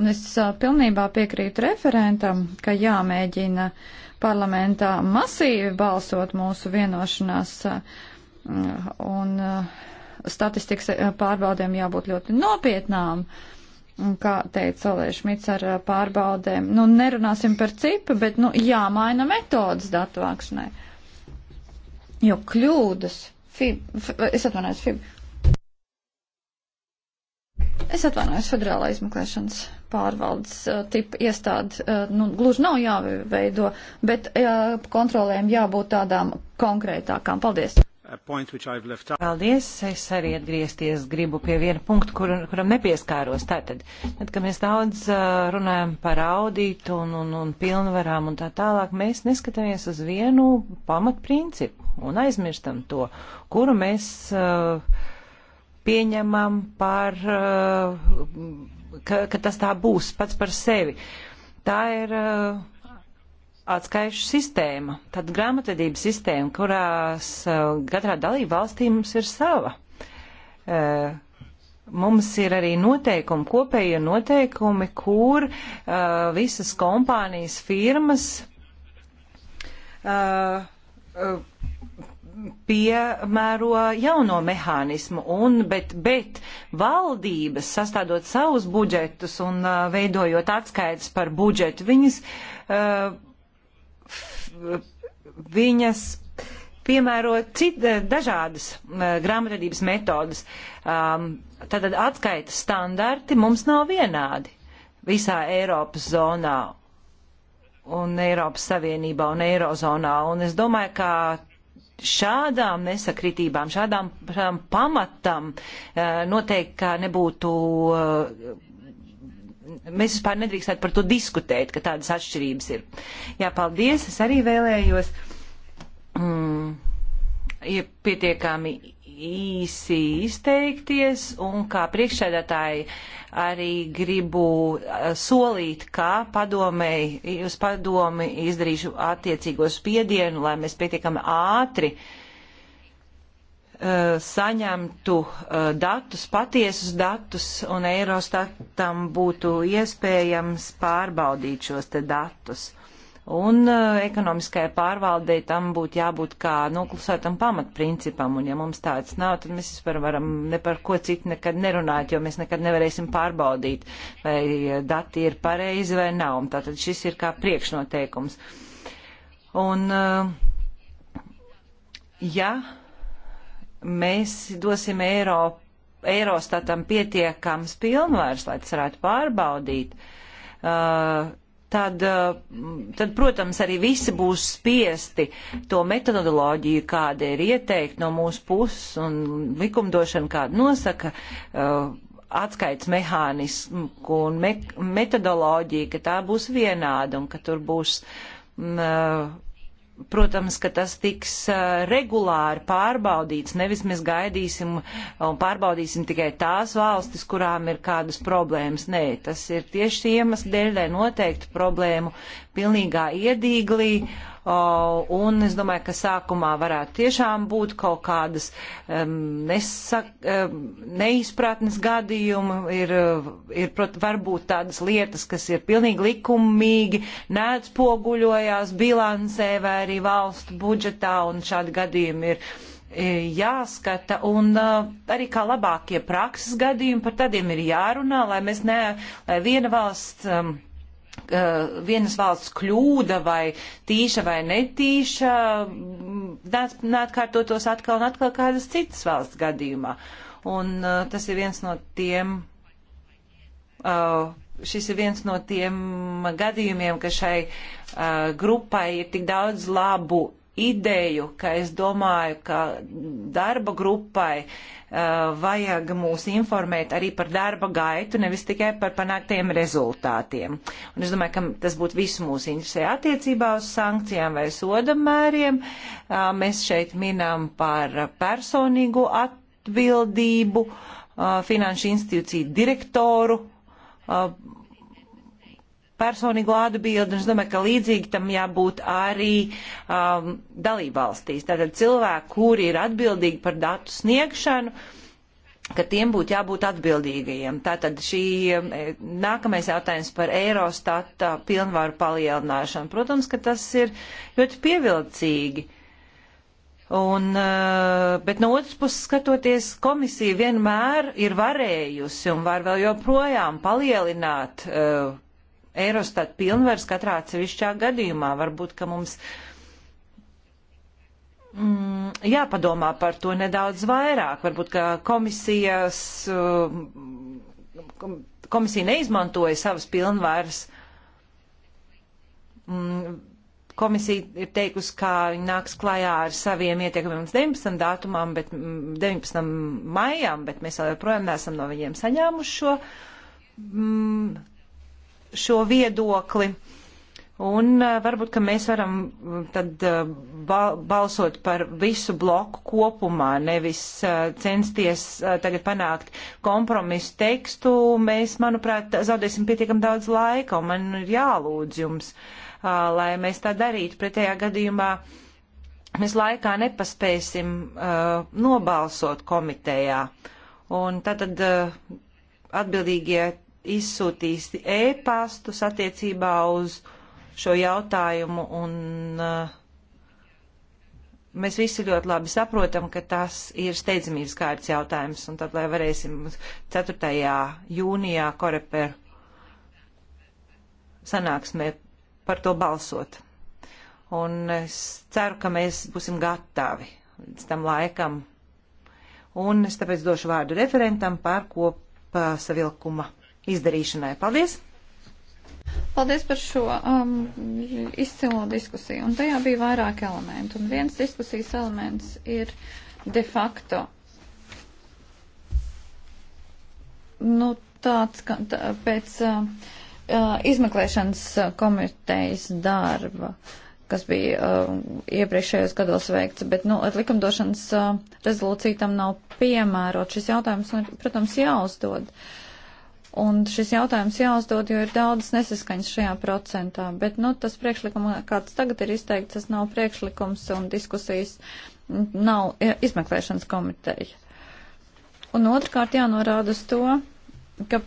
Un es eh, pilnībā piekrītu referentam, ka jāmēģina parlamentā masīvi balsot mūsu vienošanās un statistikas pārbaudēm jābūt ļoti nopietnām. Un, kā teica Olēš Šmits ar pārbaudēm, nu nerunāsim par cipu, bet nu jāmaina metodas datu vākšanai. Uh, Jo kļūdas, fib, f, es atvainojos, fib. Es atvainojos, federālā izmeklēšanas pārvaldes uh, tipa iestāde, uh, nu, gluži nav jāveido, bet uh, kontrolēm jābūt tādām konkrētākām. Paldies! Paldies! Es arī atgriezties gribu pie viena punkta, kur, kuram nepieskāros. Tātad, tad, kad mēs daudz runājam par audītu un, un, un pilnvarām un tā tālāk, mēs neskatāmies uz vienu pamatprincipu un aizmirstam to, kuru mēs uh, pieņemam par, uh, ka, ka tas tā būs pats par sevi. Tā ir. Uh, atskaišu sistēma, tad grāmatvedības sistēma, kurās uh, katrā dalība valstī mums ir sava. Uh, mums ir arī noteikumi, kopējie noteikumi, kur uh, visas kompānijas, firmas uh, uh, piemēro jauno mehānismu, un, bet, bet valdības sastādot savus budžetus un uh, veidojot atskaites par budžetu, viņas uh, viņas piemēro cit, eh, dažādas eh, grāmatvedības metodas. Um, Tātad atskaitas standarti mums nav vienādi visā Eiropas zonā un Eiropas Savienībā un Eirozonā. Un es domāju, ka šādām nesakritībām, šādām, šādām pamatam eh, noteikti nebūtu mēs vispār nedrīkstētu par to diskutēt, ka tādas atšķirības ir. Jā, paldies, es arī vēlējos mm, ja pietiekami īsi izteikties, un kā priekšsēdētāji arī gribu eh, solīt, ka padomēji, uz padomi izdarīšu attiecīgo spiedienu, lai mēs pietiekami ātri uh, Eh, saņemtu eh, datus, patiesus datus, un Eurostatam būtu iespējams pārbaudīt šos te datus. Un eh, ekonomiskajai pārvaldei tam būtu jābūt kā noklusētam pamatprincipam, un ja mums tāds nav, tad mēs vispār varam ne par ko citu nekad nerunāt, jo mēs nekad nevarēsim pārbaudīt, vai dati ir pareizi vai nav. Tātad šis ir kā priekšnoteikums. Un, ja mēs dosim Eiropu Eirostatam pietiekams pilnvars, lai tas varētu pārbaudīt, uh, tad, uh, tad, protams, arī visi būs spiesti to metodoloģiju, kāda ir ieteikta no mūsu puses un likumdošana, kāda nosaka uh, atskaits mehānismu un me metodoloģiju, ka tā būs vienāda un ka tur būs. Mm, uh, protams, ka tas tiks regulāri pārbaudīts. Nevis mēs gaidīsim un pārbaudīsim tikai tās valstis, kurām ir kādas problēmas. Nē, tas ir tieši iemesls dēļ, lai noteiktu problēmu pilnīgā iedīglī Uh, un es domāju, ka sākumā varētu tiešām būt kaut kādas um, nesak, um, neizpratnes gadījumi, ir, uh, ir prot, varbūt tādas lietas, kas ir pilnīgi likumīgi, neatspoguļojās bilancē vai arī valstu budžetā, un šādi gadījumi ir e, jāskata, un uh, arī kā labākie prakses gadījumi par tādiem ir jārunā, lai mēs ne, lai viena valsts. Um, vienas valsts kļūda vai tīša vai netīša neatkārtotos atkal un atkal kādas citas valsts gadījumā. Un uh, tas ir viens no tiem. Uh, šis ir viens no tiem gadījumiem, ka šai uh, grupai ir tik daudz labu ideju, ka es domāju, ka darba grupai uh, Eh, vajag mūs informēt arī par darba gaitu, nevis tikai par panāktiem rezultātiem. Un es domāju, ka tas būtu visu mūsu interesē attiecībā uz sankcijām vai sodamēriem. Eh, mēs šeit minām par personīgu atbildību, eh, finanšu institūciju direktoru personīgo atbildi. Es domāju, ka līdzīgi tam jābūt arī um, dalībvalstīs. Tātad cilvēki, kuri ir atbildīgi par datu sniegšanu, ka tiem būtu jābūt atbildīgajiem. Tātad šī um, e, nākamais jautājums par Eirostata pilnvaru palielināšanu. Protams, ka tas ir ļoti pievilcīgi. Un, uh, bet no otras puses skatoties, komisija vienmēr ir varējusi un var vēl joprojām palielināt uh, Eurostat pilnvars katrā atsevišķā gadījumā. Varbūt, ka mums mm, jāpadomā par to nedaudz vairāk. Varbūt, ka komisijas, mm, komisija neizmantoja savas pilnvaras. Mm, komisija ir teikusi, ka viņi nāks klajā ar saviem ieteikumiem 19. datumam, bet 19. Mm, maijam, bet mēs vēl joprojām neesam no viņiem saņēmuši šo mm, šo viedokli. Un eh, varbūt, ka mēs varam eh, tad eh, balsot par visu bloku kopumā, nevis censties tagad panākt kompromisu tekstu. Mēs, manuprāt, zaudēsim pietiekam daudz laika, un man ir jālūdz jums, lai mēs tā darītu. Pretējā gadījumā mēs laikā nepaspēsim nobalsot komitejā. Un tad, tad atbildīgie izsūtīs ēpastus e attiecībā uz šo jautājumu un uh, mēs visi ļoti labi saprotam, ka tas ir steidzamības kārtas jautājums un tad, lai varēsim 4. jūnijā koreper sanāksmē par to balsot. Un es ceru, ka mēs būsim gatavi līdz tam laikam. Un es tāpēc došu vārdu referentam par kopā savilkuma izdarīšanai. Paldies! Paldies par šo um, izcilo diskusiju. Un tajā bija vairāk elementu. Un viens diskusijas elements ir de facto nu, tāds, ka, tā, pēc uh, uh, izmeklēšanas komitejas darba, kas bija uh, iepriekšējos gados veikts, bet nu, likumdošanas uh, rezolūcija tam nav piemērot. Šis jautājums, nu, protams, jāuzdod. Uh, Un šis jautājums jāuzdod, jo ir daudz nesaskaņas šajā procentā. Bet, nu, tas priekšlikums, kāds tagad ir izteikts, tas nav priekšlikums un diskusijas nav izmeklēšanas komiteja. Un otrkārt jānorāda uz to, ka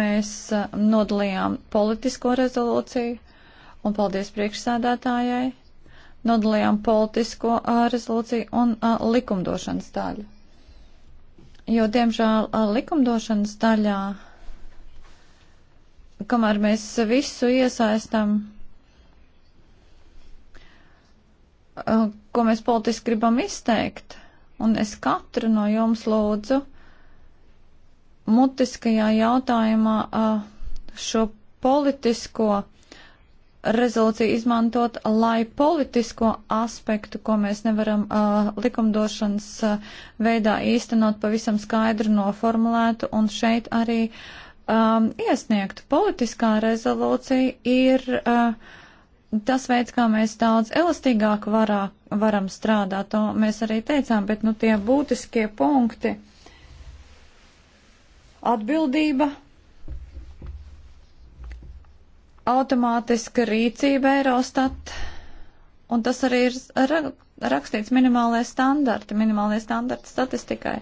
mēs uh, nodalījām politisko rezolūciju, un paldies priekšsēdētājai, nodalījām politisko uh, rezolūciju un uh, likumdošanas daļu Jo, diemžēl, likumdošanas daļā, kamēr mēs visu iesaistam, ko mēs politiski gribam izteikt, un es katru no jums lūdzu mutiskajā jautājumā šo politisko rezolūciju izmantot, lai politisko aspektu, ko mēs nevaram uh, likumdošanas uh, veidā īstenot, pavisam skaidri noformulētu un šeit arī um, iesniegtu. Politiskā rezolūcija ir uh, tas veids, kā mēs daudz elastīgāk varā, varam strādāt, to mēs arī teicām, bet nu tie būtiskie punkti. Atbildība, automātiska rīcība Eurostat, un tas arī ir ra rakstīts minimālajie standarti, minimālajie standarti statistikai.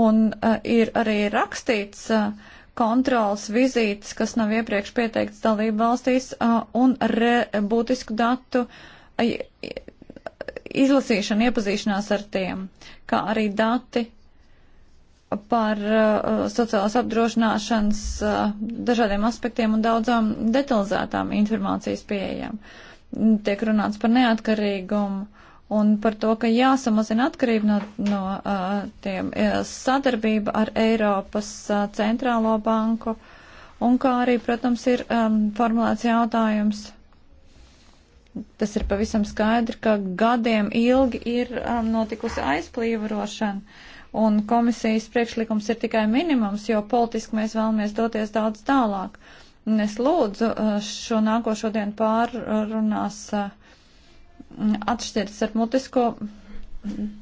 Un uh, ir arī rakstīts uh, kontrols vizītes, kas nav iepriekš pieteikts dalību valstīs, uh, un re, būtisku datu uh, izlasīšana, iepazīšanās ar tiem, kā arī dati par uh, sociālās apdrošināšanas uh, dažādiem aspektiem un daudzām detalizētām informācijas pieejām. Tiek runāts par neatkarīgumu un par to, ka jāsamazina atkarība no, no uh, tiem uh, sadarbība ar Eiropas uh, centrālo banku un kā arī, protams, ir um, formulēts jautājums. Tas ir pavisam skaidri, ka gadiem ilgi ir um, notikusi aizplīvarošana. Uh, un komisijas priekšlikums ir tikai minimums, jo politiski mēs vēlamies doties daudz tālāk. Un es lūdzu uh, šo nākošo dienu pārrunās uh, atšķirts ar mutisko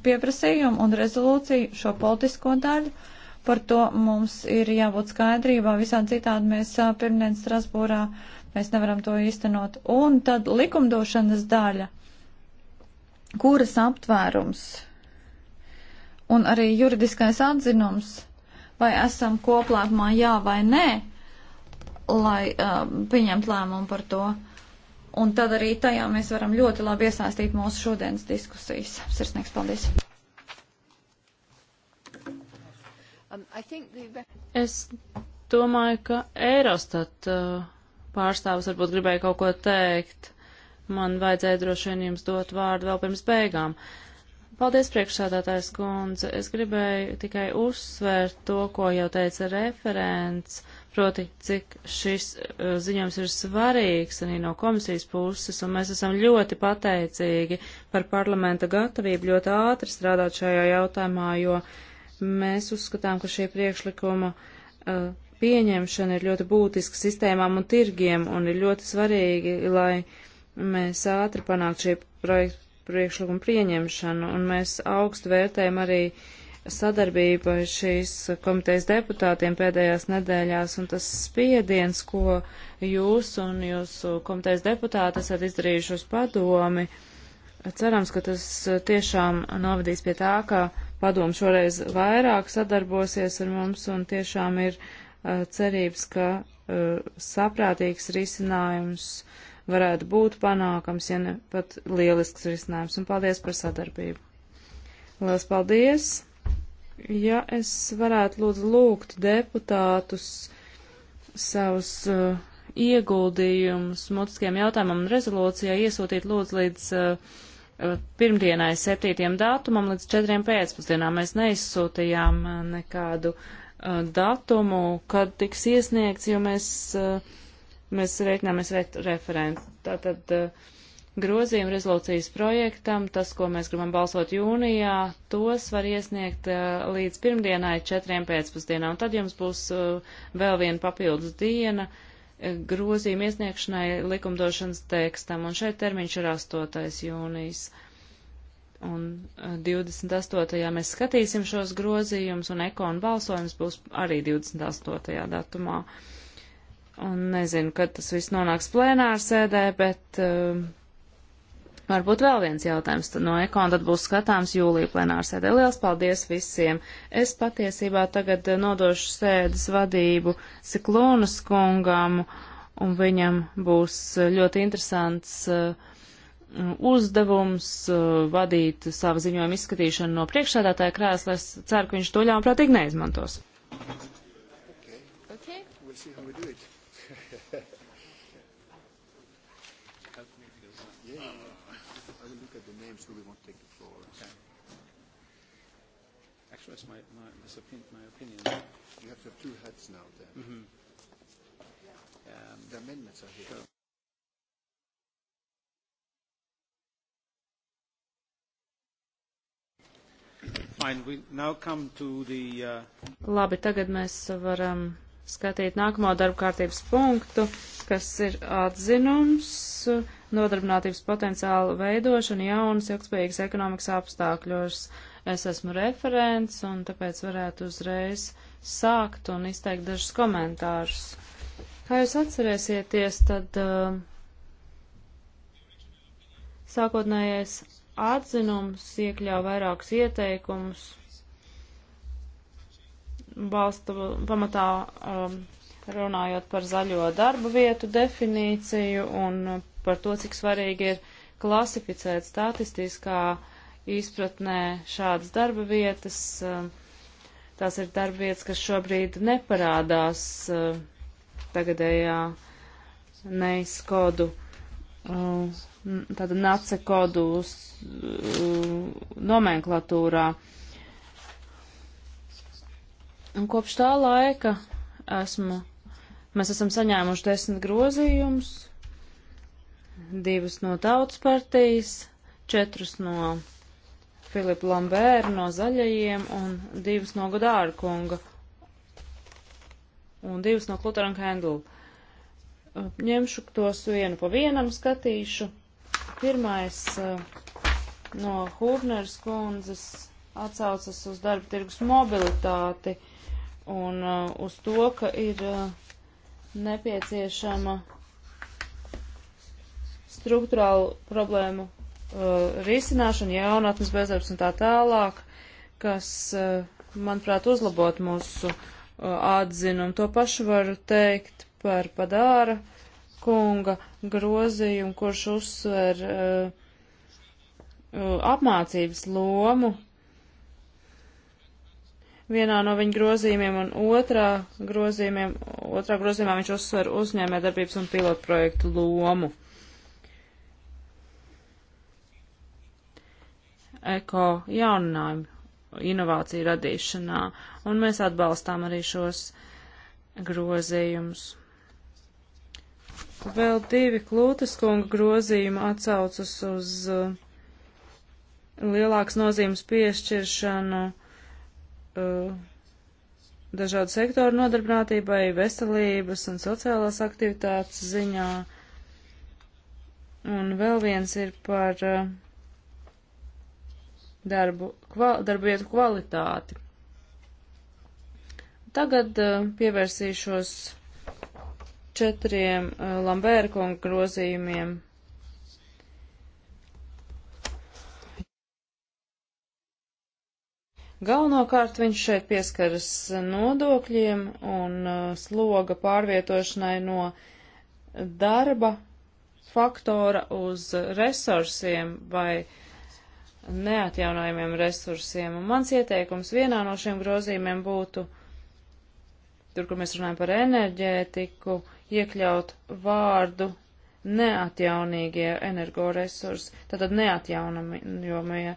pieprasījumu un rezolūciju šo politisko daļu. Par to mums ir jābūt skaidrībā. Visādi citādi mēs uh, pirmdien Strasbūrā mēs nevaram to īstenot. Un tad likumdošanas daļa, kuras aptvērums un arī juridiskais atzinums, vai esam koplēmumā jā vai nē, lai uh, pieņemt lēmumu par to. Un tad arī tajā mēs varam ļoti labi iesaistīt mūsu šodienas diskusijas. Sirsnieks, paldies! Um, es domāju, ka Eirostat uh, pārstāvis varbūt gribēja kaut ko teikt. Man vajadzēja droši vien jums dot vārdu vēl pirms beigām. Uh, Paldies, priekšsādātājs kundze. Es gribēju tikai uzsvērt to, ko jau teica referents, proti, cik šis uh, ziņojums ir svarīgs arī no komisijas puses, un mēs esam ļoti pateicīgi par parlamenta gatavību ļoti ātri strādāt šajā jautājumā, jo mēs uzskatām, ka šie priekšlikuma uh, pieņemšana ir ļoti būtiska sistēmām un tirgiem, un ir ļoti svarīgi, lai mēs ātri panāktu šie projekti priekšlikumu pieņemšanu, un mēs augstu vērtējam arī sadarbību šīs komitejas deputātiem pēdējās nedēļās, un tas spiediens, ko jūs un jūsu komitejas deputāti esat izdarījuši uz padomi, cerams, ka tas tiešām novadīs pie tā, ka padomu šoreiz vairāk sadarbosies ar mums, un tiešām ir uh, cerības, ka uh, saprātīgs risinājums uh, varētu būt panākams, ja ne pat lielisks risinājums. Un paldies par sadarbību. Lielas paldies! Ja es varētu lūdzu lūgt deputātus savus uh, ieguldījumus motiskajam jautājumam un rezolūcijai iesūtīt lūdzu līdz uh, uh pirmdienai, 7. datumam līdz 4. pēcpusdienā mēs neizsūtījām uh, nekādu uh, datumu, kad tiks iesniegts, jo mēs uh, mēs reiķināmies re referents. Tātad eh, grozījumu rezolūcijas projektam, tas, ko mēs gribam balsot jūnijā, tos var iesniegt eh, līdz pirmdienai četriem pēcpusdienā, un tad jums būs eh, vēl viena papildus diena grozījuma iesniegšanai likumdošanas tekstam, un šeit termiņš ir 8. jūnijas un 28. mēs skatīsim šos grozījumus, un ekonu balsojums būs arī 28. datumā un nezinu, kad tas viss nonāks plēnāra sēdē, bet uh, varbūt vēl viens jautājums tad no ekona, tad būs skatāms jūlija plēnāra sēdē. Liels paldies visiem! Es patiesībā tagad uh, nodošu sēdes vadību Siklonas kungam, un viņam būs uh, ļoti interesants uh, uzdevums uh, vadīt savu ziņojumu izskatīšanu no priekšsēdētāja krēsla. Es ceru, ka viņš to ļaunprātīgi neizmantos. Thank you. The... Uh, Labi, tagad mēs varam skatīt nākamo darba kārtības punktu, kas ir atzinums, nodarbinātības potenciāla veidošana jaunas ilgspējīgas ekonomikas apstākļos. Es esmu referents un tāpēc varētu uzreiz sākt un izteikt dažus komentārus. Kā jūs atcerēsieties, tad uh, sākotnējais Atzinums iekļauj vairākus ieteikumus, balsta pamatā um, runājot par zaļo darba vietu definīciju un par to, cik svarīgi ir klasificēt statistiskā izpratnē šādas darba vietas. Um, tās ir darba vietas, kas šobrīd neparādās um, tagadējā neiskodu uh, um, tāda nace kodu uh, nomenklatūrā. Un kopš tā laika esmu, mēs esam saņēmuši desmit grozījumus, divus no tautas partijas, četrus no Filipa Lambēra no zaļajiem un divus no Godāra kunga un divus no Klutaranka Hendla. Ņemšu tos vienu pa vienam, skatīšu Pirmais eh, no Hūrners kundzes atsaucas uz darba tirgus mobilitāti un eh, uz to, ka ir eh, nepieciešama struktūrālu problēmu risināšana, jaunatnes bezdarbs un tā tālāk, kas, manuprāt, uzlabot mūsu atzinumu. To pašu varu teikt par padāra kunga grozījumu, kurš uzsver uh, uh, apmācības lomu vienā no viņa grozījumiem un otrā grozījumiem, otrā grozījumā viņš uzsver uzņēmē darbības un pilotprojektu lomu. Eko jauninājumu inovāciju radīšanā, un mēs atbalstām arī šos grozījumus. Vēl divi klūtas kunga grozījumi atsaucas uz uh, lielāks nozīmes piešķiršanu uh, dažādu sektoru nodarbinātībai, veselības un sociālās aktivitātes ziņā. Un vēl viens ir par uh, darbu, kval, darbu vietu kvalitāti. Tagad uh, pievērsīšos četriem uh, eh, Lambēra kunga grozījumiem. Galvenokārt viņš šeit pieskaras nodokļiem un uh, sloga pārvietošanai no darba faktora uz resursiem vai neatjaunojumiem resursiem. Un mans ieteikums vienā no šiem grozījumiem būtu, tur, kur mēs runājam par enerģētiku, iekļaut vārdu neatjaunīgie energoresursi, tātad neatjaunamie,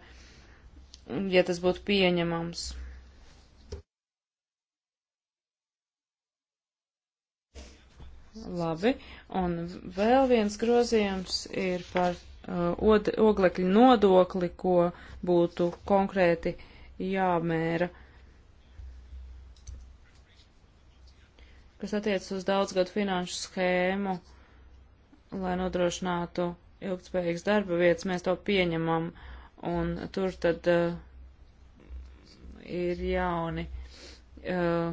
ja tas būtu pieņemams. Labi, un vēl viens grozījums ir par uh, oglekļu nodokli, ko būtu konkrēti jāmēra. Uh, kas attiecas uz daudzgadu finanšu schēmu, lai nodrošinātu ilgtspējīgas darba vietas, mēs to pieņemam, un tur tad uh, ir jauni uh,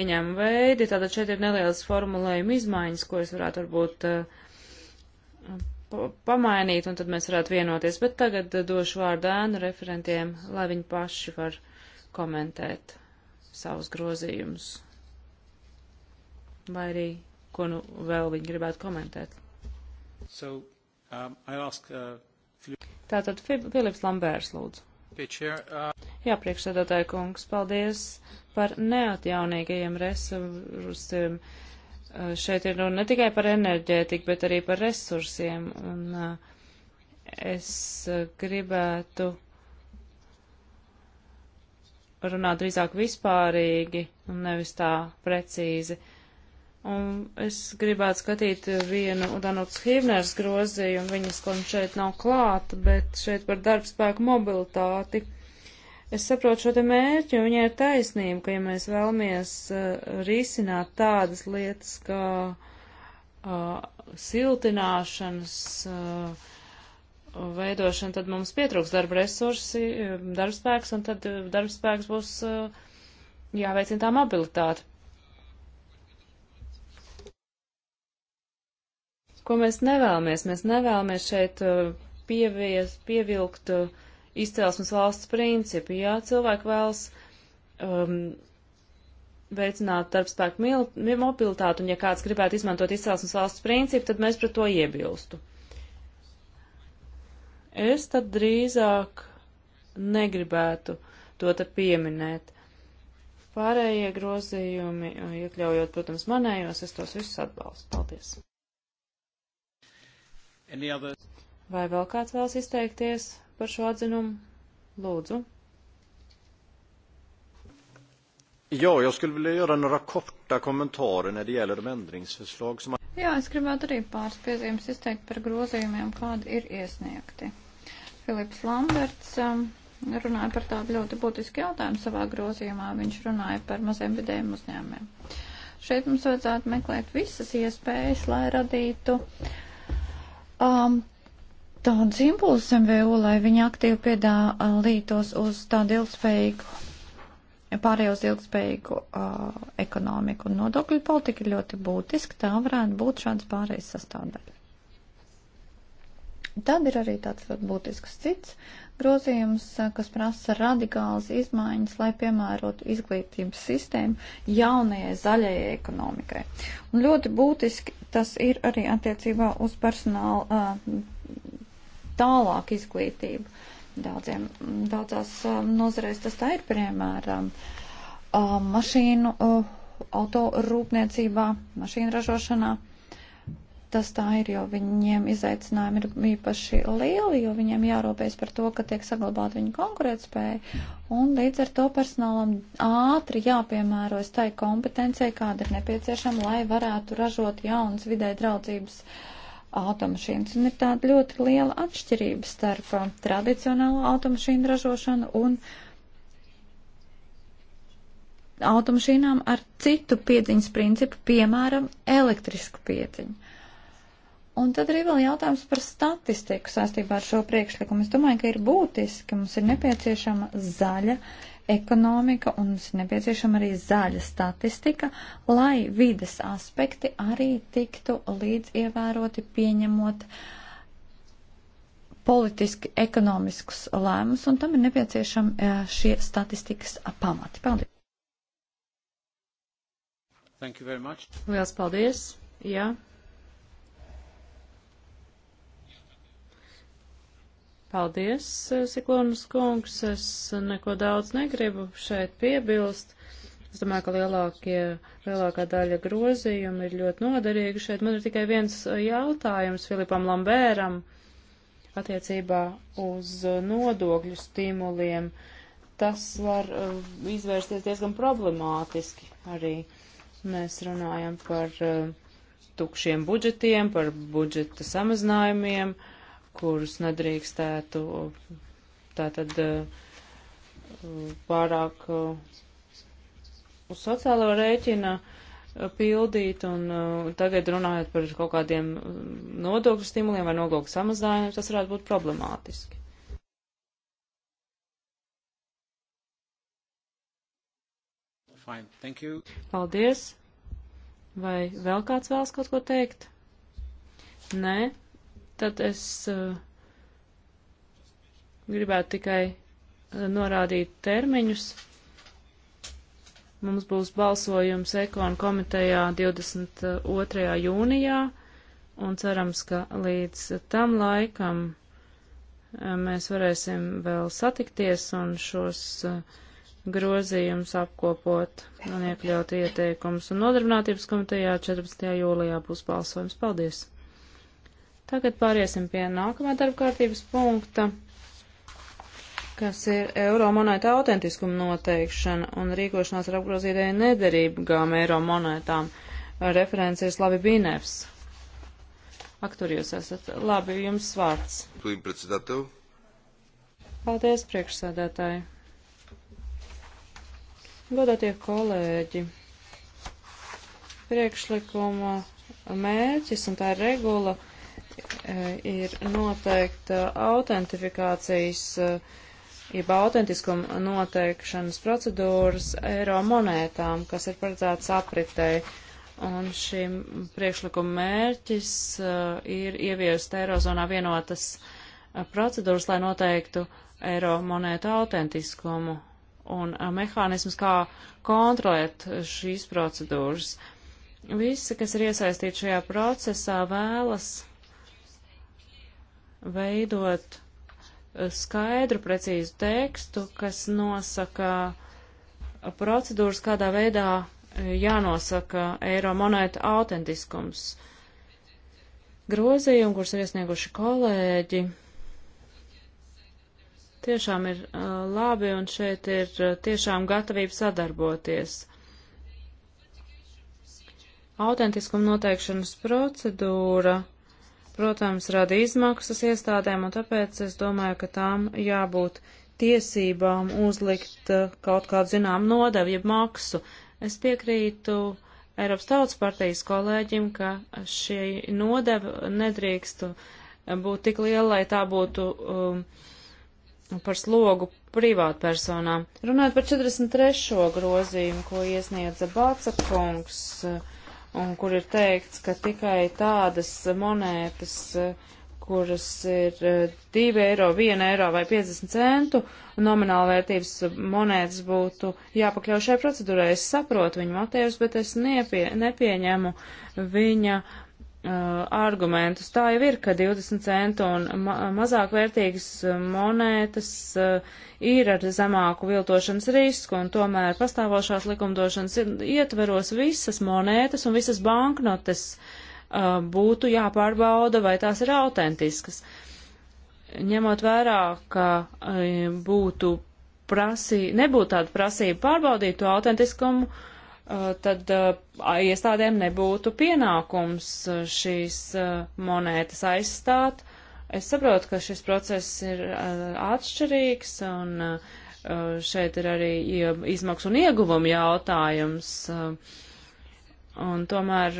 ieņēma veidi, tātad šeit ir nelielas formulējuma izmaiņas, ko es varētu varbūt uh, pamainīt, un tad mēs varētu vienoties, bet tagad uh, došu vārdu ēnu referentiem, lai viņi paši var komentēt savus grozījumus vai arī ko nu vēl viņi gribētu komentēt. So, um, ask, uh, Tātad Filips Lambērs lūdzu. Chair, uh... Jā, priekšsēdētāja kungs, paldies par neatjaunīgajiem resursiem. Uh, šeit ir runa ne tikai par enerģētiku, bet arī par resursiem. Un uh, es uh, gribētu runāt drīzāk vispārīgi un nevis tā precīzi. Uh, Un es gribētu skatīt vienu Danuts Hīvners grozījumu, viņas, ko viņš šeit nav klāta, bet šeit par darbspēku mobilitāti. Es saprotu šo te mērķi, un viņai ir taisnība, ka ja mēs vēlamies uh, risināt tādas lietas, kā uh, siltināšanas uh, veidošana, tad mums pietrūks darba resursi, um, darbspēks, un tad uh, darbspēks būs uh, jāveicina tā mobilitāte. Ko mēs nevēlamies? Mēs nevēlamies šeit uh, pievies, pievilkt uh, izcelsmes valsts principu. Jā, cilvēki vēlas um, veicināt darbspēku mobilitāti, un ja kāds gribētu izmantot izcelsmes valsts principu, tad mēs pret to iebilstu. Es tad drīzāk negribētu to te pieminēt. Pārējie grozījumi, uh, iekļaujot, protams, manējos, es tos visus atbalstu. Paldies! Other... Vai vēl kāds vēlas izteikties par šo atzinumu? Lūdzu. Ja, jag skulle vilja göra några korta kommentarer när det gäller de ändringsförslag som... Jā, es gribētu arī pāris piezīmes izteikt par grozījumiem, kādi ir iesniegti. Filips Lamberts um, runāja par tādu ļoti būtisku jautājumu savā grozījumā. Viņš runāja par maziem vidējiem uzņēmumiem. Šeit mums vajadzētu meklēt visas iespējas, lai radītu uh, um, tādus impulsus MVU, lai viņi aktīvi piedalītos uh, uz tādu ilgspējīgu, pārējo uz ilgspējīgu uh, ekonomiku. Un nodokļu politika ir ļoti būtiska, tā varētu būt šāds pārējais sastāvdaļa. Tad ir arī tāds ļoti būtisks cits grozījums, eh, kas prasa radikālas izmaiņas, lai piemērotu izglītības sistēmu jaunajai zaļajai ekonomikai. Un ļoti būtiski tas ir arī attiecībā uz personāla eh, tālāk izglītību. Daudziem, daudzās eh, nozarēs tas tā ir, piemēram, mašīnu autorūpniecībā, mašīnu ražošanā tas tā ir, jo viņiem izaicinājumi ir īpaši lieli, jo viņiem jārūpējas par to, ka tiek saglabāta viņu konkurētspēja, un līdz ar to personālam ātri jāpiemērojas tai kompetencijai, kāda ir nepieciešama, lai varētu ražot jaunas vidē draudzības automašīnas. Un ir tāda ļoti liela atšķirība starp tradicionālo automašīnu ražošanu un automašīnām ar citu piedziņas principu, piemēram, elektrisku piedziņu. Un tad arī vēl jautājums par statistiku saistībā ar šo priekšlikumu. Es domāju, ka ir būtiski, mums ir nepieciešama zaļa ekonomika un mums ir nepieciešama arī zaļa statistika, lai vides aspekti arī tiktu līdz ievēroti pieņemot politiski ekonomiskus lēmumus, un tam ir nepieciešama e, šie statistikas pamati. Paldies! Thank you very much. Lielas paldies! Jā. Yeah Paldies, eh, Siklonas kungs. Es neko daudz negribu šeit piebilst. Es domāju, ka lielākie, lielākā daļa grozījumu ir ļoti noderīgi. Šeit man ir tikai viens eh, jautājums Filipam Lambēram attiecībā uz eh, nodokļu stimuliem. Tas var izvērsties diezgan problemātiski arī. Mēs runājam par tukšiem budžetiem, par budžeta samazinājumiem. Uh, kurus nedrīkstētu uh, tātad uh, pārāk uh, uz sociālo rēķina pildīt, un tagad runājot par kaut kādiem mm, nodokļu stimuliem vai nodokļu samazinājumiem, tas varētu būt problemātiski. Fine, thank you. Paldies. Vai vēl kāds vēlas kaut ko teikt? Nē tad es uh, gribētu tikai uh, norādīt termiņus. Mums būs balsojums ekonu komitejā 22. Eh, jūnijā, un cerams, ka līdz tam laikam mēs varēsim vēl satikties un šos grozījumus apkopot un iekļaut ieteikumus. Un nodarbinātības komitejā 14. jūlijā būs balsojums. Paldies! Tagad pāriesim pie nākamā darba kārtības punkta, kas ir eiro monēta autentiskuma noteikšana un rīkošanās ar apgrozītēju nederībām eiro monētām. Referents ir Slavi Bīnevs. Ak, tur jūs esat. Labi, jums vārds. Paldies, priekšsēdētāji. Godātie kolēģi priekšlikuma mērķis un tā ir regula, E, ir noteikta autentifikācijas, e, jeb autentiskuma noteikšanas procedūras eiro monētām, kas ir paredzētas apritei. Un šim priekšlikuma mērķis e, ir ieviest eirozonā vienotas procedūras, lai noteiktu eiro monētu autentiskumu un mehānismus, kā kontrolēt šīs procedūras. Visi, kas ir iesaistīti šajā procesā, vēlas veidot eh, skaidru, precīzu tekstu, kas nosaka procedūras, kādā veidā eh, jānosaka eiro monēta autentiskums. Grozījumi, kurus ir iesnieguši kolēģi, tiešām ir eh, labi un šeit ir tiešām gatavība sadarboties. Autentiskuma noteikšanas procedūra protams, rada izmaksas iestādēm, un tāpēc es domāju, ka tām jābūt tiesībām uzlikt eh, kaut kādu zinām nodevu, jeb maksu. Es piekrītu Eiropas Tautas partijas kolēģim, ka šī nodeva nedrīkstu eh, būt tik liela, lai tā būtu um, par slogu privātpersonām. Runājot par 43. grozījumu, ko iesniedza Bāca kungs. Uh, un kur ir teikts, ka tikai tādas monētas, kuras ir 2 eh, eiro, 1 eiro vai 50 centu nomināla vērtības monētas būtu jāpakļauj šai procedūrai. Es saprotu viņa motīvus, bet es nepie, nepieņemu viņa uh, Uh, argumentus. Tā jau ir, ka 20 centu un ma mazāk vērtīgas uh, monētas uh, ir ar zemāku viltošanas risku, un tomēr pastāvošās likumdošanas ietveros visas monētas un visas banknotes uh, būtu jāpārbauda, vai tās ir autentiskas. Ņemot vērā, ka uh, būtu prasī, nebūtu tāda prasība pārbaudīt to autentiskumu, uh, Uh, tad uh, iestādēm nebūtu pienākums uh, šīs monētas aizstāt. Es saprotu, ka šis process ir atšķirīgs un šeit ir arī izmaksu un ieguvumu jautājums. Un tomēr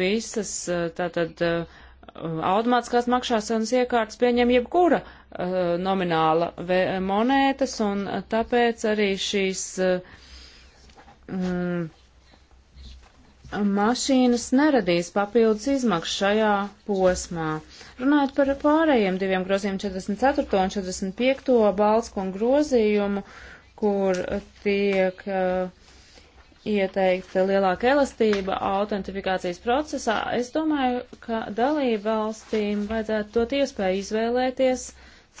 visas tātad automātiskās makšāsanas iekārtas pieņem jebkura uh, nomināla monētas, un tāpēc arī šīs uh, mm, mašīnas neradīs papildus izmaksas šajā posmā. Runājot par pārējiem diviem grozījumiem, 44. un 45. balskumu grozījumu, kur tiek uh, ieteikta lielāka elastība autentifikācijas procesā, es domāju, ka dalību valstīm vajadzētu dot iespēju izvēlēties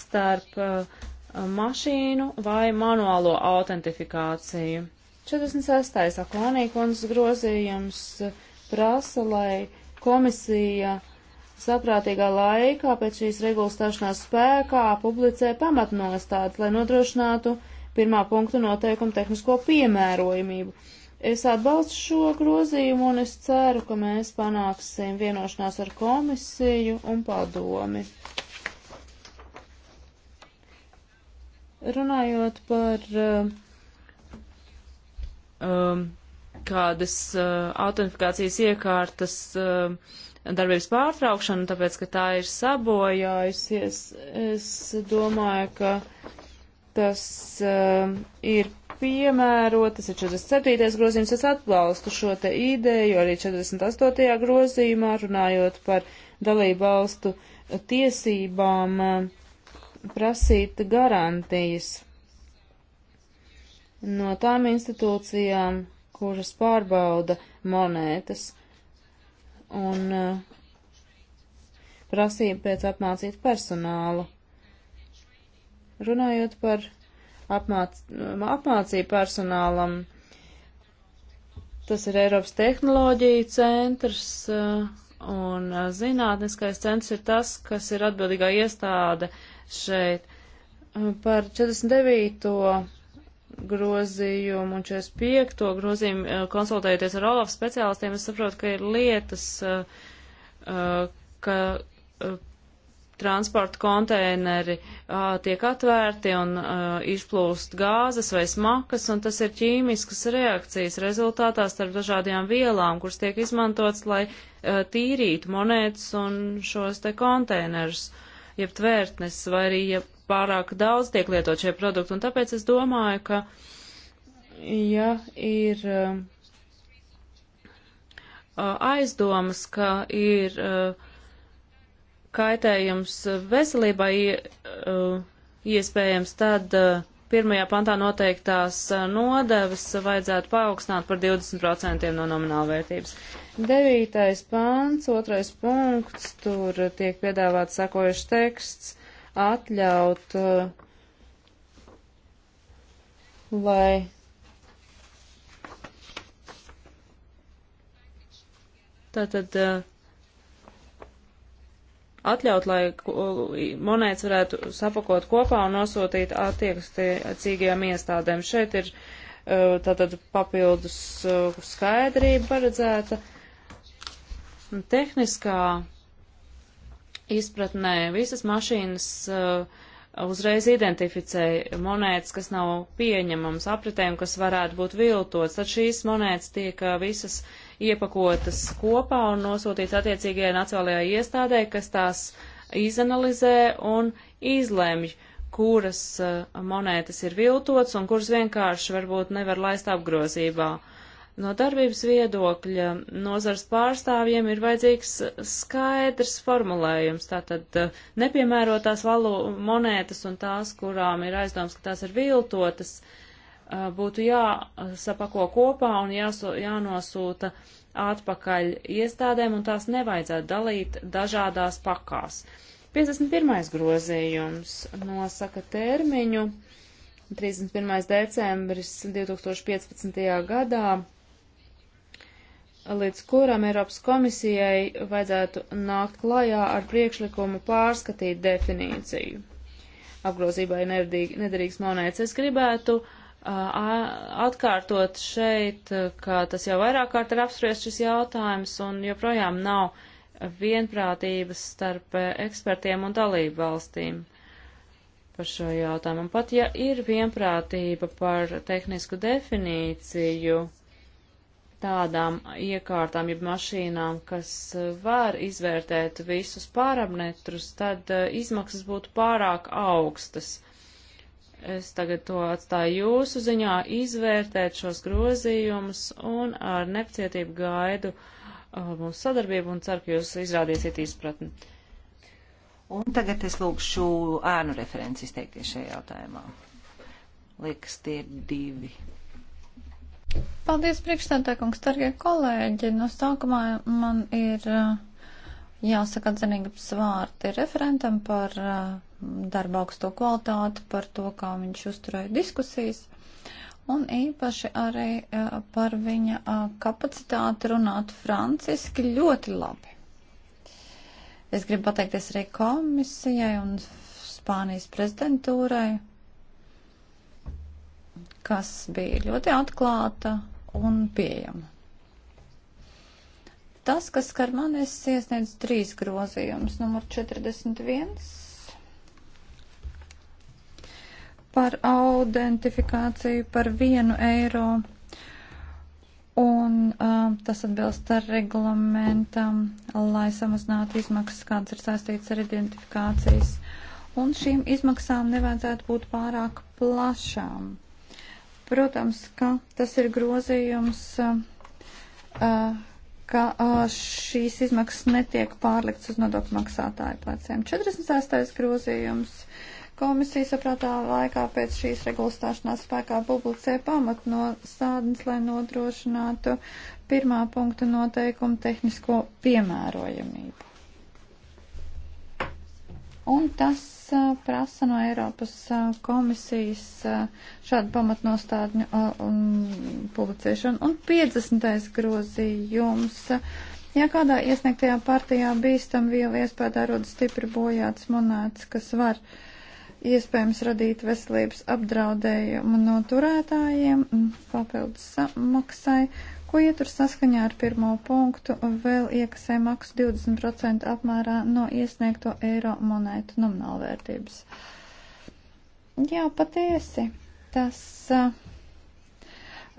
starp uh, mašīnu vai manuālo autentifikāciju. 46. aklānīkundas grozījums eh, prasa, lai komisija saprātīgā laikā pēc šīs regulas stāšanās spēkā publicē pamatnostādes, lai nodrošinātu pirmā punkta noteikumu tehnisko piemērojumību. Es atbalstu šo grozījumu un es ceru, ka mēs panāksim vienošanās ar komisiju un padomi. Runājot par uh, um, kādas uh, autentifikācijas iekārtas uh, darbības pārtraukšanu, tāpēc, ka tā ir sabojājusies. Es domāju, ka tas uh, ir piemērot, tas ir 47. grozījums, es atbalstu šo te ideju, arī 48. grozījumā runājot par dalību valstu tiesībām um, prasīt garantijas no tām institūcijām, kuras pārbauda monētas, un eh, prasība pēc apmācītu personālu. Runājot par apmāc apmācību personālam, tas ir Eiropas tehnoloģija centrs, eh, un eh, zinātniskais centrs ir tas, kas ir atbildīgā iestāde šeit. Par 49 grozījumu un 45. grozījumu eh, konsultējoties ar Olafu speciālistiem, es saprotu, ka ir lietas, eh, eh, ka transporta konteineri tiek atvērti un izplūst gāzes vai smakas, un tas ir ķīmiskas reakcijas rezultātā starp dažādajām vielām, kuras tiek izmantotas, lai tīrītu monētas un šos te konteinerus jeb tvērtnes vai arī jeb pārāk daudz tiek lietot šie produkti, un tāpēc es domāju, ka, ja ir uh, aizdomas, ka ir uh, kaitējums veselībai uh, iespējams, tad pirmajā pantā noteiktās nodevas vajadzētu paaugstināt par 20% no nomināla vērtības. Devītais pants, otrais punkts, tur tiek piedāvāts sakojuši teksts Uh, uh, atļaut, lai tātad atļaut, lai monētas varētu sapakot kopā un nosūtīt attiecīgajām iestādēm. Šeit ir uh, tātad papildus skaidrība paredzēta. Tehniskā izpratnē visas mašīnas uh, uzreiz identificēja monētas, kas nav pieņemams apritēm, kas varētu būt viltots. Tad šīs monētas tiek uh, visas iepakotas kopā un nosūtīts attiecīgajai nacionālajai iestādē, kas tās izanalizē un izlemj, kuras uh, monētas ir viltots un kuras vienkārši varbūt nevar laist apgrozībā. Uh, No darbības viedokļa nozars pārstāvjiem ir vajadzīgs skaidrs formulējums, tātad eh, nepiemērotās valū monētas un tās, kurām ir aizdoms, ka tās ir viltotas, eh, būtu jāsapako kopā un jāso, jānosūta atpakaļ iestādēm un tās nevajadzētu dalīt dažādās pakās. 51. grozījums nosaka termiņu 31. decembris 2015. gadā līdz kuram Eiropas komisijai vajadzētu nākt klajā ar priekšlikumu pārskatīt definīciju apgrozībai nederīgas monētas. Es gribētu uh, atkārtot šeit, ka tas jau vairāk kārt ir apspriest šis jautājums un joprojām nav vienprātības starp ekspertiem un dalību valstīm par šo jautājumu. Un pat ja ir vienprātība par tehnisku definīciju, uh, tādām iekārtām, jeb mašīnām, kas eh, var izvērtēt visus parametrus, tad eh, izmaksas būtu pārāk augstas. Es tagad to atstāju jūsu ziņā izvērtēt šos grozījumus un ar nepacietību gaidu uh, mūsu sadarbību un ceru, ka jūs izrādīsiet izpratni. Un tagad es lūgšu ēnu referenci izteikties šajā jautājumā. Liekas, tie ir divi. Paldies, priekšstādākums, dargie kolēģi. No sākumā man ir jāsaka atzinības vārti referentam par darba augsto kvalitāti, par to, kā viņš uzturēja diskusijas. Un īpaši arī par viņa kapacitāti runāt franciski ļoti labi. Es gribu pateikties arī komisijai un Spānijas prezidentūrai kas bija ļoti atklāta un pieejama. Tas, kas skar mani, es iesniedzu trīs grozījumus. Numur 41 par autentifikāciju par vienu eiro. Un uh, tas atbilst ar reglamentam, lai samazinātu izmaksas, kādas ir saistītas ar identifikācijas. Un šīm izmaksām nevajadzētu būt pārāk plašām Protams, ka tas ir grozījums, eh, ka eh, šīs izmaksas netiek pārlikts uz nodokļu maksātāju pleciem. 46. grozījums. Komisija saprātā laikā pēc šīs regulas stāšanās spēkā publicē pamatnostādnes, lai nodrošinātu pirmā punkta noteikumu tehnisko piemērojamību. Un tas prasa no Eiropas komisijas šādu pamatnostādņu publicēšanu. Un 50. grozījums. Ja kādā iesniegtajā partijā bīstam vielu iespējā rodas stipri bojāts monētas, kas var iespējams radīt veselības apdraudējumu no turētājiem, mm, papildus maksai, ko ietur saskaņā ar pirmo punktu, vēl iekasē maksu 20% apmērā no iesniegto eiro monētu nominālvērtības. Jā, patiesi. Tas uh,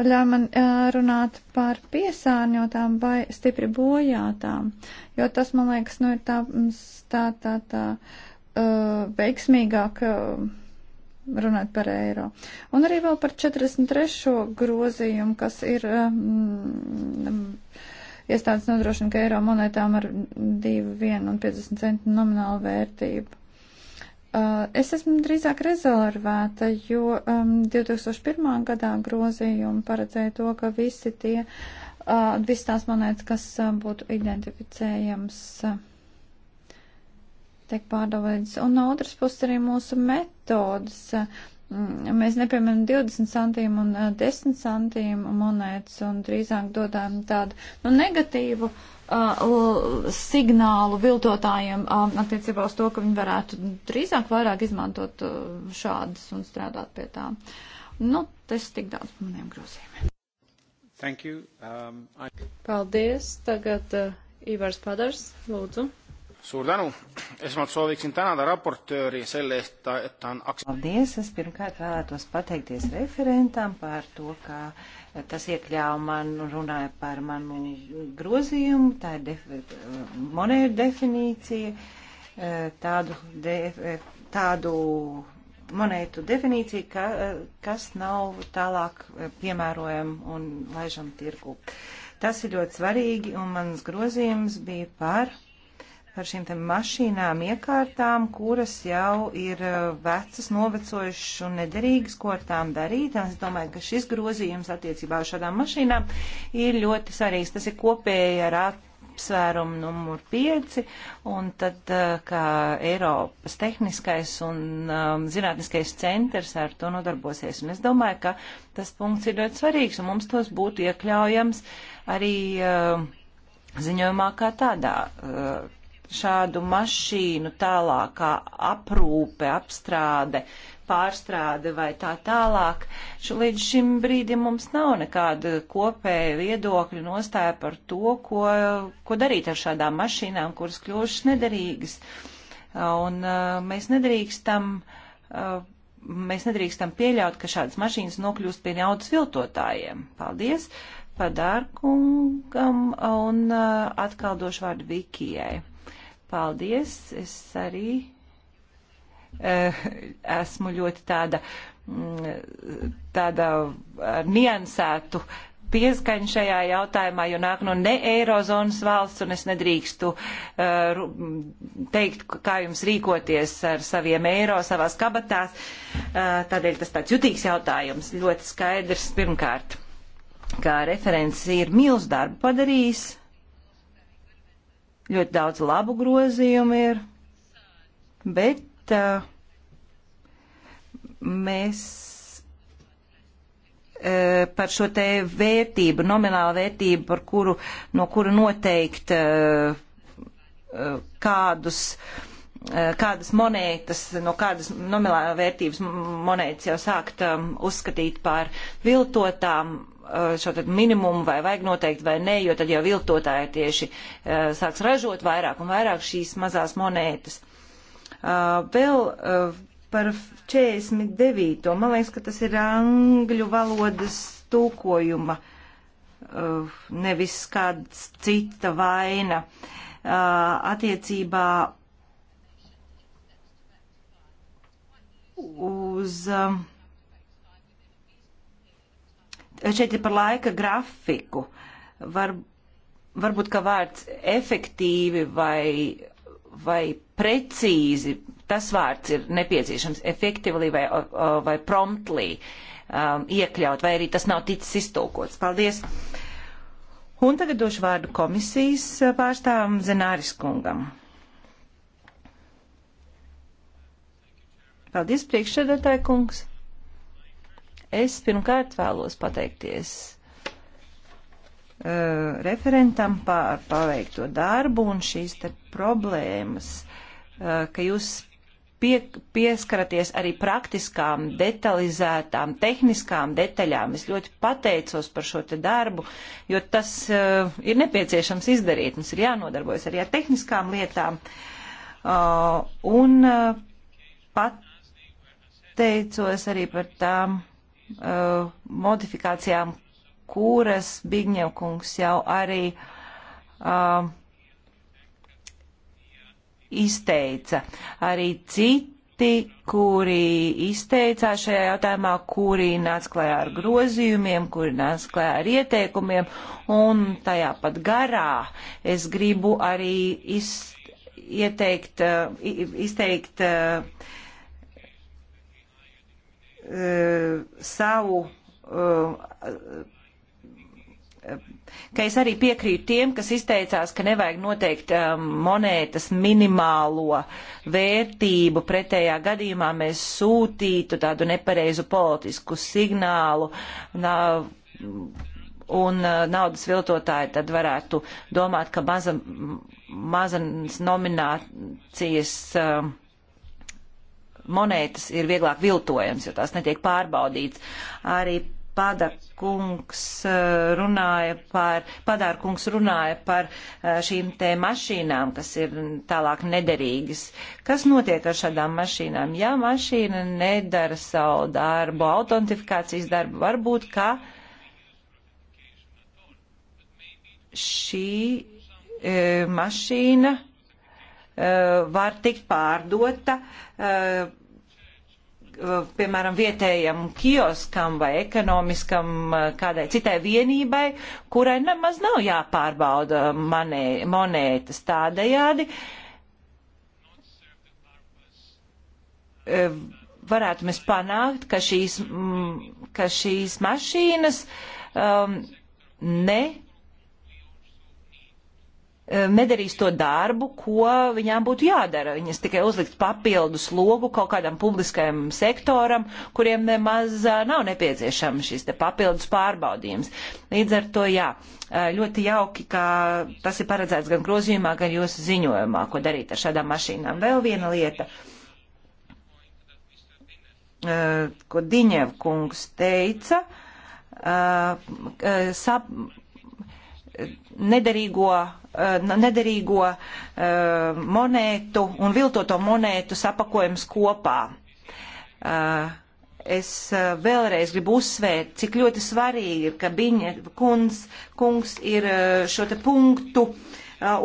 ļauj man runāt par piesārņotām vai stipri bojātām, jo tas, man liekas, nu ir tā, tā, tā, tā uh, veiksmīgāk. Uh, runāt par eiro. Un arī vēl par 43. grozījumu, kas ir mm, iestādes nodrošina, ka eiro monētām ar 2, 1 un 50 centu nominālu vērtību. Uh, es esmu drīzāk rezervēta, jo um, 2001. gadā grozījumi paredzēja to, ka visi tie, uh, visas tās monētas, kas uh, būtu identificējams. Uh, tiek pārdalītas. Un no otras puses arī mūsu metodas. Mm, mēs nepieminam 20 centīm un 10 eh, centīm monētas un drīzāk dodām tādu nu, negatīvu uh, signālu viltotājiem uh, attiecībā uz to, ka viņi varētu drīzāk vairāk izmantot uh, šādas un strādāt pie tām. Nu, tas tik daudz maniem grozījumiem. Thank you. Um, I... Paldies. Tagad uh, Ivars Padars, lūdzu suur tänu, esmalt sooviksin tänada raportööri selle eest, ta, et ta on Paldies, es pirmkārt vēlētos pateikties referentam par to, ka tas iekļāva man, runāja par manu grozījumu, tā ir def, monēra definīcija, eh, tādu, def, eh, tādu monētu definīciju, ka, eh, kas nav tālāk piemērojama un laižam tirgu. Tas ir ļoti svarīgi, un mans grozījums bija par ar šīm te mašīnām, iekārtām, kuras jau ir uh, vecas, novecojušas un nederīgas, ko ar tām darīt. Un es domāju, ka šis grozījums attiecībā uz šādām mašīnām ir ļoti svarīgs. Tas ir kopēji ar apsvērumu numur 5, un tad, uh, kā Eiropas tehniskais un um, zinātniskais centrs ar to nodarbosies. Un es domāju, ka tas punkts ir ļoti svarīgs, un mums tos būtu iekļaujams arī. Uh, ziņojumā kā tādā, uh, šādu mašīnu tālākā aprūpe, apstrāde, pārstrāde vai tā tālāk. Šo, līdz šim brīdim mums nav nekāda kopēja viedokļa nostāja par to, ko, ko darīt ar šādām mašīnām, kuras kļūšas nederīgas. Un uh, mēs nedrīkstam, uh, mēs nedrīkstam pieļaut, ka šādas mašīnas nokļūst pie naudas viltotājiem. Paldies! Padārkungam un uh, atkal došu vārdu Vikijai. Paldies! Es arī uh, esmu ļoti tāda, mm, tāda eh, niansētu pieskaņu šajā jautājumā, jo nāk no ne Eirozonas valsts, un es nedrīkstu uh, teikt, kā jums rīkoties ar saviem eiro savās kabatās. Uh, tādēļ tas tāds jutīgs jautājums, ļoti skaidrs pirmkārt, kā referents ir milz darbu padarījis Ļoti daudz labu grozījumu ir, bet uh, mēs uh, par šo te vērtību, nominālu vērtību, par kuru, no kura noteikt uh, uh kādus uh, kādas monētas, no kādas nominālā vērtības monētas jau sākt um, uzskatīt par viltotām, Eh, šo minimumu, vai vajag noteikt vai nē, jo tad jau viltotāji tieši eh, sāks ražot vairāk un vairāk šīs mazās monētas. Eh, vēl par 49. Man liekas, ka tas ir angļu valodas tūkojuma, nevis kāds cita vaina attiecībā uz. Um, šeit ir par laika grafiku. Var, varbūt, ka vārds efektīvi vai, vai precīzi, tas vārds ir nepieciešams, efektīvi vai, vai promptly um, iekļaut, vai arī tas nav ticis iztūkots. Paldies! Un tagad došu vārdu komisijas pārstāvam Zenāris kungam. Paldies, priekšsēdētāji kungs! Es pirmkārt vēlos pateikties uh, referentam par paveikto darbu un šīs te problēmas, uh, ka jūs pie, pieskaraties arī praktiskām, detalizētām, tehniskām detaļām. Es ļoti pateicos par šo te darbu, jo tas uh, ir nepieciešams izdarīt. Mums ir jānodarbojas arī ar tehniskām lietām. Uh, un uh, pateicos arī par tām uh, modifikācijām, kuras Bigņevkungs jau arī uh, izteica. Arī citi, kuri izteicās šajā jautājumā, kuri nāca klajā ar grozījumiem, kuri nāca klajā ar ieteikumiem, un tajā pat garā es gribu arī iz, ieteikt, uh, izteikt uh, Eh, savu eh, ka es arī piekrītu tiem, kas izteicās, ka nevajag noteikt um, monētas minimālo vērtību. Pretējā gadījumā mēs sūtītu tādu nepareizu politisku signālu. Nā, Un uh, naudas viltotāji tad varētu domāt, ka maza, maza nominācijas uh, monētas ir vieglāk viltojams, jo tās netiek pārbaudīts. Arī Padakungs eh, runāja par, Padārkungs runāja par eh, šīm te mašīnām, kas ir tālāk nederīgas. Kas notiek ar šādām mašīnām? Ja mašīna nedara savu darbu, autentifikācijas darbu, varbūt, ka šī e, mašīna Eh, var tikt pārdota eh, eh, piemēram, vietējam kioskam vai ekonomiskam kādai citai vienībai, kurai nemaz nav jāpārbauda manē, monētas tādējādi. Varētu mēs panākt, ka šīs, mm, ka šīs mašīnas um, ne Eh, nedarīs to darbu, ko viņām būtu jādara. Viņas tikai uzliks papildus logu kaut kādam publiskajam sektoram, kuriem nemaz eh, nav nepieciešams šis te papildus pārbaudījums. Līdz ar to, jā, eh, ļoti jauki, ka tas ir paredzēts gan grozījumā, gan jūsu ziņojumā, ko darīt ar šādām mašīnām. Vēl viena lieta, ko Diņev kungs teica, sap, nederīgo, eh, nederīgo eh, monētu un viltoto monētu sapakojums kopā. Eh, es vēlreiz gribu uzsvērt, cik ļoti svarīgi ir, ka Biņa kungs, kungs ir šo te punktu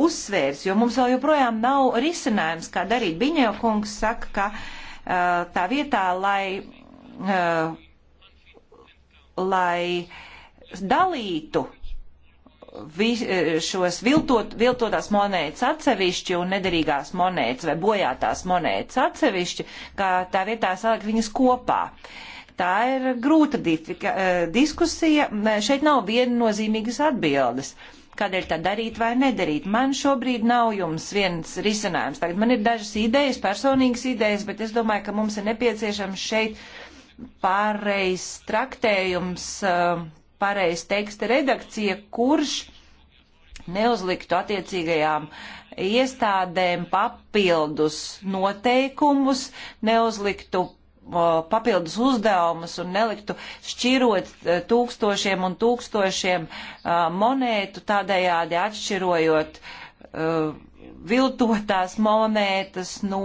uzsvērs, jo mums vēl joprojām nav risinājums, kā darīt. Biņa jau kungs saka, ka tā vietā, lai, lai dalītu vi, e, šos viltot, viltotās monētas atsevišķi un nederīgās monētas vai bojātās monētas atsevišķi, kā tā vietā salikt viņas kopā. Tā ir grūta e, diskusija, šeit nav viennozīmīgas atbildes kādēļ tā darīt vai nedarīt. Man šobrīd nav jums viens risinājums. Tagad man ir dažas idejas, personīgas idejas, bet es domāju, ka mums ir nepieciešams šeit pārreiz traktējums e, pareiz teksta redakcija, kurš neuzliktu attiecīgajām iestādēm papildus noteikumus, neuzliktu papildus uzdevumus un neliktu šķirot e, tūkstošiem un tūkstošiem monētu, tādējādi atšķirojot e, viltotās monētas no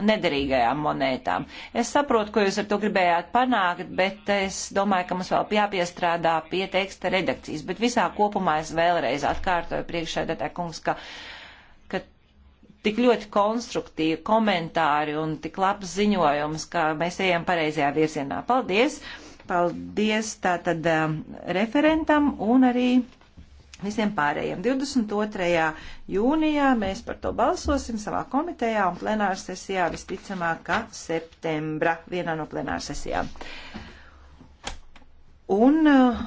nederīgajām monētām. Es saprotu, ko jūs ar to gribējāt panākt, bet es domāju, ka mums vēl jāpiestrādā pie teksta redakcijas. Bet visā kopumā es vēlreiz atkārtoju priekšēdētāju kungs, ka, ka tik ļoti konstruktīvi komentāri un tik labs ziņojums, ka mēs ejam pareizajā virzienā. Paldies! Paldies tātad um, referentam un arī Visiem pārējiem 22. jūnijā mēs par to balsosim savā komitejā un plenāra sesijā visticamāk, ka septembra vienā no plenāra sesijām. Un eh,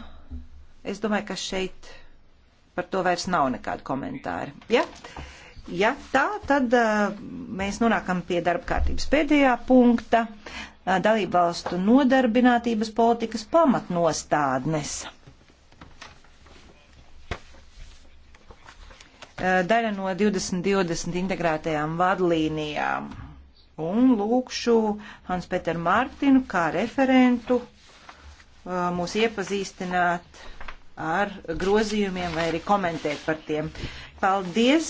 es domāju, ka šeit par to vairs nav nekādu komentāru. Ja? ja tā, tad eh, mēs nonākam pie darba kārtības pēdējā punkta eh, - dalībvalstu nodarbinātības politikas pamatnostādnes. Eh, daļa no 2020 integrētajām vadlīnijām. Un lūkšu Hans-Peteru Mārtinu kā referentu eh, mūs iepazīstināt ar grozījumiem vai arī komentēt par tiem. Paldies!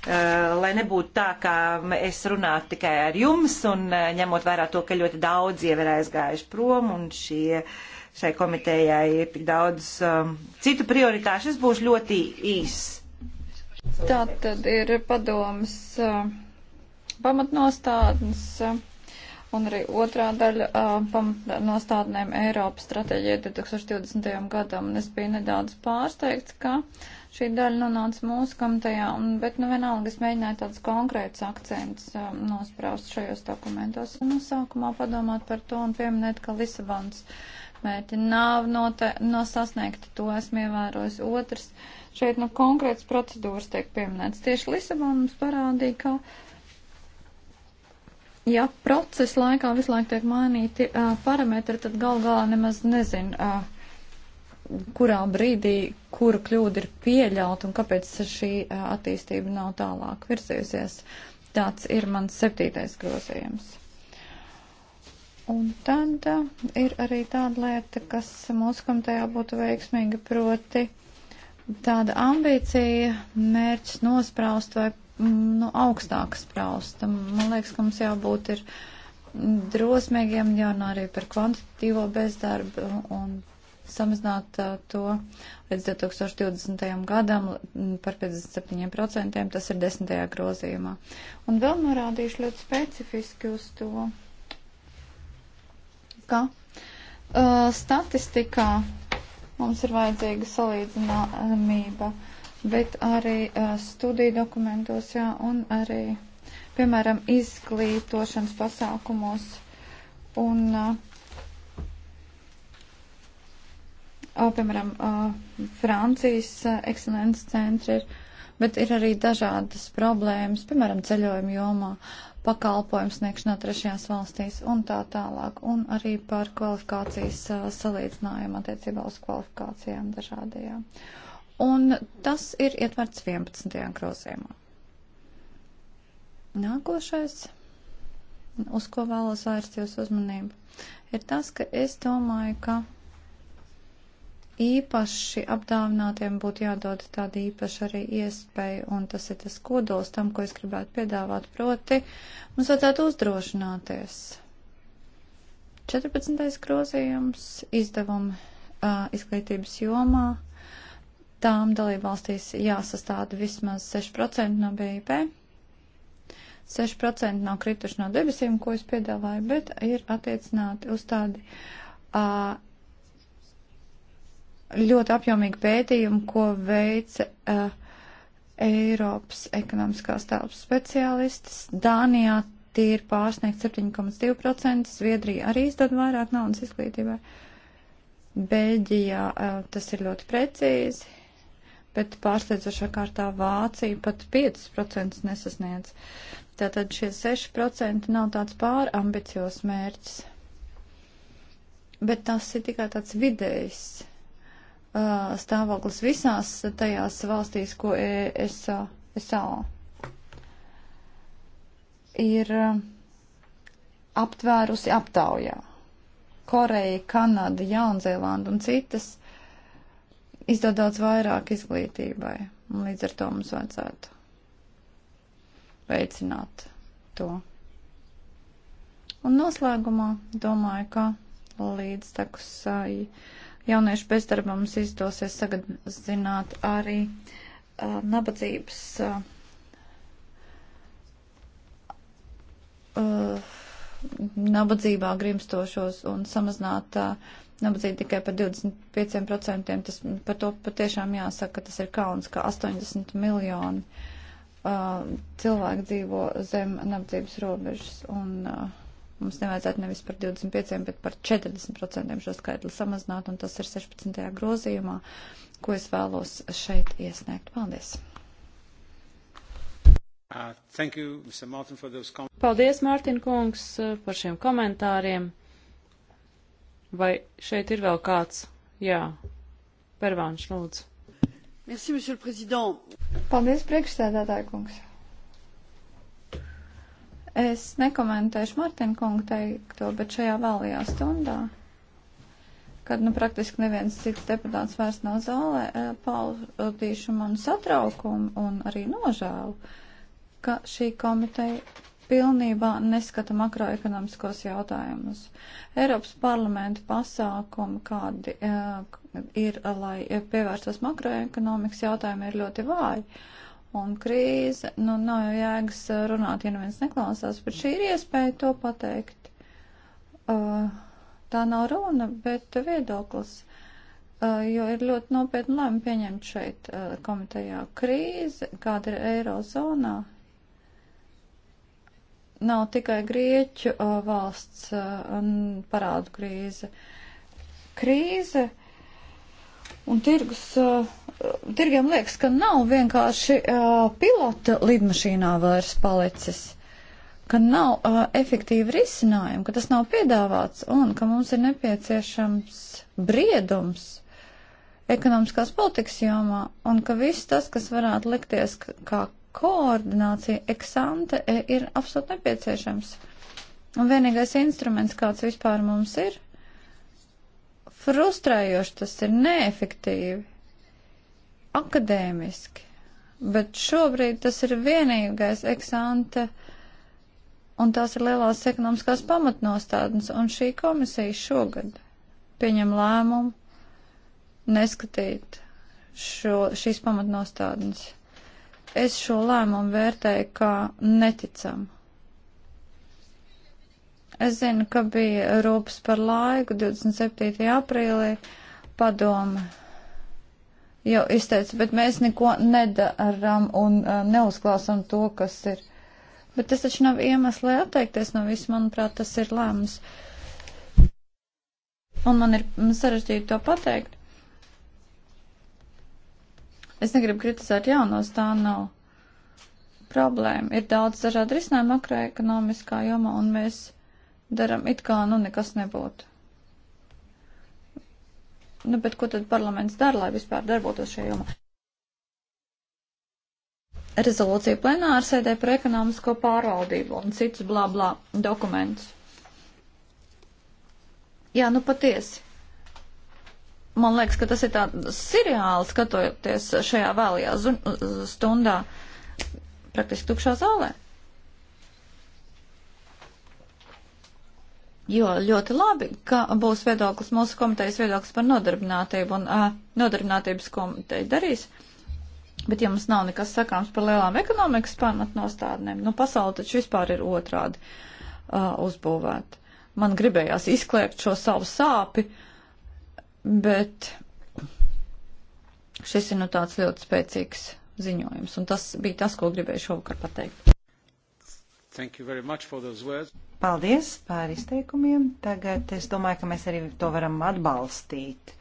Eh, lai nebūtu tā, ka es runātu tikai ar jums un ņemot vērā to, ka ļoti daudz jau ir aizgājuši prom un šie uh, šai komitejai ir tik daudz um, citu prioritāšu. Es būšu ļoti īs. Tā tad ir padomas uh, pamatnostādnes. Uh, un arī otrā daļa uh, pamatnostādnēm Eiropas stratēģija 2020. gadam. Un es biju nedaudz pārsteigts, ka šī daļa nonāca mūsu komitejā, un, bet nu vienalga es mēģināju tādus konkrētus akcentus uh, nospraust šajos dokumentos. Un nu, sākumā padomāt par to un pieminēt, ka Lisabons. Uh, mērķi nav nosasniegti, to esmu ievērojis otrs. Šeit nu konkrēts procedūras tiek pieminēts. Tieši Lisabona mums parādīja, ka ja procesa laikā visu laiku tiek mainīti uh, parametri, tad gal galā nemaz nezinu, uh, kurā brīdī, kura kļūda ir pieļauta un kāpēc šī uh, attīstība nav tālāk virzījusies. Tāds ir mans septītais grozījums. Un tad uh, ir arī tāda lieta, kas mūsu komitejā būtu veiksmīga, proti tāda ambīcija, mērķis nospraust vai mm, nu, augstāk spraust. Man liekas, ka mums jābūt ir mm, drosmīgiem, jārunā arī par kvantitīvo bezdarbu un samazināt uh, to līdz 2020. gadam par 57%, tas ir desmitajā grozījumā. Un vēl norādīšu ļoti specifiski uz to ka uh, statistikā mums ir vajadzīga salīdzināmība, bet arī uh, studiju dokumentos, jā, un arī, piemēram, izglītošanas pasākumos un, uh, o, piemēram, uh, Francijas uh, ekscelences centri ir, bet ir arī dažādas problēmas, piemēram, ceļojuma jomā. Uh, pakalpojumu sniegšanā trešajās valstīs un tā tālāk, un arī par kvalifikācijas uh, salīdzinājumu attiecībā uz kvalifikācijām dažādajām. Un tas ir ietverts 11. grozījumā. Nākošais, uz ko vēlos vērst jūsu uzmanību, ir tas, ka es domāju, ka īpaši apdāvinātiem būtu jādod tāda īpaša arī iespēja, un tas ir tas kodols tam, ko es gribētu piedāvāt, proti mums vajadzētu uzdrošināties. 14. grozījums izdevumi uh, izglītības jomā. Tām dalībvalstīs jāsastāda vismaz 6% no BIP. 6% nav krituši no debesīm, ko es piedāvāju, bet ir attiecināti uz tādi uh, ļoti apjomīgu pētījumu, ko veica uh, Eiropas ekonomiskās telpas speciālistis. Dānijā tie ir pārsniegt 7,2%, Zviedrija arī izdod vairāk naudas izglītībai. Beļģijā uh, tas ir ļoti precīzi, bet pārsteidzošā kārtā Vācija pat 5% nesasniedz. Tātad šie 6% nav tāds pārambicios mērķis, bet tas ir tikai tāds vidējs stāvoklis visās tajās valstīs, ko e, SAO ir aptvērusi aptaujā. Koreja, Kanada, Jaunzēlanda un citas izdod daudz vairāk izglītībai, un līdz ar to mums vajadzētu veicināt to. Un noslēgumā domāju, ka līdz takus uh, jauniešu bezdarba mums izdosies sagazināt arī uh, nabadzības. Uh, uh, nabadzībā grimstošos un samazināt uh, nabadzību tikai par 25%. Tas par to patiešām jāsaka, ka tas ir kauns, ka 80 miljoni uh, cilvēku dzīvo zem nabadzības robežas. Un, uh, Mums nevajadzētu nevis par 25, bet par 40% šo skaitli samazināt, un tas ir 16. grozījumā, ko es vēlos šeit iesniegt. Paldies! Uh, you, Martin, Paldies, Mārtiņ kungs, uh, par šiem komentāriem. Vai šeit ir vēl kāds? Jā, Pervānš, lūdzu. Merci, Paldies, priekšstādātāja kungs. Es nekomentēšu Martina kungu teikto, bet šajā vēlajā stundā, kad nu praktiski neviens cits deputāts vairs nav zālē, eh, paudīšu manu satraukumu un arī nožēlu, ka šī komiteja pilnībā neskata makroekonomiskos jautājumus. Eiropas parlamenta pasākumi, kādi uh, ir, lai eh, pievērstos makroekonomikas jautājumi, ir ļoti vāji. Uh, un krīze. Nu, nav jau jēgas eh, runāt, ja neviens neklausās, bet šī ir iespēja to pateikt. Uh, tā nav runa, bet viedoklis. Uh, jo ir ļoti nopietni lēma pieņemt šeit uh, komitejā krīze, kāda ir Eirozonā. Nav tikai Grieķu uh, valsts parādu krīze. Krīze un tirgus uh, tirgiem liekas, ka nav vienkārši uh, pilota lidmašīnā vairs palicis, ka nav uh, efektīvi risinājumi, ka tas nav piedāvāts un ka mums ir nepieciešams briedums ekonomiskās politikas jomā un ka viss tas, kas varētu likties kā koordinācija eksante, e, ir absolūti nepieciešams. Un vienīgais instruments, kāds vispār mums ir, frustrējoši tas ir neefektīvi akadēmiski, bet šobrīd tas ir vienīgais eksante, un tās ir lielās ekonomiskās pamatnostādnes, un šī komisija šogad pieņem lēmumu neskatīt šo, šīs pamatnostādnes. Es šo lēmumu vērtēju kā neticamu. Es zinu, ka bija rūpes par laiku 27. aprīlī padome jau izteica, bet mēs neko nedaram un uh, neuzklāsam to, kas ir. Bet tas taču nav iemesls, lai atteikties no visu, manuprāt, tas ir lēmums. Un man ir sarežģīti to pateikt. Es negribu kritizēt jaunos, tā nav problēma. Ir daudz dažādu risinājumu makroekonomiskā jomā, un mēs daram it kā, nu, nekas nebūtu. Nu, bet ko tad parlaments dara, lai vispār darbotos šajā jomā? Rezolūcija plenāra sēdē par ekonomisko pārvaldību un citus blā blā dokumentus. Jā, nu patiesi. Man liekas, ka tas ir tāds seriāli skatoties šajā vēlajā stundā, praktiski tukšā zālē. Jo ļoti labi, ka būs viedoklis mūsu komitejas viedoklis par nodarbinātību un uh, nodarbinātības komiteja darīs. Bet ja mums nav nekas sakāms par lielām ekonomikas pamatnostādnēm, nu pasauli taču vispār ir otrādi uh, uzbūvēta. Man gribējās izkliegt šo savu sāpi, bet šis ir nu tāds ļoti spēcīgs ziņojums, un tas bija tas, ko gribēju šovakar pateikt. Thank you very much for those words. Paldies par izteikumiem. Tagad es domāju, ka mēs arī to varam atbalstīt.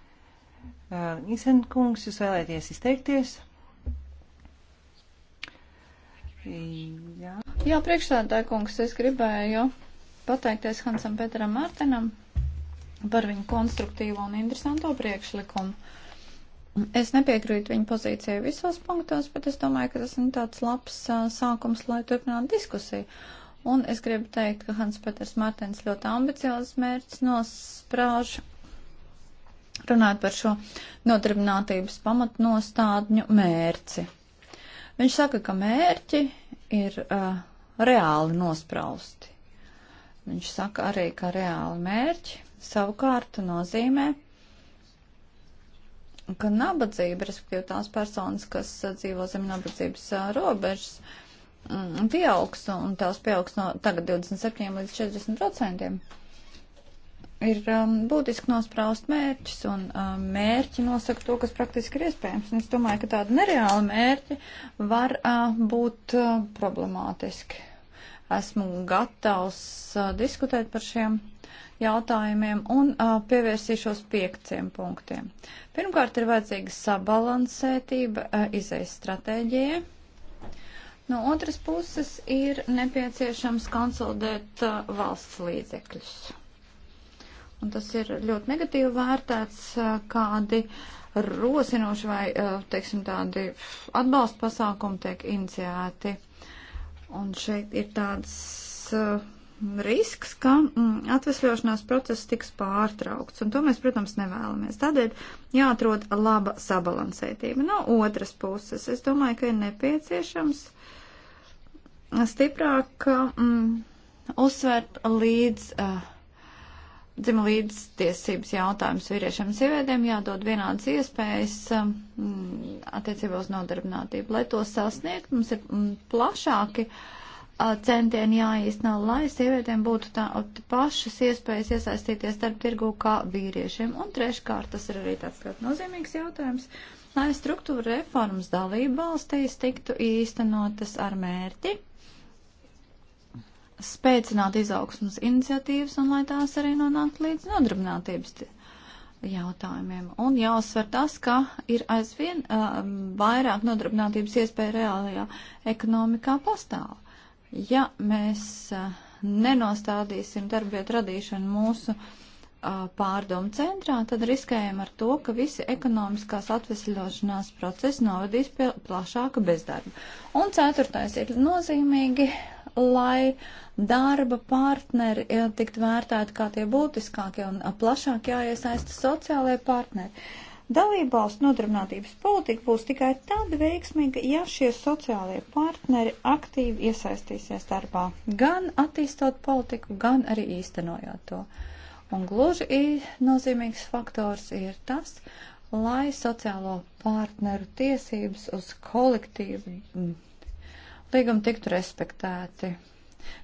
Uh, Isenkungs, jūs vēlēties izteikties? Jā, Jā priekšsēdētāji kungs, es gribēju pateikties Hansam Petram Mārtenam par viņu konstruktīvo un interesanto priekšlikumu. Es nepiekrītu viņa pozīcijai visos punktos, bet es domāju, ka tas ir tāds labs sākums, lai turpinātu diskusiju. Un es gribu teikt, ka Hans Peters Martens ļoti ambiciozs mērķis nosprāž runāt par šo nodarbinātības pamatnostādņu mērci. Viņš saka, ka mērķi ir uh, reāli nosprausti. Viņš saka arī, ka reāli mērķi savukārt nozīmē, ka nabadzība, respektīvi tās personas, kas uh, dzīvo zem nabadzības uh, robežas, uh, Mm, pieaugs, un tās pieaugs no tagad 27 līdz 40 procentiem. Ir um, būtiski nospraust mērķis, un um, mērķi nosaka to, kas praktiski ir iespējams. Un es domāju, ka tādi nereāli mērķi var uh, būt uh, problemātiski. Esmu gatavs uh, diskutēt par šiem jautājumiem un uh, pievērsīšos piekciem punktiem. Pirmkārt, ir vajadzīga sabalansētība uh, izējas stratēģijai No otras puses ir nepieciešams konsolidēt uh, valsts līdzekļus. Un tas ir ļoti negatīvi vērtēts, uh, kādi rosinoši vai, uh, teiksim, tādi atbalsta pasākumi tiek iniciēti. Un šeit ir tāds risks, ka mm, atvesļošanās process tiks pārtraukts, un to mēs, protams, nevēlamies. Tādēļ jāatrod laba sabalansētība. No otras puses, es domāju, ka ir nepieciešams uh, stiprāk mm, uzsvērt līdz. Uh, dzimuma līdztiesības jautājums vīriešiem un sievietēm jādod vienādas iespējas mm, attiecībā uz nodarbinātību. Lai to sasniegt, mums ir mm, plašāki a, eh, centieni jāīsteno, lai sievietēm būtu tā, pašas iespējas iesaistīties darba tirgū kā vīriešiem. Un treškārt, tas ir arī tāds ļoti nozīmīgs jautājums, lai struktūra reformas dalība valstīs tiktu īstenotas ar mērķi spēcināt izaugsmas iniciatīvas un lai tās arī nonāktu līdz nodarbinātības jautājumiem. Un jāuzsver tas, ka ir aizvien uh, vairāk nodarbinātības iespēja reālajā ekonomikā pastāv. Ja mēs uh, nenostādīsim darbvietu radīšanu mūsu uh, pārdomu centrā, tad riskējam ar to, ka visi ekonomiskās atvesļošanās procesi novadīs pie plašāka bezdarba. Un ceturtais ir nozīmīgi lai darba partneri eh, tiktu vērtēti kā tie būtiskākie un eh, plašāk jāiesaista sociālajie partneri. Dalībvalstu nodarbinātības politika būs tikai tad veiksmīga, ja šie sociālie partneri aktīvi iesaistīsies darbā, gan attīstot politiku, gan arī īstenojot to. Un gluži nozīmīgs faktors ir tas, lai sociālo partneru tiesības uz kolektīvu līgumi tiktu respektēti.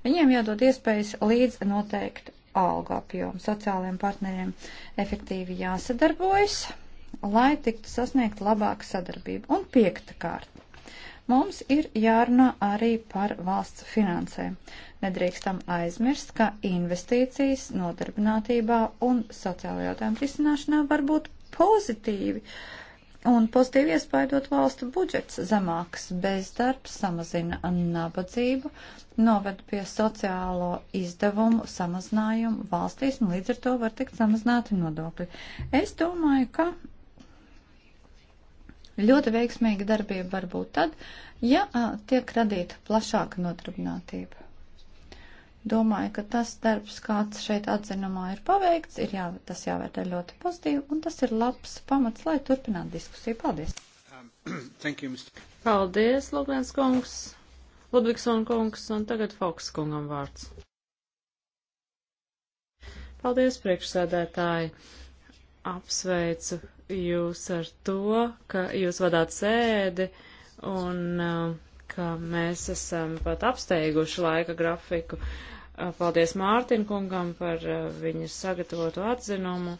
Viņiem jādod iespējas līdz noteiktu algu apjomu. Sociālajiem partneriem efektīvi jāsadarbojas, lai tiktu sasniegt labāka sadarbība. Un piekta kārta. Mums ir jārunā arī par valsts finansēm. Nedrīkstam aizmirst, ka investīcijas nodarbinātībā un sociālajā jautājumu risināšanā var būt pozitīvi. Uh, un pozitīvi iespaidot valstu budžets. Zemāks bezdarbs samazina nabadzību, noved pie sociālo izdevumu samazinājumu valstīs, un līdz ar to var tikt samazināti nodokļi. Es domāju, ka ļoti veiksmīga darbība var būt tad, ja tiek radīta plašāka nodarbinātība. Domāju, ka tas darbs, kāds šeit atzinumā ir paveikts, ir jā, tas jāvērtē ļoti pozitīvi, un tas ir labs pamats, lai turpinātu diskusiju. Paldies! Um, thank you, Mr. Paldies, Lūglēns kungs, Ludvigson kungs, un tagad Foks kungam vārds. Paldies, priekšsēdētāji! Apsveicu jūs ar to, ka jūs vadāt sēdi un uh, ka mēs esam pat apsteiguši laika grafiku. Uh, Paldies Mārtiņa kungam par viņas sagatavotu atzinumu.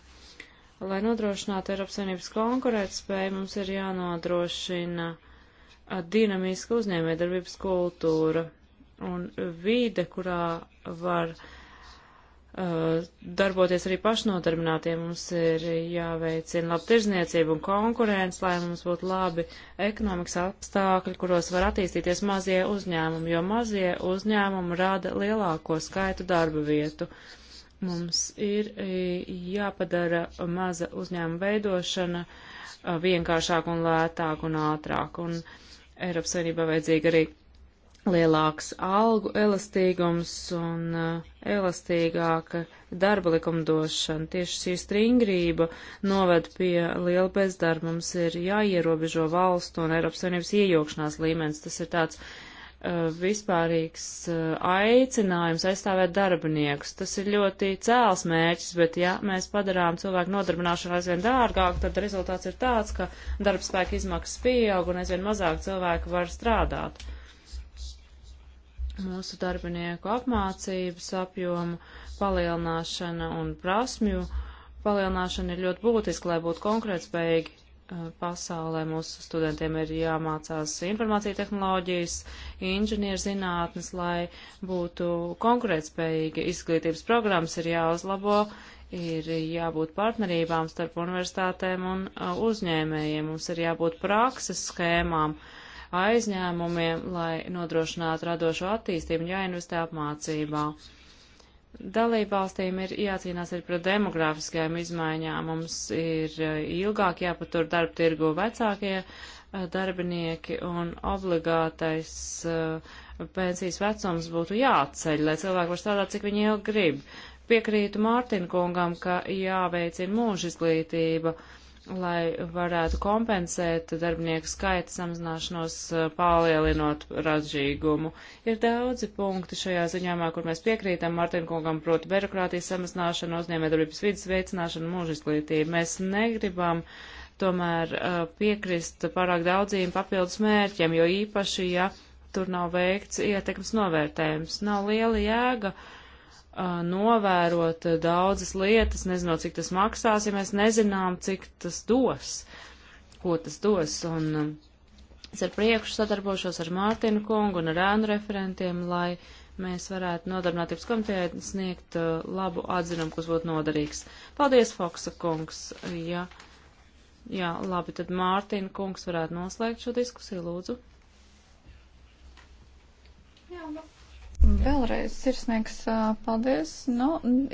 Lai nodrošinātu Eiropas Savienības konkurētspēju, mums ir jānodrošina dinamiska uzņēmējdarbības kultūra un vīde, kurā var uh, Uh, darboties arī pašnodarbinātiem. Mums ir jāveicina laba tirzniecība un konkurence, lai mums būtu labi ekonomikas apstākļi, kuros var attīstīties mazie uzņēmumi, jo mazie uzņēmumi rada lielāko skaitu darba vietu. Mums ir jāpadara maza uzņēmuma veidošana uh, vienkāršāk un lētāk un ātrāk. Un Eiropas Savienībā vajadzīga arī lielāks algu elastīgums un uh, elastīgāka darba likumdošana. Tieši šī stringrība noved pie liela bezdarba. Mums ir jāierobežo valstu un Eiropas Savienības iejaukšanās līmenis. Tas ir tāds uh, vispārīgs uh, aicinājums aizstāvēt darbiniekus. Tas ir ļoti cēls mērķis, bet ja mēs padarām cilvēku nodarbināšanu aizvien dārgāku, tad rezultāts ir tāds, ka darbspēka izmaksas pieaug un aizvien mazāk cilvēku var strādāt. Uh, Mūsu darbinieku apmācības apjomu palielināšana un prasmju palielināšana ir ļoti būtiska, lai būtu konkrētspējīgi uh, pasaulē mūsu studentiem ir jāmācās informācija tehnoloģijas, inženierzinātnes, lai būtu konkurētspējīgi. Izglītības programmas ir jāuzlabo, ir jābūt partnerībām starp universitātēm un uh, uzņēmējiem. Mums ir jābūt prakses skēmām, aizņēmumiem, lai nodrošinātu radošo attīstību un jāinvestē apmācībā. Dalībvalstīm ir jācīnās arī pret demografiskajām izmaiņām. Mums ir e, ilgāk jāpatur darba tirgu vecākie e, darbinieki un obligātais e, pensijas vecums būtu jāatceļ, lai cilvēki var strādāt, cik viņi ilgi grib. Piekrītu Mārtiņkungam, ka jāveicina mūža izglītība. Uh, lai varētu kompensēt darbinieku skaita samazināšanos, eh, palielinot radžīgumu. Ir daudzi punkti šajā ziņāmā, kur mēs piekrītam Martinkungam, proti birokrātijas samazināšanu, uzņēmējdarbības vidas veicināšanu, mūža izglītību. Mēs negribam tomēr eh, piekrist pārāk daudziem papildus mērķiem, jo īpaši, ja tur nav veikts ietekmes novērtējums, nav liela jēga. Uh, novērot daudzas lietas, nezinot, cik tas maksās, ja mēs nezinām, cik tas dos, ko tas dos. Un es ar priekšu sadarbošos ar Mārtinu Kungu un ar ēnu referentiem, lai mēs varētu nodarbinātības komitejai sniegt labu atzinumu, kas būtu noderīgs. Paldies, Foksa Kungs! Ja. Jā, labi, tad Mārtiņa kungs varētu noslēgt šo diskusiju, lūdzu. Jā, labi. Nu, Vēlreiz sirsnīgs paldies. Nu,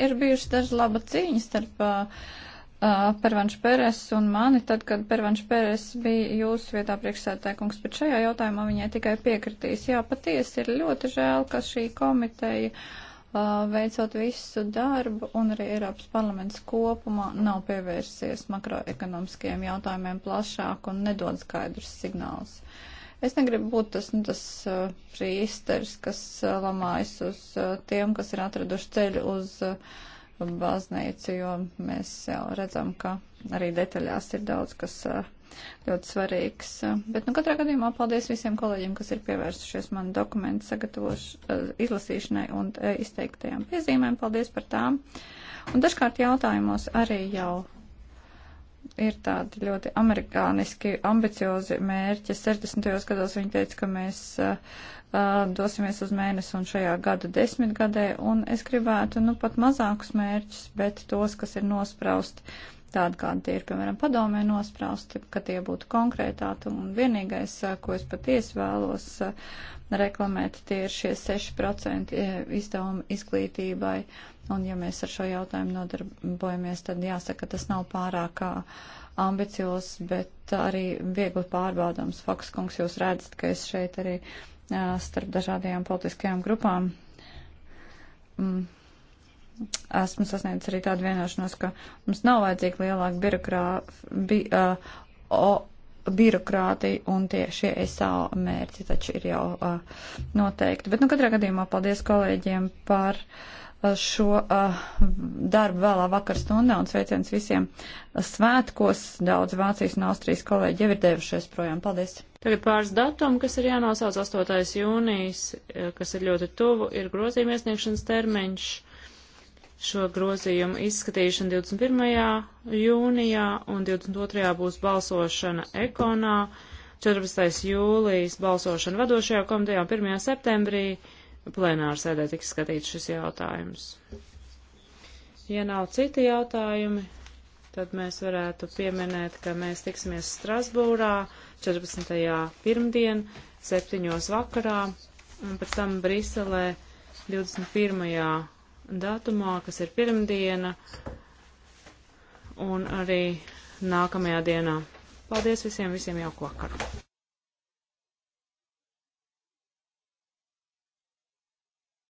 ir bijuši daži laba cīņa starp uh, Pervanš Pēres un mani, tad, kad Pervanš Pēres bija jūsu vietā priekšsētājkungs, bet šajā jautājumā viņai tikai piekritīs. Jā, patiesi ir ļoti žēl, ka šī komiteja uh, veicot visu darbu un arī Eiropas parlaments kopumā nav pievērsies makroekonomiskajiem jautājumiem plašāk un nedod skaidrus signālus. Uh, Es negribu būt tas, nu, tas uh, prīsteris, kas uh, lamājas uz uh, tiem, kas ir atraduši ceļu uz baznīcu, jo mēs jau redzam, ka arī detaļās ir daudz, kas ļoti svarīgs. Bet, nu, katrā gadījumā paldies visiem kolēģiem, kas ir pievērsušies man dokumentu sagatavošanai, izlasīšanai un izteiktajām piezīmēm. Paldies par tām. Un dažkārt jautājumos arī jau ir tādi ļoti amerikāniski ambiciozi mērķi. 60. gados viņi teica, ka mēs uh, uh, dosimies uz mēnesi un šajā gada desmitgadē, un es gribētu, nu, pat mazākus mērķus, bet tos, kas ir nosprausti, tādi, kādi tie ir, piemēram, padomē nosprausti, ka tie būtu konkrētāti, un vienīgais, uh, ko es patiesi vēlos, uh, reklamēt, tie ir šie 6% e, izdevumi izglītībai. Un ja mēs ar šo jautājumu nodarbojamies, tad jāsaka, tas nav pārāk ambiciozs, bet arī viegli pārbaudams. Fokskungs, jūs redzat, ka es šeit arī starp dažādajām politiskajām grupām. Mm esmu sasniedzis arī tādu vienošanos, ka mums nav vajadzīga lielāka birokrā, bi, uh, o, birokrātija un tie šie SAO mērķi taču ir jau uh, noteikti. Bet, nu, katrā gadījumā paldies kolēģiem par uh, šo uh, darbu vēlā vakar stundā un sveiciens visiem svētkos. Daudz Vācijas un Austrijas kolēģi jau ir devušies projām. Paldies! Tagad pāris datumu, kas ir jānosauc 8. jūnijas, kas ir ļoti tuvu, ir grozījuma iesniegšanas termiņš šo grozījumu izskatīšanu 21. jūnijā un 22. būs balsošana ekonā, 14. jūlijas balsošana vadošajā komitejā un 1. septembrī plenāra sēdē tiks skatīts šis jautājums. Ja nav citi jautājumi, tad mēs varētu pieminēt, ka mēs tiksimies Strasbūrā 14. pirmdien, 7. vakarā un pēc tam Briselē 21 datumā, kas ir pirmdiena un arī nākamajā dienā. Paldies visiem, visiem jauku vakaru!